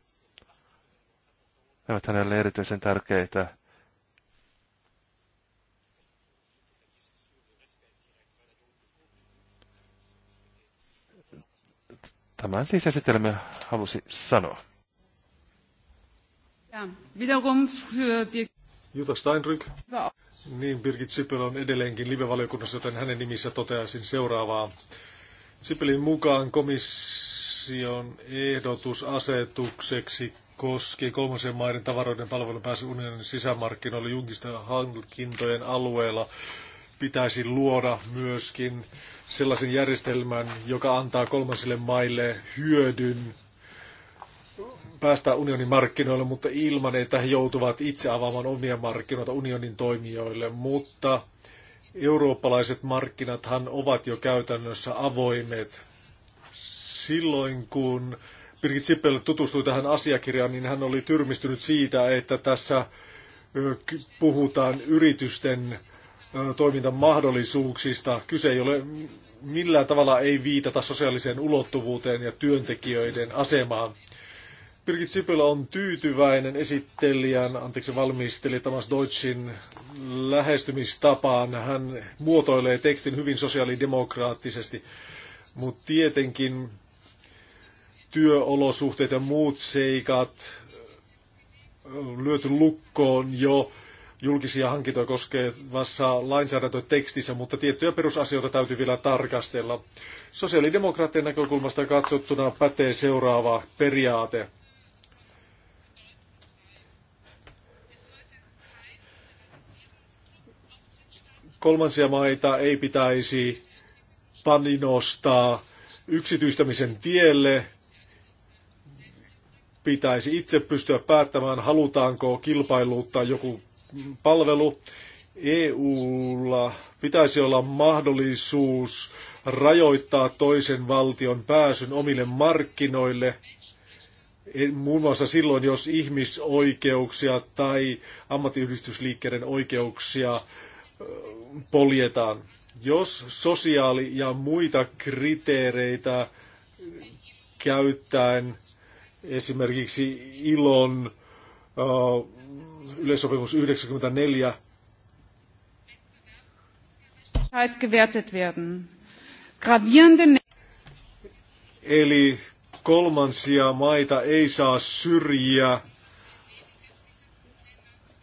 Ne ovat hänelle erityisen tärkeitä. Tämän siis esitelmä halusi sanoa. Jutta Steinrück. Niin, Birgit Sipel on edelleenkin live-valiokunnassa, joten hänen nimissä toteaisin seuraavaa. Sipelin mukaan komission ehdotus asetukseksi koski kolmansien maiden tavaroiden palvelun pääsy unionin sisämarkkinoille julkisten hankintojen alueella pitäisi luoda myöskin sellaisen järjestelmän, joka antaa kolmansille maille hyödyn päästä unionin markkinoille, mutta ilman, että he joutuvat itse avaamaan omia markkinoita unionin toimijoille. Mutta eurooppalaiset markkinathan ovat jo käytännössä avoimet. Silloin kun Birgit Sippel tutustui tähän asiakirjaan, niin hän oli tyrmistynyt siitä, että tässä puhutaan yritysten toimintamahdollisuuksista. Kyse ei ole millään tavalla ei viitata sosiaaliseen ulottuvuuteen ja työntekijöiden asemaan. Birgit Sipilä on tyytyväinen esittelijän, anteeksi valmisteli Thomas Deutschin lähestymistapaan. Hän muotoilee tekstin hyvin sosiaalidemokraattisesti, mutta tietenkin työolosuhteet ja muut seikat lyöty lukkoon jo julkisia hankintoja koskevassa lainsäädäntötekstissä, mutta tiettyjä perusasioita täytyy vielä tarkastella. Sosiaalidemokraattien näkökulmasta katsottuna pätee seuraava periaate. Kolmansia maita ei pitäisi paninostaa yksityistämisen tielle, pitäisi itse pystyä päättämään, halutaanko kilpailuttaa joku palvelu. EUlla pitäisi olla mahdollisuus rajoittaa toisen valtion pääsyn omille markkinoille, muun muassa silloin, jos ihmisoikeuksia tai ammattiyhdistysliikkeiden oikeuksia poljetaan. Jos sosiaali- ja muita kriteereitä käyttäen esimerkiksi ilon yleissopimus 94 Eli kolmansia maita ei saa syrjiä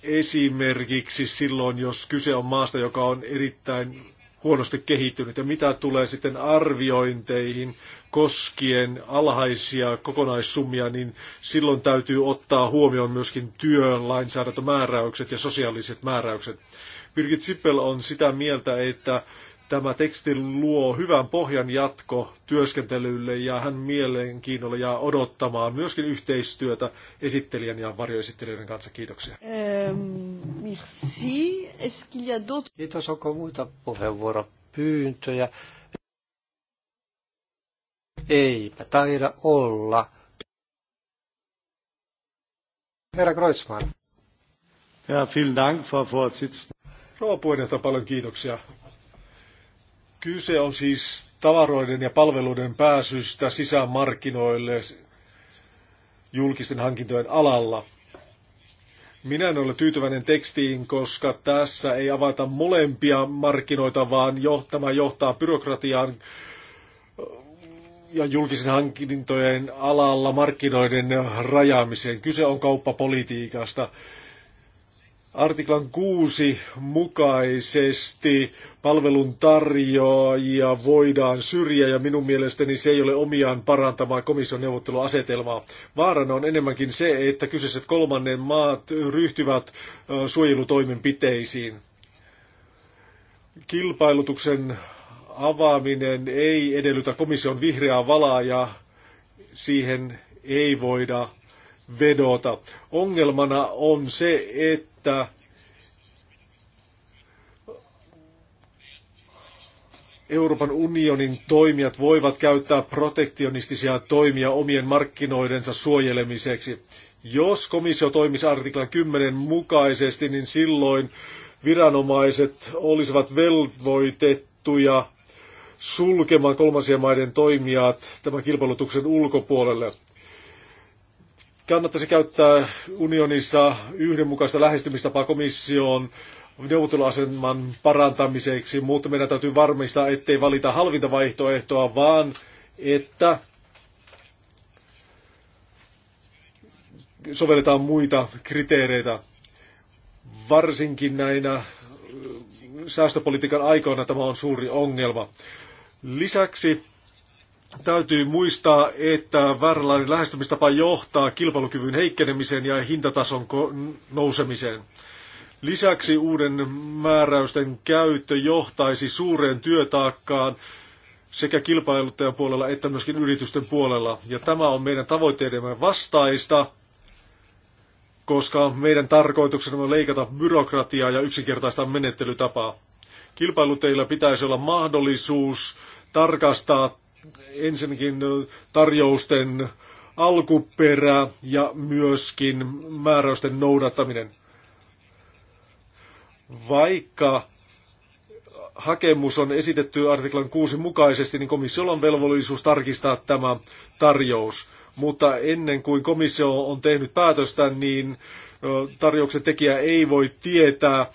esimerkiksi silloin, jos kyse on maasta, joka on erittäin huonosti kehittynyt. Ja mitä tulee sitten arviointeihin, koskien alhaisia kokonaissummia, niin silloin täytyy ottaa huomioon myöskin työlainsäädäntömääräykset ja sosiaaliset määräykset. Birgit Sippel on sitä mieltä, että tämä teksti luo hyvän pohjan jatko työskentelylle ja hän mielenkiinnolla jää odottamaan myöskin yhteistyötä esittelijän ja varjoesittelijöiden kanssa. Kiitoksia. Ähm, merci. Kiitos. Onko muita puheenvuoropyyntöjä? Eipä taida olla. Herra Kreutzmann. Ja, vielen Dank, Frau Vorsitzende. Rouva puheenjohtaja, paljon kiitoksia. Kyse on siis tavaroiden ja palveluiden pääsystä sisämarkkinoille julkisten hankintojen alalla. Minä en ole tyytyväinen tekstiin, koska tässä ei avata molempia markkinoita, vaan johtama johtaa byrokratiaan ja julkisen hankintojen alalla markkinoiden rajaamiseen. Kyse on kauppapolitiikasta. Artiklan 6 mukaisesti palvelun tarjoajia voidaan syrjiä ja minun mielestäni se ei ole omiaan parantamaan komission neuvotteluasetelmaa. Vaarana on enemmänkin se, että kyseiset kolmannen maat ryhtyvät suojelutoimenpiteisiin. Kilpailutuksen avaaminen ei edellytä komission vihreää valaa ja siihen ei voida vedota. Ongelmana on se, että Euroopan unionin toimijat voivat käyttää protektionistisia toimia omien markkinoidensa suojelemiseksi. Jos komissio toimisi artiklan 10 mukaisesti, niin silloin viranomaiset olisivat velvoitettuja sulkemaan kolmansien maiden toimijat tämän kilpailutuksen ulkopuolelle. Kannattaisi käyttää unionissa yhdenmukaista lähestymistapaa komissioon neuvotteluaseman parantamiseksi, mutta meidän täytyy varmistaa, ettei valita halvinta vaihtoehtoa, vaan että sovelletaan muita kriteereitä. Varsinkin näinä säästöpolitiikan aikoina tämä on suuri ongelma. Lisäksi täytyy muistaa, että vääränlainen lähestymistapa johtaa kilpailukyvyn heikkenemiseen ja hintatason nousemiseen. Lisäksi uuden määräysten käyttö johtaisi suureen työtaakkaan sekä kilpailuttajan puolella että myöskin yritysten puolella. Ja tämä on meidän tavoitteidemme vastaista, koska meidän tarkoituksena on leikata byrokratiaa ja yksinkertaista menettelytapaa. Kilpailuteilla pitäisi olla mahdollisuus tarkastaa ensinnäkin tarjousten alkuperä ja myöskin määräysten noudattaminen. Vaikka hakemus on esitetty artiklan 6 mukaisesti, niin komissiolla on velvollisuus tarkistaa tämä tarjous. Mutta ennen kuin komissio on tehnyt päätöstä, niin tarjouksen tekijä ei voi tietää,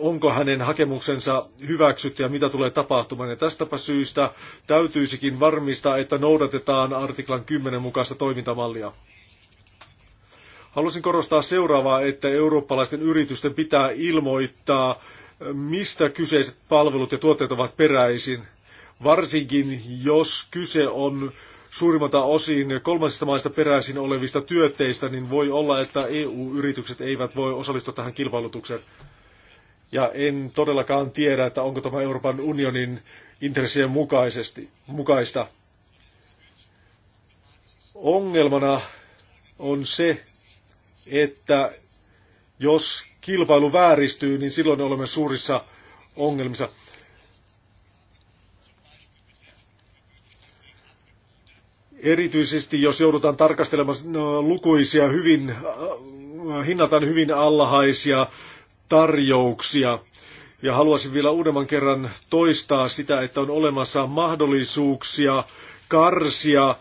onko hänen hakemuksensa hyväksytty ja mitä tulee tapahtumaan. Ja tästäpä syystä täytyisikin varmistaa, että noudatetaan artiklan 10 mukaista toimintamallia. Haluaisin korostaa seuraavaa, että eurooppalaisten yritysten pitää ilmoittaa, mistä kyseiset palvelut ja tuotteet ovat peräisin, varsinkin jos kyse on suurimmalta osin kolmansista maista peräisin olevista työtteistä, niin voi olla, että EU-yritykset eivät voi osallistua tähän kilpailutukseen. Ja en todellakaan tiedä, että onko tämä Euroopan unionin intressien mukaisesti, mukaista. Ongelmana on se, että jos kilpailu vääristyy, niin silloin olemme suurissa ongelmissa. Erityisesti jos joudutaan tarkastelemaan no, lukuisia hyvin, äh, hinnaltaan hyvin alhaisia tarjouksia. Ja haluaisin vielä uudemman kerran toistaa sitä, että on olemassa mahdollisuuksia karsia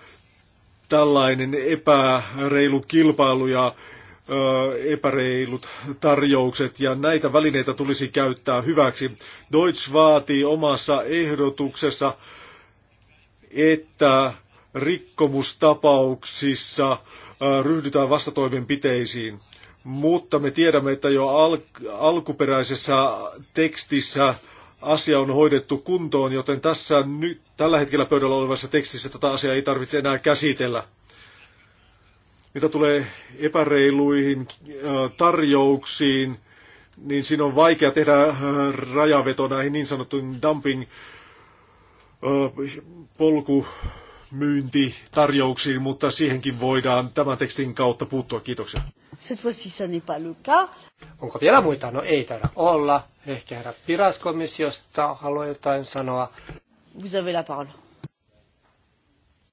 tällainen epäreilu kilpailu ja epäreilut tarjoukset ja näitä välineitä tulisi käyttää hyväksi. Deutsch vaatii omassa ehdotuksessa, että rikkomustapauksissa ryhdytään vastatoimenpiteisiin. Mutta me tiedämme, että jo al- alkuperäisessä tekstissä asia on hoidettu kuntoon, joten tässä nyt, tällä hetkellä pöydällä olevassa tekstissä tätä asiaa ei tarvitse enää käsitellä. Mitä tulee epäreiluihin tarjouksiin, niin siinä on vaikea tehdä rajaveto näihin niin sanottuihin dumping polkumyyntitarjouksiin, mutta siihenkin voidaan tämän tekstin kautta puuttua. Kiitoksia. Cette fois-ci, ça n'est pas le cas. Onko vielä muita? No ei taida olla. Ehkä herra Piraskomissiosta haluaa jotain sanoa. Vous avez la parole.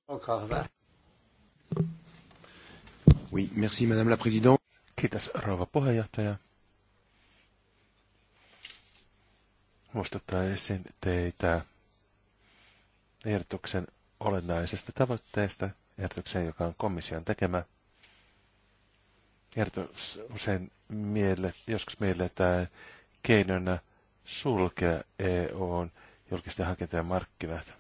Olkaa hyvä. Oui, merci madame la présidente. Kiitos rouva puheenjohtaja. Muistuttaa esiin teitä ehdotuksen olennaisesta tavoitteesta, ehdotuksen, joka on komission tekemä – ehdotus usein mielle, joskus mielletään keinona sulkea EUn julkisten hankintojen markkinat.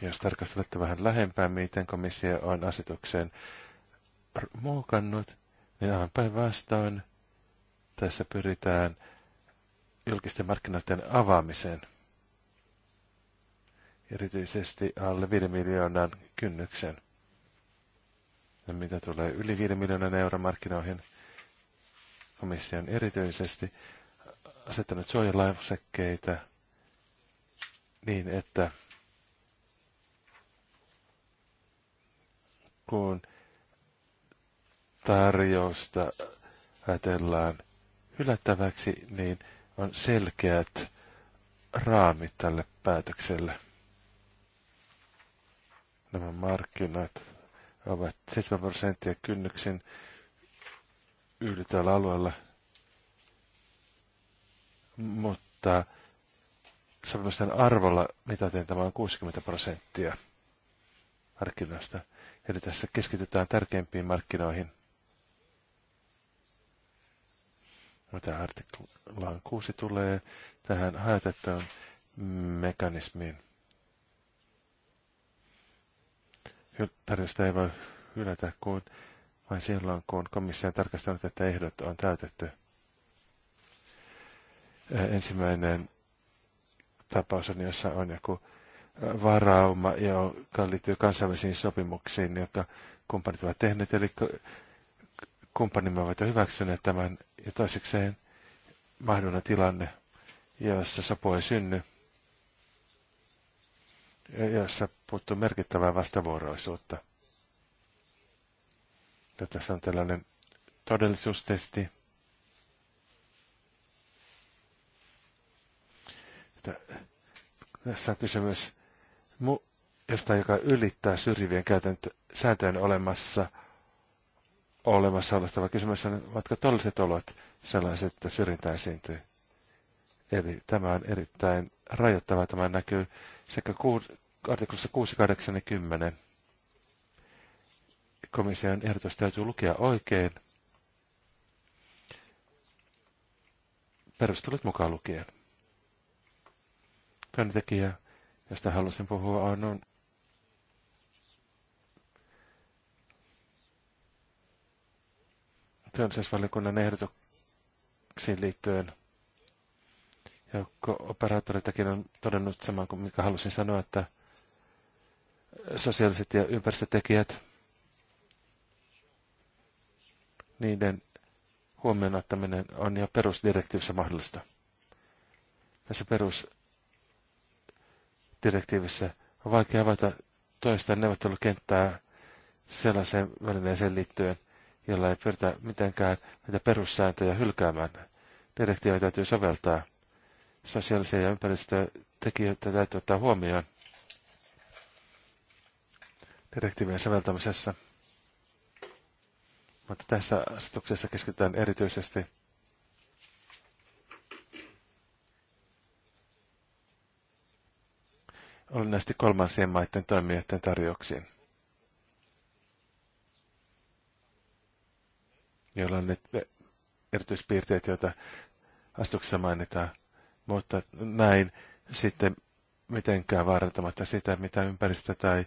Jos tarkastelette vähän lähempää, miten komissio on asetukseen muokannut, niin aivan päinvastoin tässä pyritään julkisten markkinoiden avaamiseen. Erityisesti alle 5 miljoonan kynnyksen ja mitä tulee yli 5 miljoonan euron markkinoihin, komissio on erityisesti asettanut suojalausekkeita niin, että kun tarjousta ajatellaan hylättäväksi, niin on selkeät raamit tälle päätökselle. Nämä markkinat ovat 7 prosenttia kynnyksen yli tällä alueella. Mutta sopimusten arvolla mitaten tämä on 60 prosenttia markkinoista. Eli tässä keskitytään tärkeimpiin markkinoihin. Mutta artiklaan 6 tulee tähän hajatettuun mekanismiin. tarjosta ei voi hylätä kuin vain silloin, kun komissio on tarkastanut, että ehdot on täytetty. Ensimmäinen tapaus on, jossa on joku varauma, joka liittyy kansainvälisiin sopimuksiin, jotka kumppanit ovat tehneet, eli kumppanimme ovat jo hyväksyneet tämän, ja toisekseen mahdollinen tilanne, jossa sopua ei synny, jossa puuttuu merkittävää vastavuoroisuutta. Ja tässä on tällainen todellisuustesti. Tässä on kysymys mu- jostain, joka ylittää syrjivien käytäntö- sääntöjen olemassa olemassa olostava kysymys on, ovatko todelliset olot sellaiset, että syrjintä esiintyy. Eli tämä on erittäin rajoittava. Tämä näkyy sekä artiklassa 6.80 komission ehdotus täytyy lukea oikein. Perustelut mukaan lukien. Toinen tekijä, josta halusin puhua, on, on työllisyysvaliokunnan ehdotuksiin liittyen. Joukko operaattoritakin on todennut saman kuin mikä halusin sanoa, että – sosiaaliset ja ympäristötekijät, niiden huomioon ottaminen on jo perusdirektiivissä mahdollista. Tässä perusdirektiivissä on vaikea avata toista neuvottelukenttää sellaiseen välineeseen liittyen, jolla ei pyritä mitenkään näitä perussääntöjä hylkäämään. Direktiivi täytyy soveltaa. Sosiaalisia ja ympäristötekijöitä täytyy ottaa huomioon direktiivien soveltamisessa. Mutta tässä asetuksessa keskitytään erityisesti olennaisesti kolmansien maiden toimijoiden tarjouksiin, joilla on nyt erityispiirteet, joita astuksessa mainitaan, mutta näin sitten mitenkään vaarantamatta sitä, mitä ympäristö tai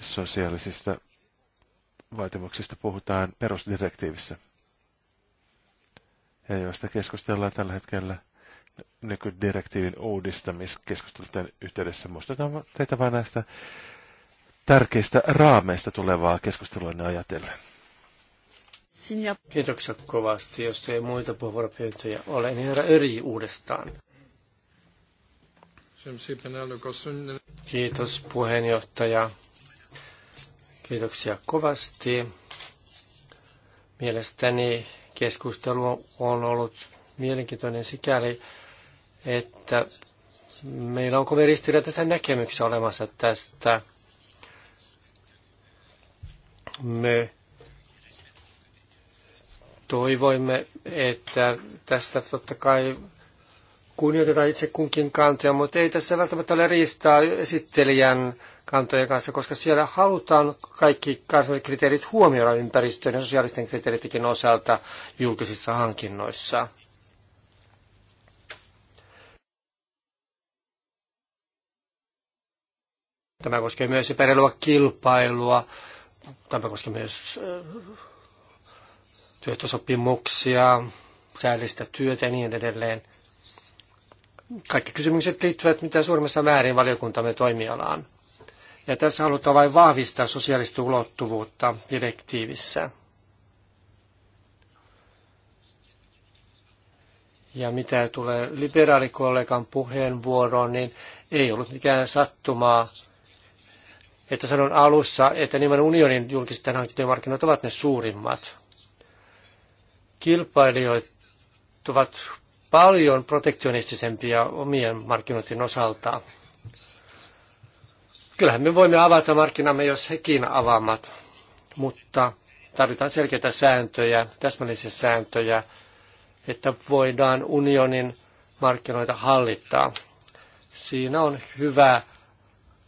sosiaalisista vaatimuksista puhutaan perusdirektiivissä. Ja joista keskustellaan tällä hetkellä nykydirektiivin uudistamiskeskustelujen yhteydessä. Muistutan teitä vain näistä tärkeistä raameista tulevaa keskustelua ne ajatellen. Kiitoksia kovasti. Jos ei muita puheenvuoropyyntöjä ole, niin herra Öri uudestaan. Kiitos puheenjohtaja. Kiitoksia kovasti. Mielestäni keskustelu on ollut mielenkiintoinen sikäli, että meillä on kovin ristiriitaisia näkemyksiä olemassa tästä. Me toivoimme, että tässä totta kai kunnioitetaan itse kunkin kantia, mutta ei tässä välttämättä ole riistaa esittelijän kantojen kanssa, koska siellä halutaan kaikki kansalliset kriteerit huomioida ympäristön ja sosiaalisten kriteeritkin osalta julkisissa hankinnoissa. Tämä koskee myös epäreilua kilpailua, tämä koskee myös äh, työtosopimuksia, säällistä työtä ja niin edelleen. Kaikki kysymykset liittyvät mitä suurimmassa määrin valiokuntamme toimialaan. Ja tässä halutaan vain vahvistaa sosiaalista ulottuvuutta direktiivissä. Ja mitä tulee liberaalikollegan puheenvuoroon, niin ei ollut mikään sattumaa, että sanon alussa, että nimenomaan unionin julkisten hankintojen markkinat ovat ne suurimmat. kilpailijoit, ovat paljon protektionistisempia omien markkinoiden osalta. Kyllähän me voimme avata markkinamme, jos hekin avaamat, mutta tarvitaan selkeitä sääntöjä, täsmällisiä sääntöjä, että voidaan unionin markkinoita hallittaa. Siinä on hyvä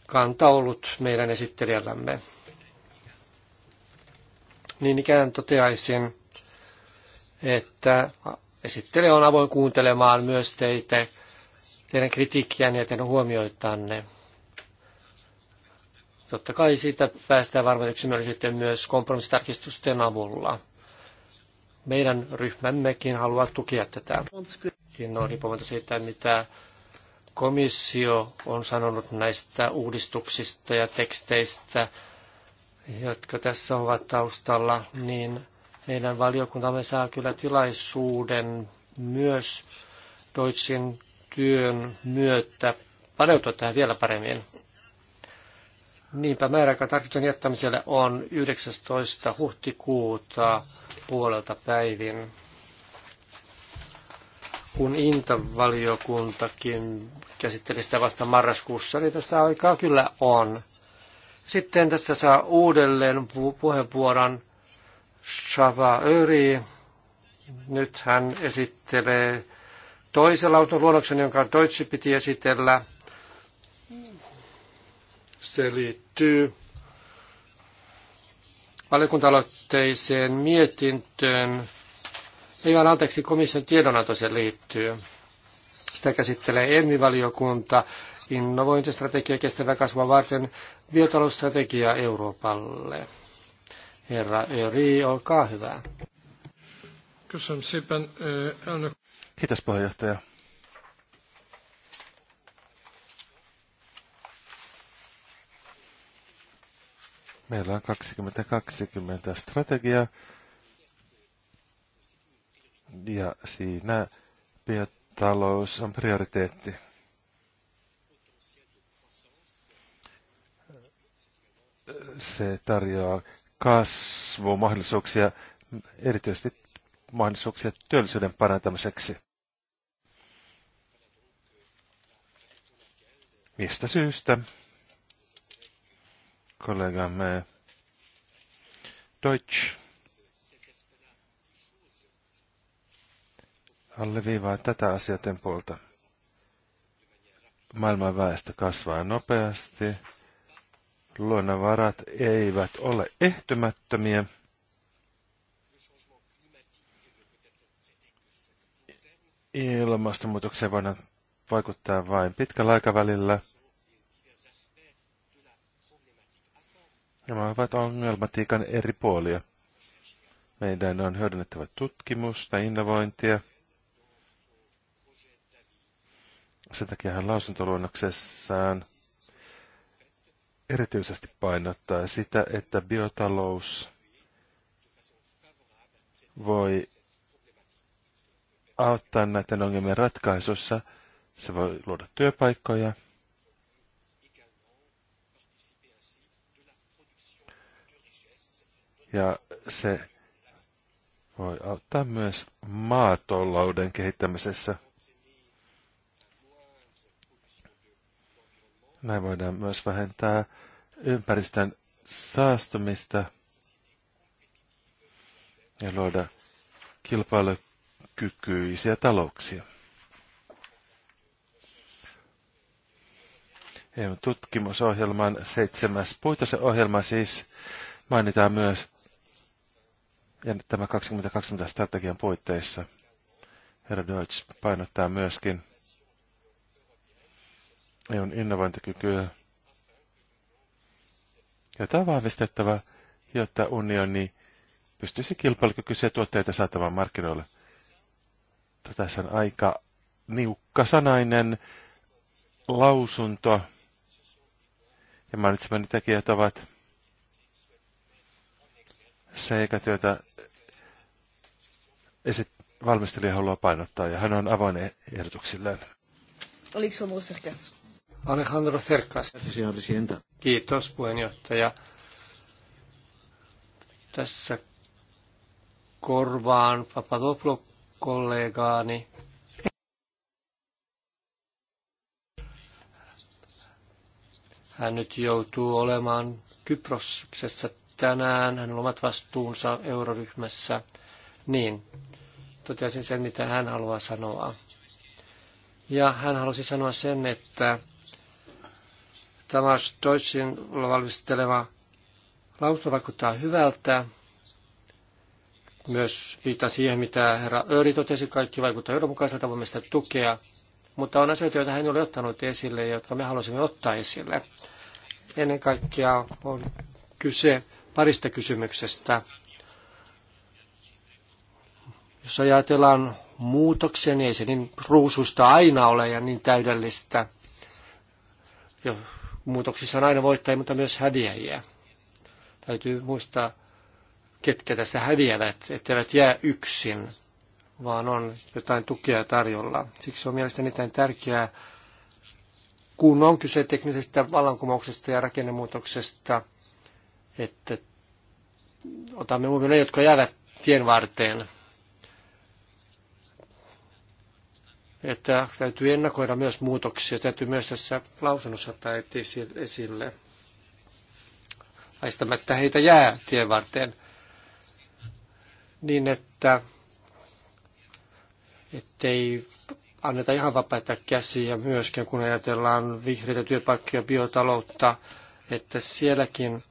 kanta ollut meidän esittelijällämme. Niin ikään toteaisin, että esittelijä on avoin kuuntelemaan myös teitä, teidän kritiikkiänne ja teidän huomioitanne. Totta kai siitä päästään varmaan yksimielisyyteen myös kompromissitarkistusten avulla. Meidän ryhmämmekin haluaa tukea tätä. Niin, no, riippumatta siitä, mitä komissio on sanonut näistä uudistuksista ja teksteistä, jotka tässä ovat taustalla, niin meidän valiokuntamme saa kyllä tilaisuuden myös Deutschen työn myötä paneutua tähän vielä paremmin. Niinpä määräaika tarkistuksen jättämiselle on 19. huhtikuuta puolelta päivin. Kun Intavaliokuntakin käsitteli sitä vasta marraskuussa, niin tässä aikaa kyllä on. Sitten tästä saa uudelleen puheenvuoron Shava Öri. Nyt hän esittelee toisen lausunnon luonnoksen, jonka Deutsche piti esitellä – se liittyy valiokuntaloitteiseen mietintöön. Ei vaan anteeksi, komission tiedonanto se liittyy. Sitä käsittelee EMI-valiokunta innovointistrategia kestävä kasvua varten biotalousstrategia Euroopalle. Herra Öri, olkaa hyvä. Kiitos puheenjohtaja. Meillä on 2020 strategia ja siinä biotalous on prioriteetti. Se tarjoaa kasvumahdollisuuksia, erityisesti mahdollisuuksia työllisyyden parantamiseksi. Mistä syystä? kollegamme Deutsch alleviivaa tätä asioiden puolta. Maailman väestö kasvaa nopeasti. Luonnonvarat eivät ole ehtymättömiä. Ilmastonmuutokseen voidaan vaikuttaa vain pitkällä aikavälillä – Nämä ovat ongelmatiikan eri puolia. Meidän on hyödynnettävä tutkimusta, innovointia. Sen takia hän lausuntoluonnoksessaan erityisesti painottaa sitä, että biotalous voi auttaa näiden ongelmien ratkaisussa. Se voi luoda työpaikkoja – ja se voi auttaa myös maatalouden kehittämisessä. Näin voidaan myös vähentää ympäristön saastumista ja luoda kilpailukykyisiä talouksia. EUn tutkimusohjelman seitsemäs puitaseohjelma ohjelma siis mainitaan myös ja tämä 2020 strategian puitteissa herra Deutsch painottaa myöskin EUn innovointikykyä, tämä on vahvistettava, jotta unioni pystyisi kilpailukykyisiä tuotteita saatamaan markkinoille. Tässä on aika niukkasanainen lausunto, ja mainitsemani tekijät ovat seikat, joita esit- valmistelija haluaa painottaa, ja hän on avoin ehdotuksilleen. Oliko sinulla ehkä? Alejandro Serkas. Kiitos puheenjohtaja. Tässä korvaan Papadopoulos-kollegaani. Hän nyt joutuu olemaan Kyproksessa tänään, hän on omat vastuunsa euroryhmässä, niin totesin sen, mitä hän haluaa sanoa. Ja hän halusi sanoa sen, että tämä toisin valmisteleva lausunto vaikuttaa hyvältä. Myös viittaa siihen, mitä herra Öri totesi, kaikki vaikuttaa johdonmukaiselta, voimme sitä tukea. Mutta on asioita, joita hän ole ottanut esille ja jotka me halusimme ottaa esille. Ennen kaikkea on kyse parista kysymyksestä. Jos ajatellaan muutoksia, niin ei se niin ruususta aina ole ja niin täydellistä. Jo, muutoksissa on aina voittajia, mutta myös häviäjiä. Täytyy muistaa, ketkä tässä häviävät, etteivät jää yksin, vaan on jotain tukea tarjolla. Siksi on mielestäni niin tärkeää, kun on kyse teknisestä vallankumouksesta ja rakennemuutoksesta – että otamme huomioon ne, jotka jäävät tien varteen. Että täytyy ennakoida myös muutoksia. Täytyy myös tässä lausunnossa ottaa esille. Aistamatta heitä jää tien varteen. Niin, että ettei anneta ihan vapaita käsiä myöskin kun ajatellaan vihreitä työpaikkoja, biotaloutta, että sielläkin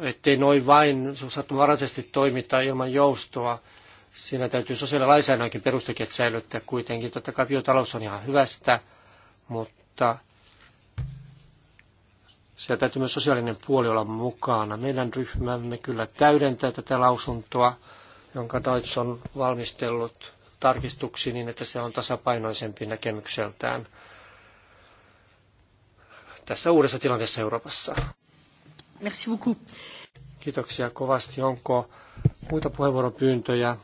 ettei noin vain sattumanvaraisesti toimita ilman joustoa. Siinä täytyy sosiaalilainsäädännönkin perustekijät säilyttää kuitenkin. Totta kai biotalous on ihan hyvästä, mutta siellä täytyy myös sosiaalinen puoli olla mukana. Meidän ryhmämme kyllä täydentää tätä lausuntoa, jonka Deutsch on valmistellut tarkistuksiin niin, että se on tasapainoisempi näkemykseltään tässä uudessa tilanteessa Euroopassa. Merci beaucoup. Kiitoksia kovasti. Onko muita puheenvuoropyyntöjä?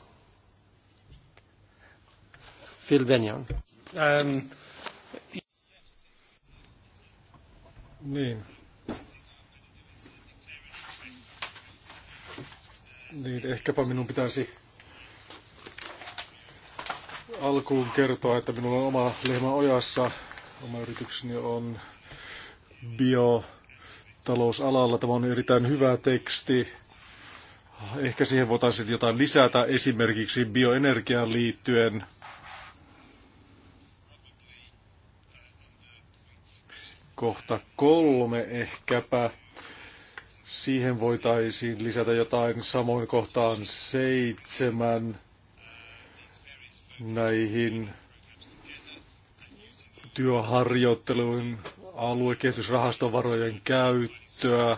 Phil Benjon. Ähm. Niin. Niin, ehkäpä minun pitäisi alkuun kertoa, että minulla on oma lehmä ojassa. Oma yritykseni on biotalousalalla. Tämä on erittäin hyvä teksti. Ehkä siihen voitaisiin jotain lisätä esimerkiksi bioenergiaan liittyen. Kohta kolme ehkäpä. Siihen voitaisiin lisätä jotain samoin kohtaan seitsemän näihin työharjoitteluun aluekehitysrahastovarojen käyttöä,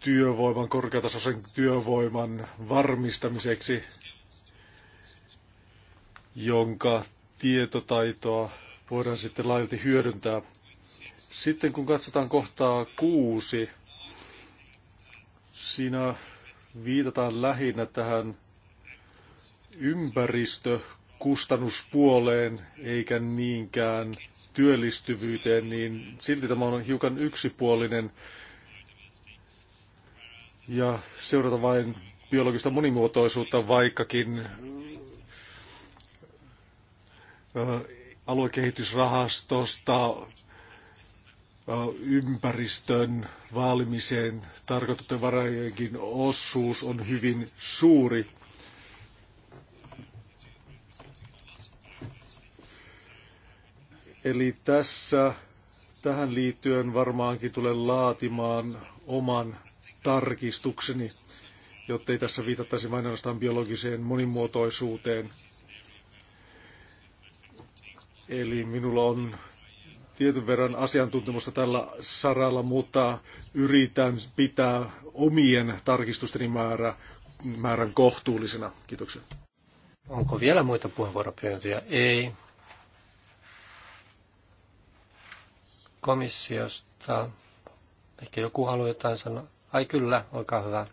työvoiman, korkeatasoisen työvoiman varmistamiseksi, jonka tietotaitoa voidaan sitten laajalti hyödyntää. Sitten kun katsotaan kohtaa kuusi, siinä viitataan lähinnä tähän ympäristö kustannuspuoleen eikä niinkään työllistyvyyteen, niin silti tämä on hiukan yksipuolinen ja seurata vain biologista monimuotoisuutta, vaikkakin aluekehitysrahastosta ympäristön vaalimiseen tarkoitettujen varojenkin osuus on hyvin suuri. Eli tässä tähän liittyen varmaankin tulen laatimaan oman tarkistukseni, jottei tässä viitattaisi vain ainoastaan biologiseen monimuotoisuuteen. Eli minulla on tietyn verran asiantuntemusta tällä saralla, mutta yritän pitää omien tarkistusteni määrä, määrän kohtuullisena. Kiitoksia. Onko vielä muita puheenvuoropyyntöjä? Ei. komissiosta. Ehkä joku haluaa jotain sanoa. Ai kyllä, olkaa hyvä.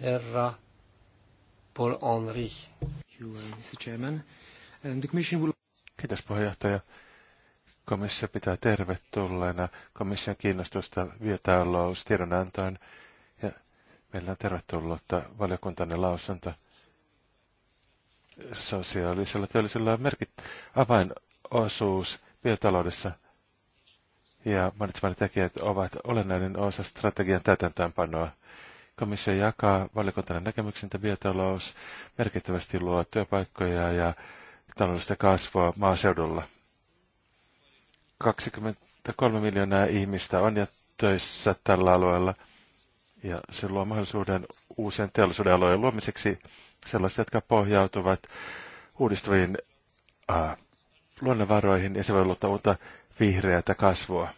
Herra Paul Henri. Kiitos puheenjohtaja. Komissio pitää tervetulleena komission kiinnostusta tiedonantoon. ja meillä on tervetullutta valiokuntanne lausunto. Sosiaalisella teollisella on merkit avainosuus biotaloudessa. Ja mainitsemani tekijät ovat olennainen osa strategian täytäntöönpanoa. Komissio jakaa valiokuntana näkemyksen, että biotalous merkittävästi luo työpaikkoja ja taloudellista kasvua maaseudulla. 23 miljoonaa ihmistä on jo töissä tällä alueella ja se luo mahdollisuuden uusien teollisuuden alojen luomiseksi sellaisia, jotka pohjautuvat uudistuviin äh, luonnonvaroihin ja se voi luottaa uutta vihreää kasvua.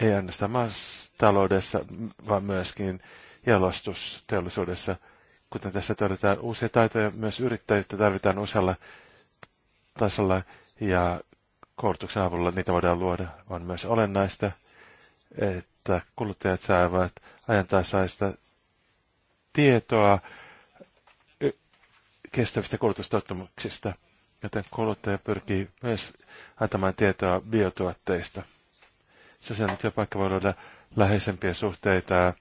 Ei ainoastaan maastaloudessa, vaan myöskin jalostusteollisuudessa. Kuten tässä todetaan, uusia taitoja myös yrittäjyyttä tarvitaan usealla tasolla ja koulutuksen avulla niitä voidaan luoda. On myös olennaista, että kuluttajat saavat ajantasaista tietoa kestävistä kulutustottumuksista – joten kuluttaja pyrkii myös antamaan tietoa biotuotteista. Sosiaalinen työpaikka voi luoda läheisempiä suhteita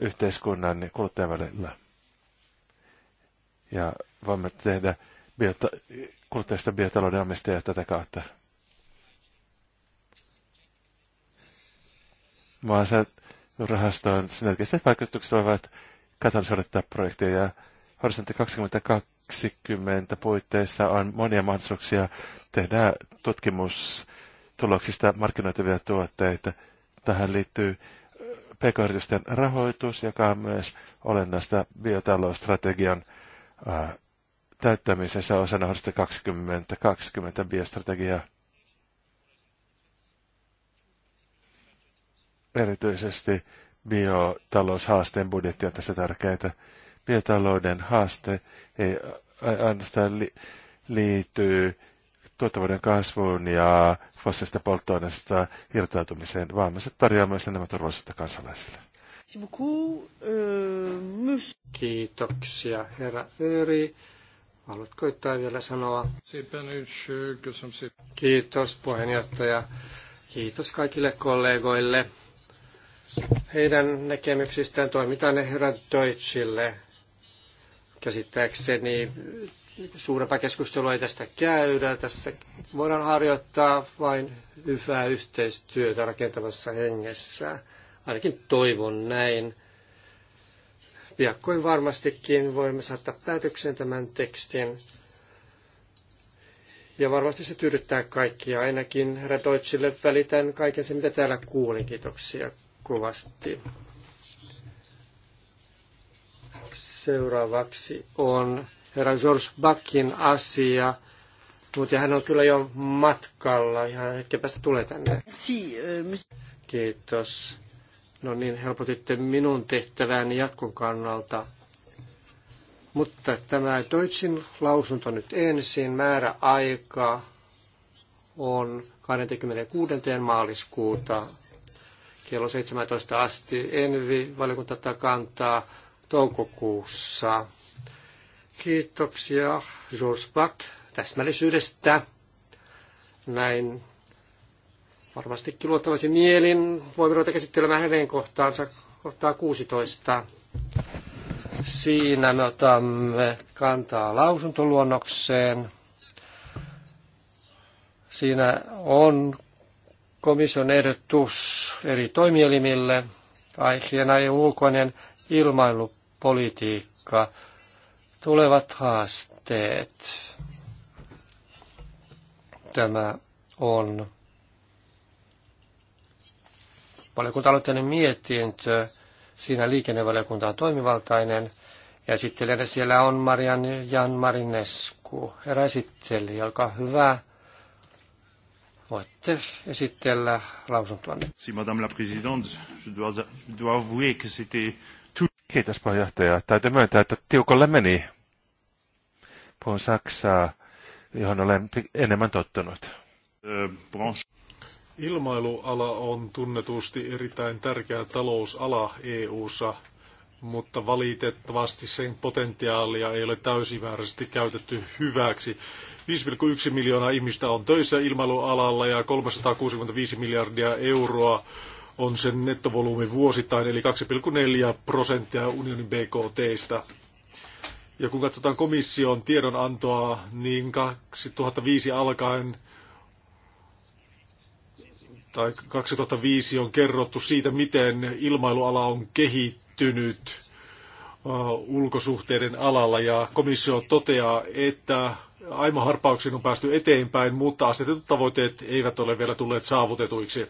yhteiskunnan ja kuluttajan välillä. Ja voimme tehdä biota- kuluttajista biotalouden omistajia tätä kautta. Maansa rahastoon synergiset vaikutukset voivat katalysoida tätä projektia ja Horisontti 22 20 puitteissa on monia mahdollisuuksia tehdä tutkimustuloksista markkinoitavia tuotteita. Tähän liittyy eh, pk rahoitus, joka on myös olennaista biotalousstrategian eh, täyttämisessä osana Horste 2020 biostrategiaa. Erityisesti biotaloushaasteen budjetti on tässä tärkeää biotalouden haaste ei ainoastaan li, liittyy tuottavuuden kasvuun ja fossiilista polttoaineista irtautumiseen, vaan me se tarjoaa myös enemmän turvallisuutta kansalaisille. Euh, Kiitoksia, herra Öri. Haluatko jotain vielä sanoa? Kiitos puheenjohtaja. Kiitos kaikille kollegoille. Heidän näkemyksistään ne herra Deutschille. Käsittääkseni suurempaa keskustelua ei tästä käydä. Tässä voidaan harjoittaa vain hyvää yhteistyötä rakentavassa hengessä. Ainakin toivon näin. Piakkoin varmastikin voimme saattaa päätöksen tämän tekstin. Ja varmasti se tyydyttää kaikkia. Ainakin herra Deutschille välitän kaiken sen, mitä täällä kuulin. Kiitoksia kovasti. Seuraavaksi on herra George Buckin asia, mutta hän on kyllä jo matkalla. Ihan hetken päästä tulee tänne. Euh, Kiitos. No niin, helpotitte minun tehtävääni jatkon kannalta. Mutta tämä Deutschin lausunto nyt ensin. Määräaika on 26. maaliskuuta kello 17 asti. Envi valiokunta kantaa toukokuussa. Kiitoksia Jules Black täsmällisyydestä. Näin varmastikin luottavasti mielin voimme ruveta käsittelemään hänen kohtaansa kohtaa 16. Siinä me otamme kantaa lausuntoluonnokseen. Siinä on komission ehdotus eri toimielimille aiheena EUn ulkoinen ilmailu politiikka, tulevat haasteet. Tämä on valiokunta-aloitteinen mietintö. Siinä liikennevaliokunta on toimivaltainen. Ja sitten siellä on Marian Jan Marinescu. Herra esitteli, olkaa hyvä. Voitte esitellä lausuntoanne. Si, madame la présidente, je dois, je dois avouer que c'était Kiitos puheenjohtaja. Täytyy myöntää, että tiukolle meni. Puhun Saksaa, johon olen enemmän tottunut. Ilmailuala on tunnetusti erittäin tärkeä talousala EU:ssa, mutta valitettavasti sen potentiaalia ei ole täysimääräisesti käytetty hyväksi. 5,1 miljoonaa ihmistä on töissä ilmailualalla ja 365 miljardia euroa on sen nettovolyymi vuosittain, eli 2,4 prosenttia unionin BKTstä. Ja kun katsotaan komission tiedonantoa, niin 2005 alkaen tai 2005 on kerrottu siitä, miten ilmailuala on kehittynyt uh, ulkosuhteiden alalla ja komissio toteaa, että aimo harppauksin on päästy eteenpäin, mutta asetetut tavoitteet eivät ole vielä tulleet saavutetuiksi.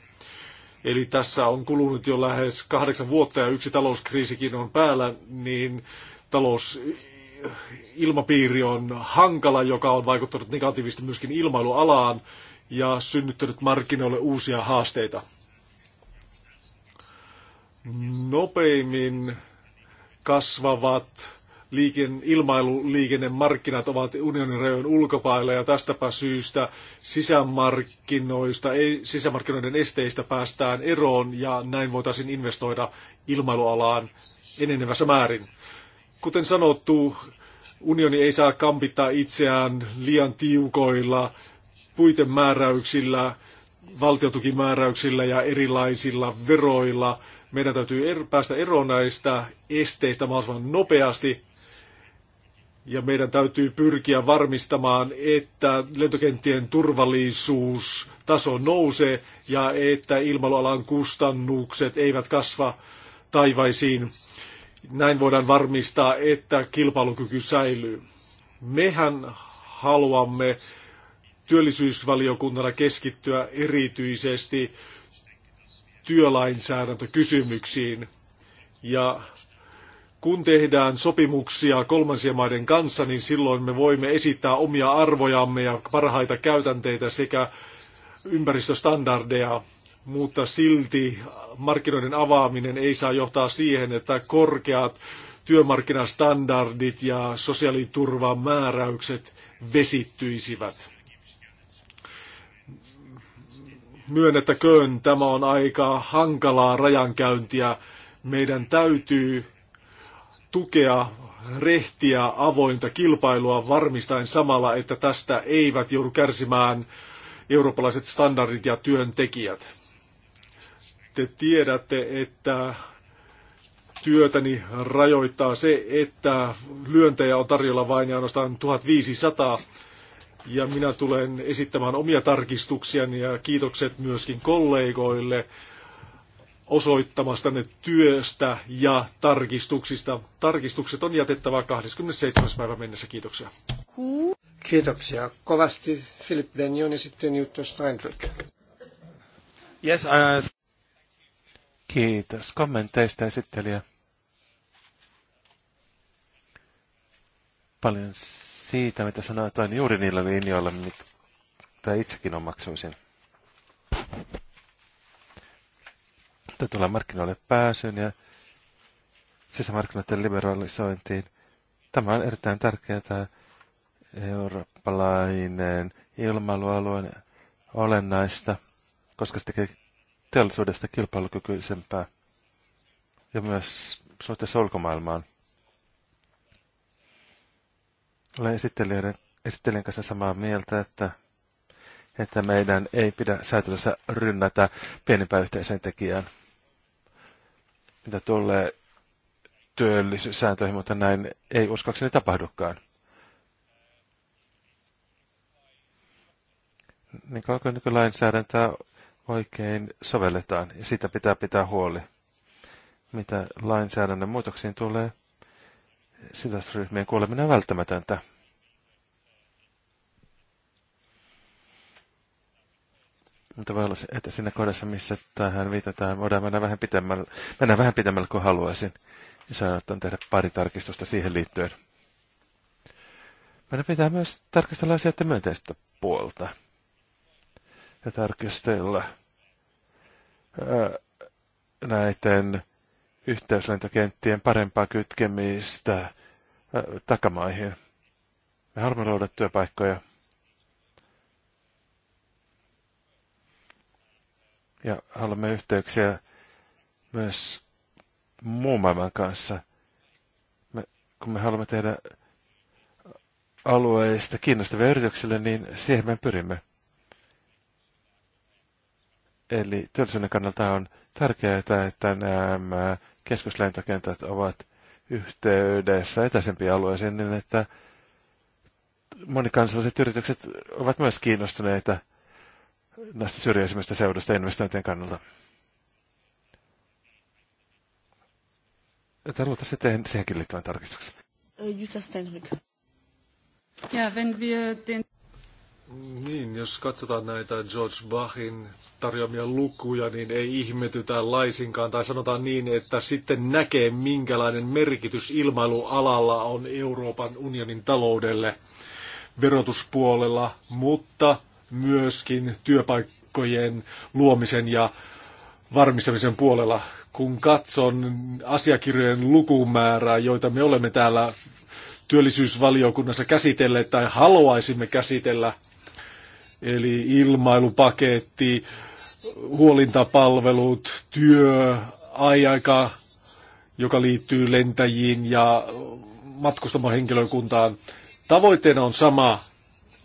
Eli tässä on kulunut jo lähes kahdeksan vuotta ja yksi talouskriisikin on päällä, niin talous ilmapiiri on hankala, joka on vaikuttanut negatiivisesti myöskin ilmailualaan ja synnyttänyt markkinoille uusia haasteita. Nopeimmin kasvavat liiken, ilmailuliikennemarkkinat ovat unionin rajojen ulkopuolella ja tästäpä syystä sisämarkkinoista, ei, sisämarkkinoiden esteistä päästään eroon ja näin voitaisiin investoida ilmailualaan enenevässä määrin. Kuten sanottu, unioni ei saa kampittaa itseään liian tiukoilla puitemääräyksillä, valtiotukimääräyksillä ja erilaisilla veroilla. Meidän täytyy er, päästä eroon näistä esteistä mahdollisimman nopeasti ja meidän täytyy pyrkiä varmistamaan, että lentokenttien turvallisuustaso nousee ja että ilmailualan kustannukset eivät kasva taivaisiin. Näin voidaan varmistaa, että kilpailukyky säilyy. Mehän haluamme työllisyysvaliokuntana keskittyä erityisesti työlainsäädäntökysymyksiin ja kun tehdään sopimuksia kolmansien maiden kanssa, niin silloin me voimme esittää omia arvojamme ja parhaita käytänteitä sekä ympäristöstandardeja, mutta silti markkinoiden avaaminen ei saa johtaa siihen, että korkeat työmarkkinastandardit ja sosiaaliturvamääräykset vesittyisivät. Myönnettäköön, tämä on aika hankalaa rajankäyntiä. Meidän täytyy tukea rehtiä avointa kilpailua varmistaen samalla, että tästä eivät joudu kärsimään eurooppalaiset standardit ja työntekijät. Te tiedätte, että työtäni rajoittaa se, että lyöntejä on tarjolla vain ja ainoastaan 1500. Ja minä tulen esittämään omia tarkistuksiani ja kiitokset myöskin kollegoille osoittamastanne työstä ja tarkistuksista. Tarkistukset on jätettävä 27. päivä mennessä. Kiitoksia. Kiitoksia kovasti Philip Benjon ja sitten Jutta Steinrück. Yes, uh... Kiitos kommenteista esittelijä. Paljon siitä, mitä sanoit, juuri niillä linjoilla, mitä itsekin omaksuisin. Tulee markkinoille pääsyyn ja sisämarkkinoiden liberalisointiin. Tämä on erittäin tärkeää eurooppalainen ilmailualueen olennaista, koska se tekee teollisuudesta kilpailukykyisempää ja myös suhteessa ulkomaailmaan. Olen esittelijän, esittelijän kanssa samaa mieltä, että, että meidän ei pidä säätelyssä rynnätä pienimpään yhteiseen tekijään mitä tulee työllisyyssääntöihin, mutta näin ei uskakseni tapahdukaan. Niin kauan kuin nykylainsäädäntöä oikein sovelletaan, ja siitä pitää pitää huoli. Mitä lainsäädännön muutoksiin tulee, sidosryhmien kuoleminen on välttämätöntä. Mutta voi olla, että siinä kohdassa, missä tähän viitataan, voidaan mennä vähän pitemmälle, mennä vähän pitemmälle kuin haluaisin. Ja saatan tehdä pari tarkistusta siihen liittyen. Meidän pitää myös tarkastella asioiden myönteistä puolta. Ja tarkastella ää, näiden yhteyslentokenttien parempaa kytkemistä ää, takamaihin. Me haluamme luoda työpaikkoja ja haluamme yhteyksiä myös muun maailman kanssa. Me, kun me haluamme tehdä alueista kiinnostavia yrityksille, niin siihen me pyrimme. Eli työllisyyden kannalta on tärkeää, että nämä keskuslentokentät ovat yhteydessä etäisempiin alueisiin, niin että monikansalliset yritykset ovat myös kiinnostuneita – näistä syrjäisimmistä seudusta investointien kannalta. Tarvitaan sitten siihenkin liittyvän tarkistuksen. Äh, Jutta Stenrik. Niin, jos katsotaan näitä George Bachin tarjoamia lukuja, niin ei ihmetytä laisinkaan. Tai sanotaan niin, että sitten näkee, minkälainen merkitys ilmailualalla on Euroopan unionin taloudelle verotuspuolella, mutta myöskin työpaikkojen luomisen ja varmistamisen puolella. Kun katson asiakirjojen lukumäärää, joita me olemme täällä työllisyysvaliokunnassa käsitelleet tai haluaisimme käsitellä, eli ilmailupaketti, huolintapalvelut, työ, aika, joka liittyy lentäjiin ja matkustamohenkilökuntaan. Tavoitteena on sama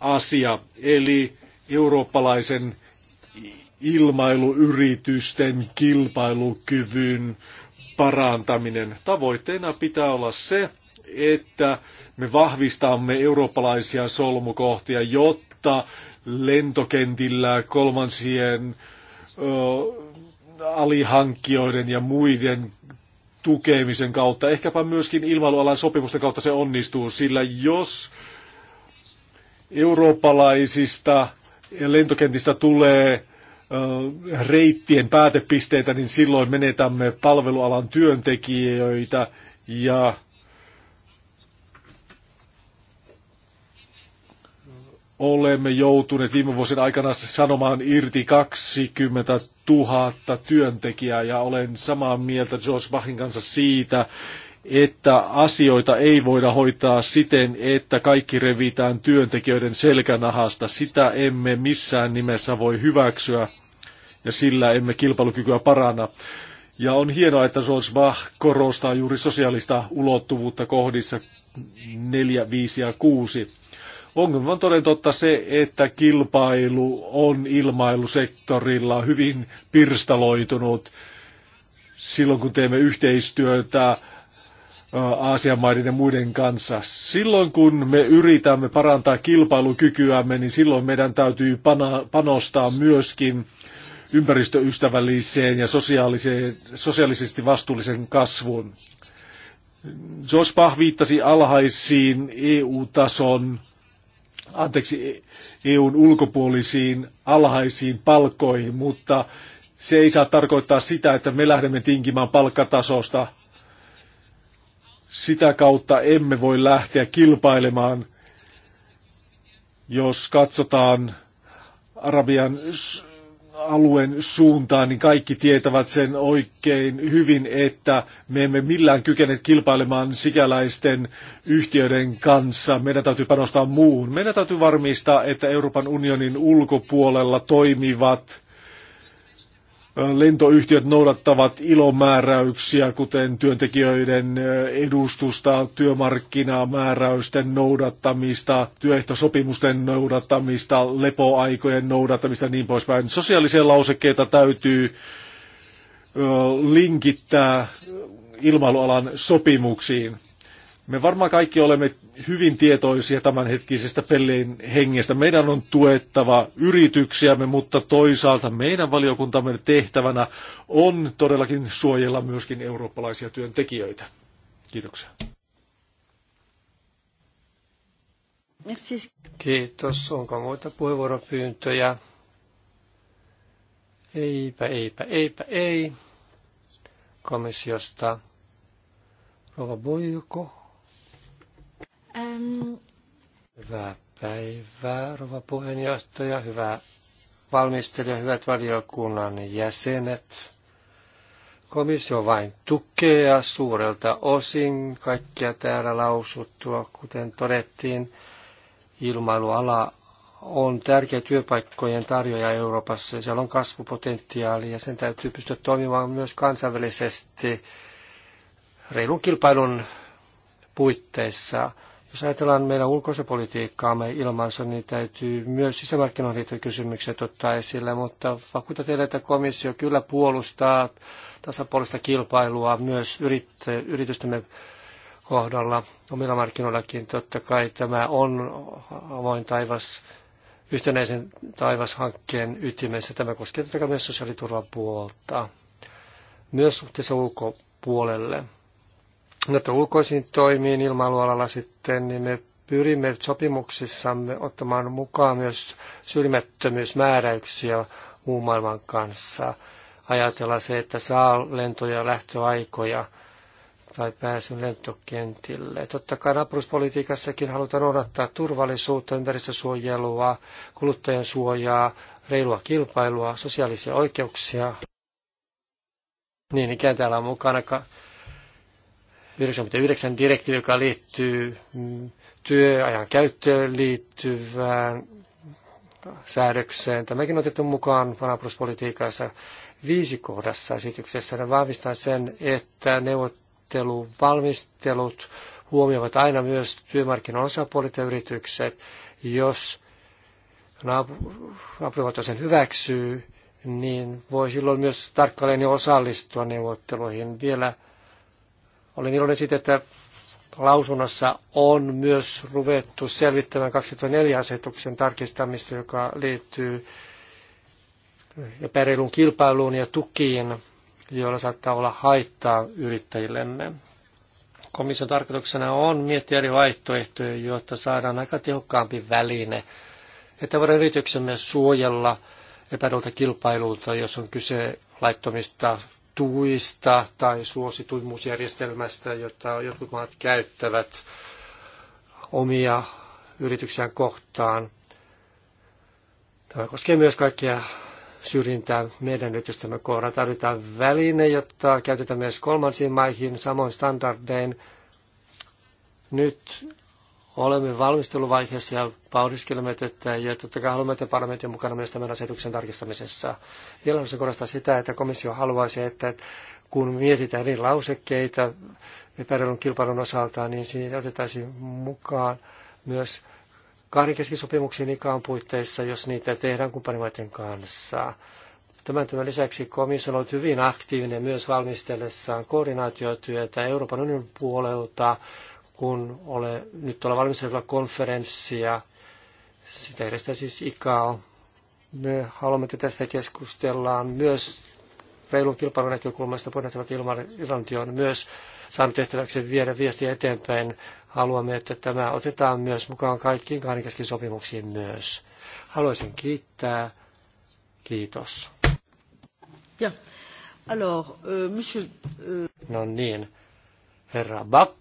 asia, eli eurooppalaisen ilmailuyritysten kilpailukyvyn parantaminen. Tavoitteena pitää olla se, että me vahvistamme eurooppalaisia solmukohtia, jotta lentokentillä kolmansien ö, alihankkijoiden ja muiden tukemisen kautta, ehkäpä myöskin ilmailualan sopimusten kautta se onnistuu, sillä jos eurooppalaisista lentokentistä tulee äh, reittien päätepisteitä, niin silloin menetämme palvelualan työntekijöitä ja olemme joutuneet viime vuosien aikana sanomaan irti 20 000 työntekijää ja olen samaa mieltä George Bachin kanssa siitä, että asioita ei voida hoitaa siten, että kaikki revitään työntekijöiden selkänahasta. Sitä emme missään nimessä voi hyväksyä ja sillä emme kilpailukykyä paranna. Ja on hienoa, että George Bach korostaa juuri sosiaalista ulottuvuutta kohdissa 4, 5 ja 6. Ongelma on toden totta se, että kilpailu on ilmailusektorilla hyvin pirstaloitunut. Silloin kun teemme yhteistyötä Aasian maiden ja muiden kanssa. Silloin kun me yritämme parantaa kilpailukykyämme, niin silloin meidän täytyy panostaa myöskin ympäristöystävälliseen ja sosiaalisesti vastuullisen kasvuun. Jos Pah viittasi alhaisiin EU-tason, anteeksi, EUn ulkopuolisiin alhaisiin palkkoihin, mutta se ei saa tarkoittaa sitä, että me lähdemme tinkimään palkkatasosta sitä kautta emme voi lähteä kilpailemaan, jos katsotaan Arabian alueen suuntaan, niin kaikki tietävät sen oikein hyvin, että me emme millään kykene kilpailemaan sikäläisten yhtiöiden kanssa. Meidän täytyy panostaa muuhun. Meidän täytyy varmistaa, että Euroopan unionin ulkopuolella toimivat lentoyhtiöt noudattavat ilomääräyksiä, kuten työntekijöiden edustusta, työmarkkinamääräysten noudattamista, työehtosopimusten noudattamista, lepoaikojen noudattamista ja niin poispäin. Sosiaalisia lausekkeita täytyy linkittää ilmailualan sopimuksiin. Me varmaan kaikki olemme hyvin tietoisia tämänhetkisestä pellein hengestä. Meidän on tuettava yrityksiämme, mutta toisaalta meidän valiokuntamme tehtävänä on todellakin suojella myöskin eurooppalaisia työntekijöitä. Kiitoksia. Kiitos. Onko muita puheenvuoropyyntöjä? Eipä, eipä, eipä, ei. Komissiosta. Rova Boyko, Um... Hyvää päivää, rouva puheenjohtaja, hyvää valmistelija, hyvät valiokunnan jäsenet. Komissio vain tukee suurelta osin kaikkia täällä lausuttua, kuten todettiin, ilmailuala on tärkeä työpaikkojen tarjoaja Euroopassa ja siellä on kasvupotentiaali ja sen täytyy pystyä toimimaan myös kansainvälisesti reilun kilpailun puitteissa. Jos ajatellaan meidän ulkoista politiikkaamme ilmaansa, niin täytyy myös sisämarkkinoihin liittyvät kysymykset ottaa esille, mutta vakuuta teille, että komissio kyllä puolustaa tasapuolista kilpailua myös yrit, yritystemme kohdalla omilla markkinoillakin. Totta kai tämä on avoin taivas yhtenäisen taivashankkeen ytimessä. Tämä koskee totta kai myös sosiaaliturvapuolta, myös suhteessa ulkopuolelle näitä no, ulkoisiin toimiin ilmailualalla sitten, niin me pyrimme sopimuksissamme ottamaan mukaan myös syrjimättömyysmääräyksiä muun maailman kanssa. ajatella se, että saa lentoja lähtöaikoja tai pääsyn lentokentille. Totta kai naapuruspolitiikassakin halutaan odottaa turvallisuutta, ympäristösuojelua, kuluttajan suojaa, reilua kilpailua, sosiaalisia oikeuksia. Niin ikään täällä on mukana 99 direktiivi, joka liittyy mm, työajan käyttöön liittyvään säädökseen. Tämäkin on otettu mukaan vanapruspolitiikassa viisi kohdassa esityksessä. Ne vahvistaa sen, että neuvotteluvalmistelut huomioivat aina myös työmarkkinoiden osapuolit ja yritykset. Jos naapurivaltio sen hyväksyy, niin voi silloin myös tarkkailijan osallistua neuvotteluihin. Vielä olen iloinen siitä, että lausunnossa on myös ruvettu selvittämään 2004 asetuksen tarkistamista, joka liittyy epäreiluun kilpailuun ja tukiin, joilla saattaa olla haittaa yrittäjillemme. Komission tarkoituksena on miettiä eri vaihtoehtoja, jotta saadaan aika tehokkaampi väline, että voidaan yrityksemme suojella epäreilulta kilpailulta, jos on kyse laittomista tuista tai suosituimmuusjärjestelmästä, jota jotkut maat käyttävät omia yrityksiään kohtaan. Tämä koskee myös kaikkia syrjintää meidän yritystämme kohdalla. Tarvitaan väline, jotta käytetään myös kolmansiin maihin samoin standardein. Nyt olemme valmisteluvaiheessa ja vauhdiskelemme tätä ja totta kai haluamme, että parlamentti on mukana myös tämän asetuksen tarkistamisessa. Vielä haluaisin korostaa sitä, että komissio haluaisi, että kun mietitään eri lausekkeita epäreilun kilpailun osalta, niin siinä otettaisiin mukaan myös kahdenkeskisopimuksen ikään puitteissa, jos niitä tehdään kumppanimaiden kanssa. Tämän työn lisäksi komissio on hyvin aktiivinen myös valmistellessaan koordinaatiotyötä Euroopan unionin puolelta kun ole, nyt ollaan valmistelulla konferenssia. Sitä edestä siis ICAO. Me haluamme, että tästä keskustellaan myös reilun kilpailun näkökulmasta. Pohjoismaat Irlanti on myös saanut tehtäväksi viedä viestiä eteenpäin. Haluamme, että tämä otetaan myös mukaan kaikkiin kahdenkeskin sopimuksiin myös. Haluaisin kiittää. Kiitos. Ja. Alors, euh, monsieur, euh... No niin, herra Back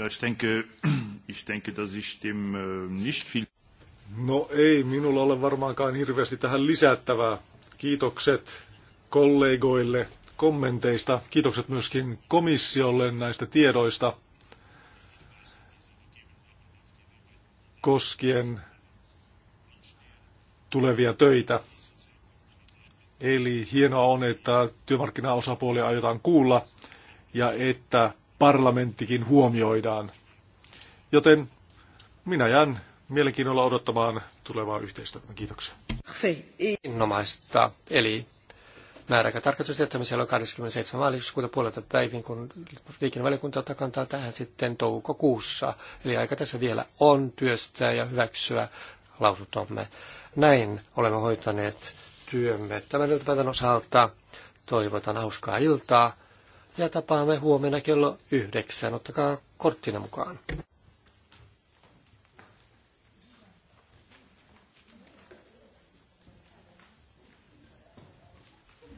Ja, ich denke, ich denke, dass ich dem nicht viel... No ei, minulla ole varmaankaan hirveästi tähän lisättävää. Kiitokset kollegoille kommenteista. Kiitokset myöskin komissiolle näistä tiedoista koskien tulevia töitä. Eli hienoa on, että työmarkkinaosapuolia aiotaan kuulla ja että parlamenttikin huomioidaan. Joten minä jään mielenkiinnolla odottamaan tulevaa yhteistyötä. Kiitoksia. Innomaista. Eli tarkoitus että on 27. maaliskuuta puolelta päivin, kun liikennevaliokunta ottaa kantaa tähän sitten toukokuussa. Eli aika tässä vielä on työstää ja hyväksyä lausuntomme. Näin olemme hoitaneet työmme tämän iltapäivän osalta. Toivotan hauskaa iltaa ja tapaamme huomenna kello yhdeksän. Ottakaa korttina mukaan.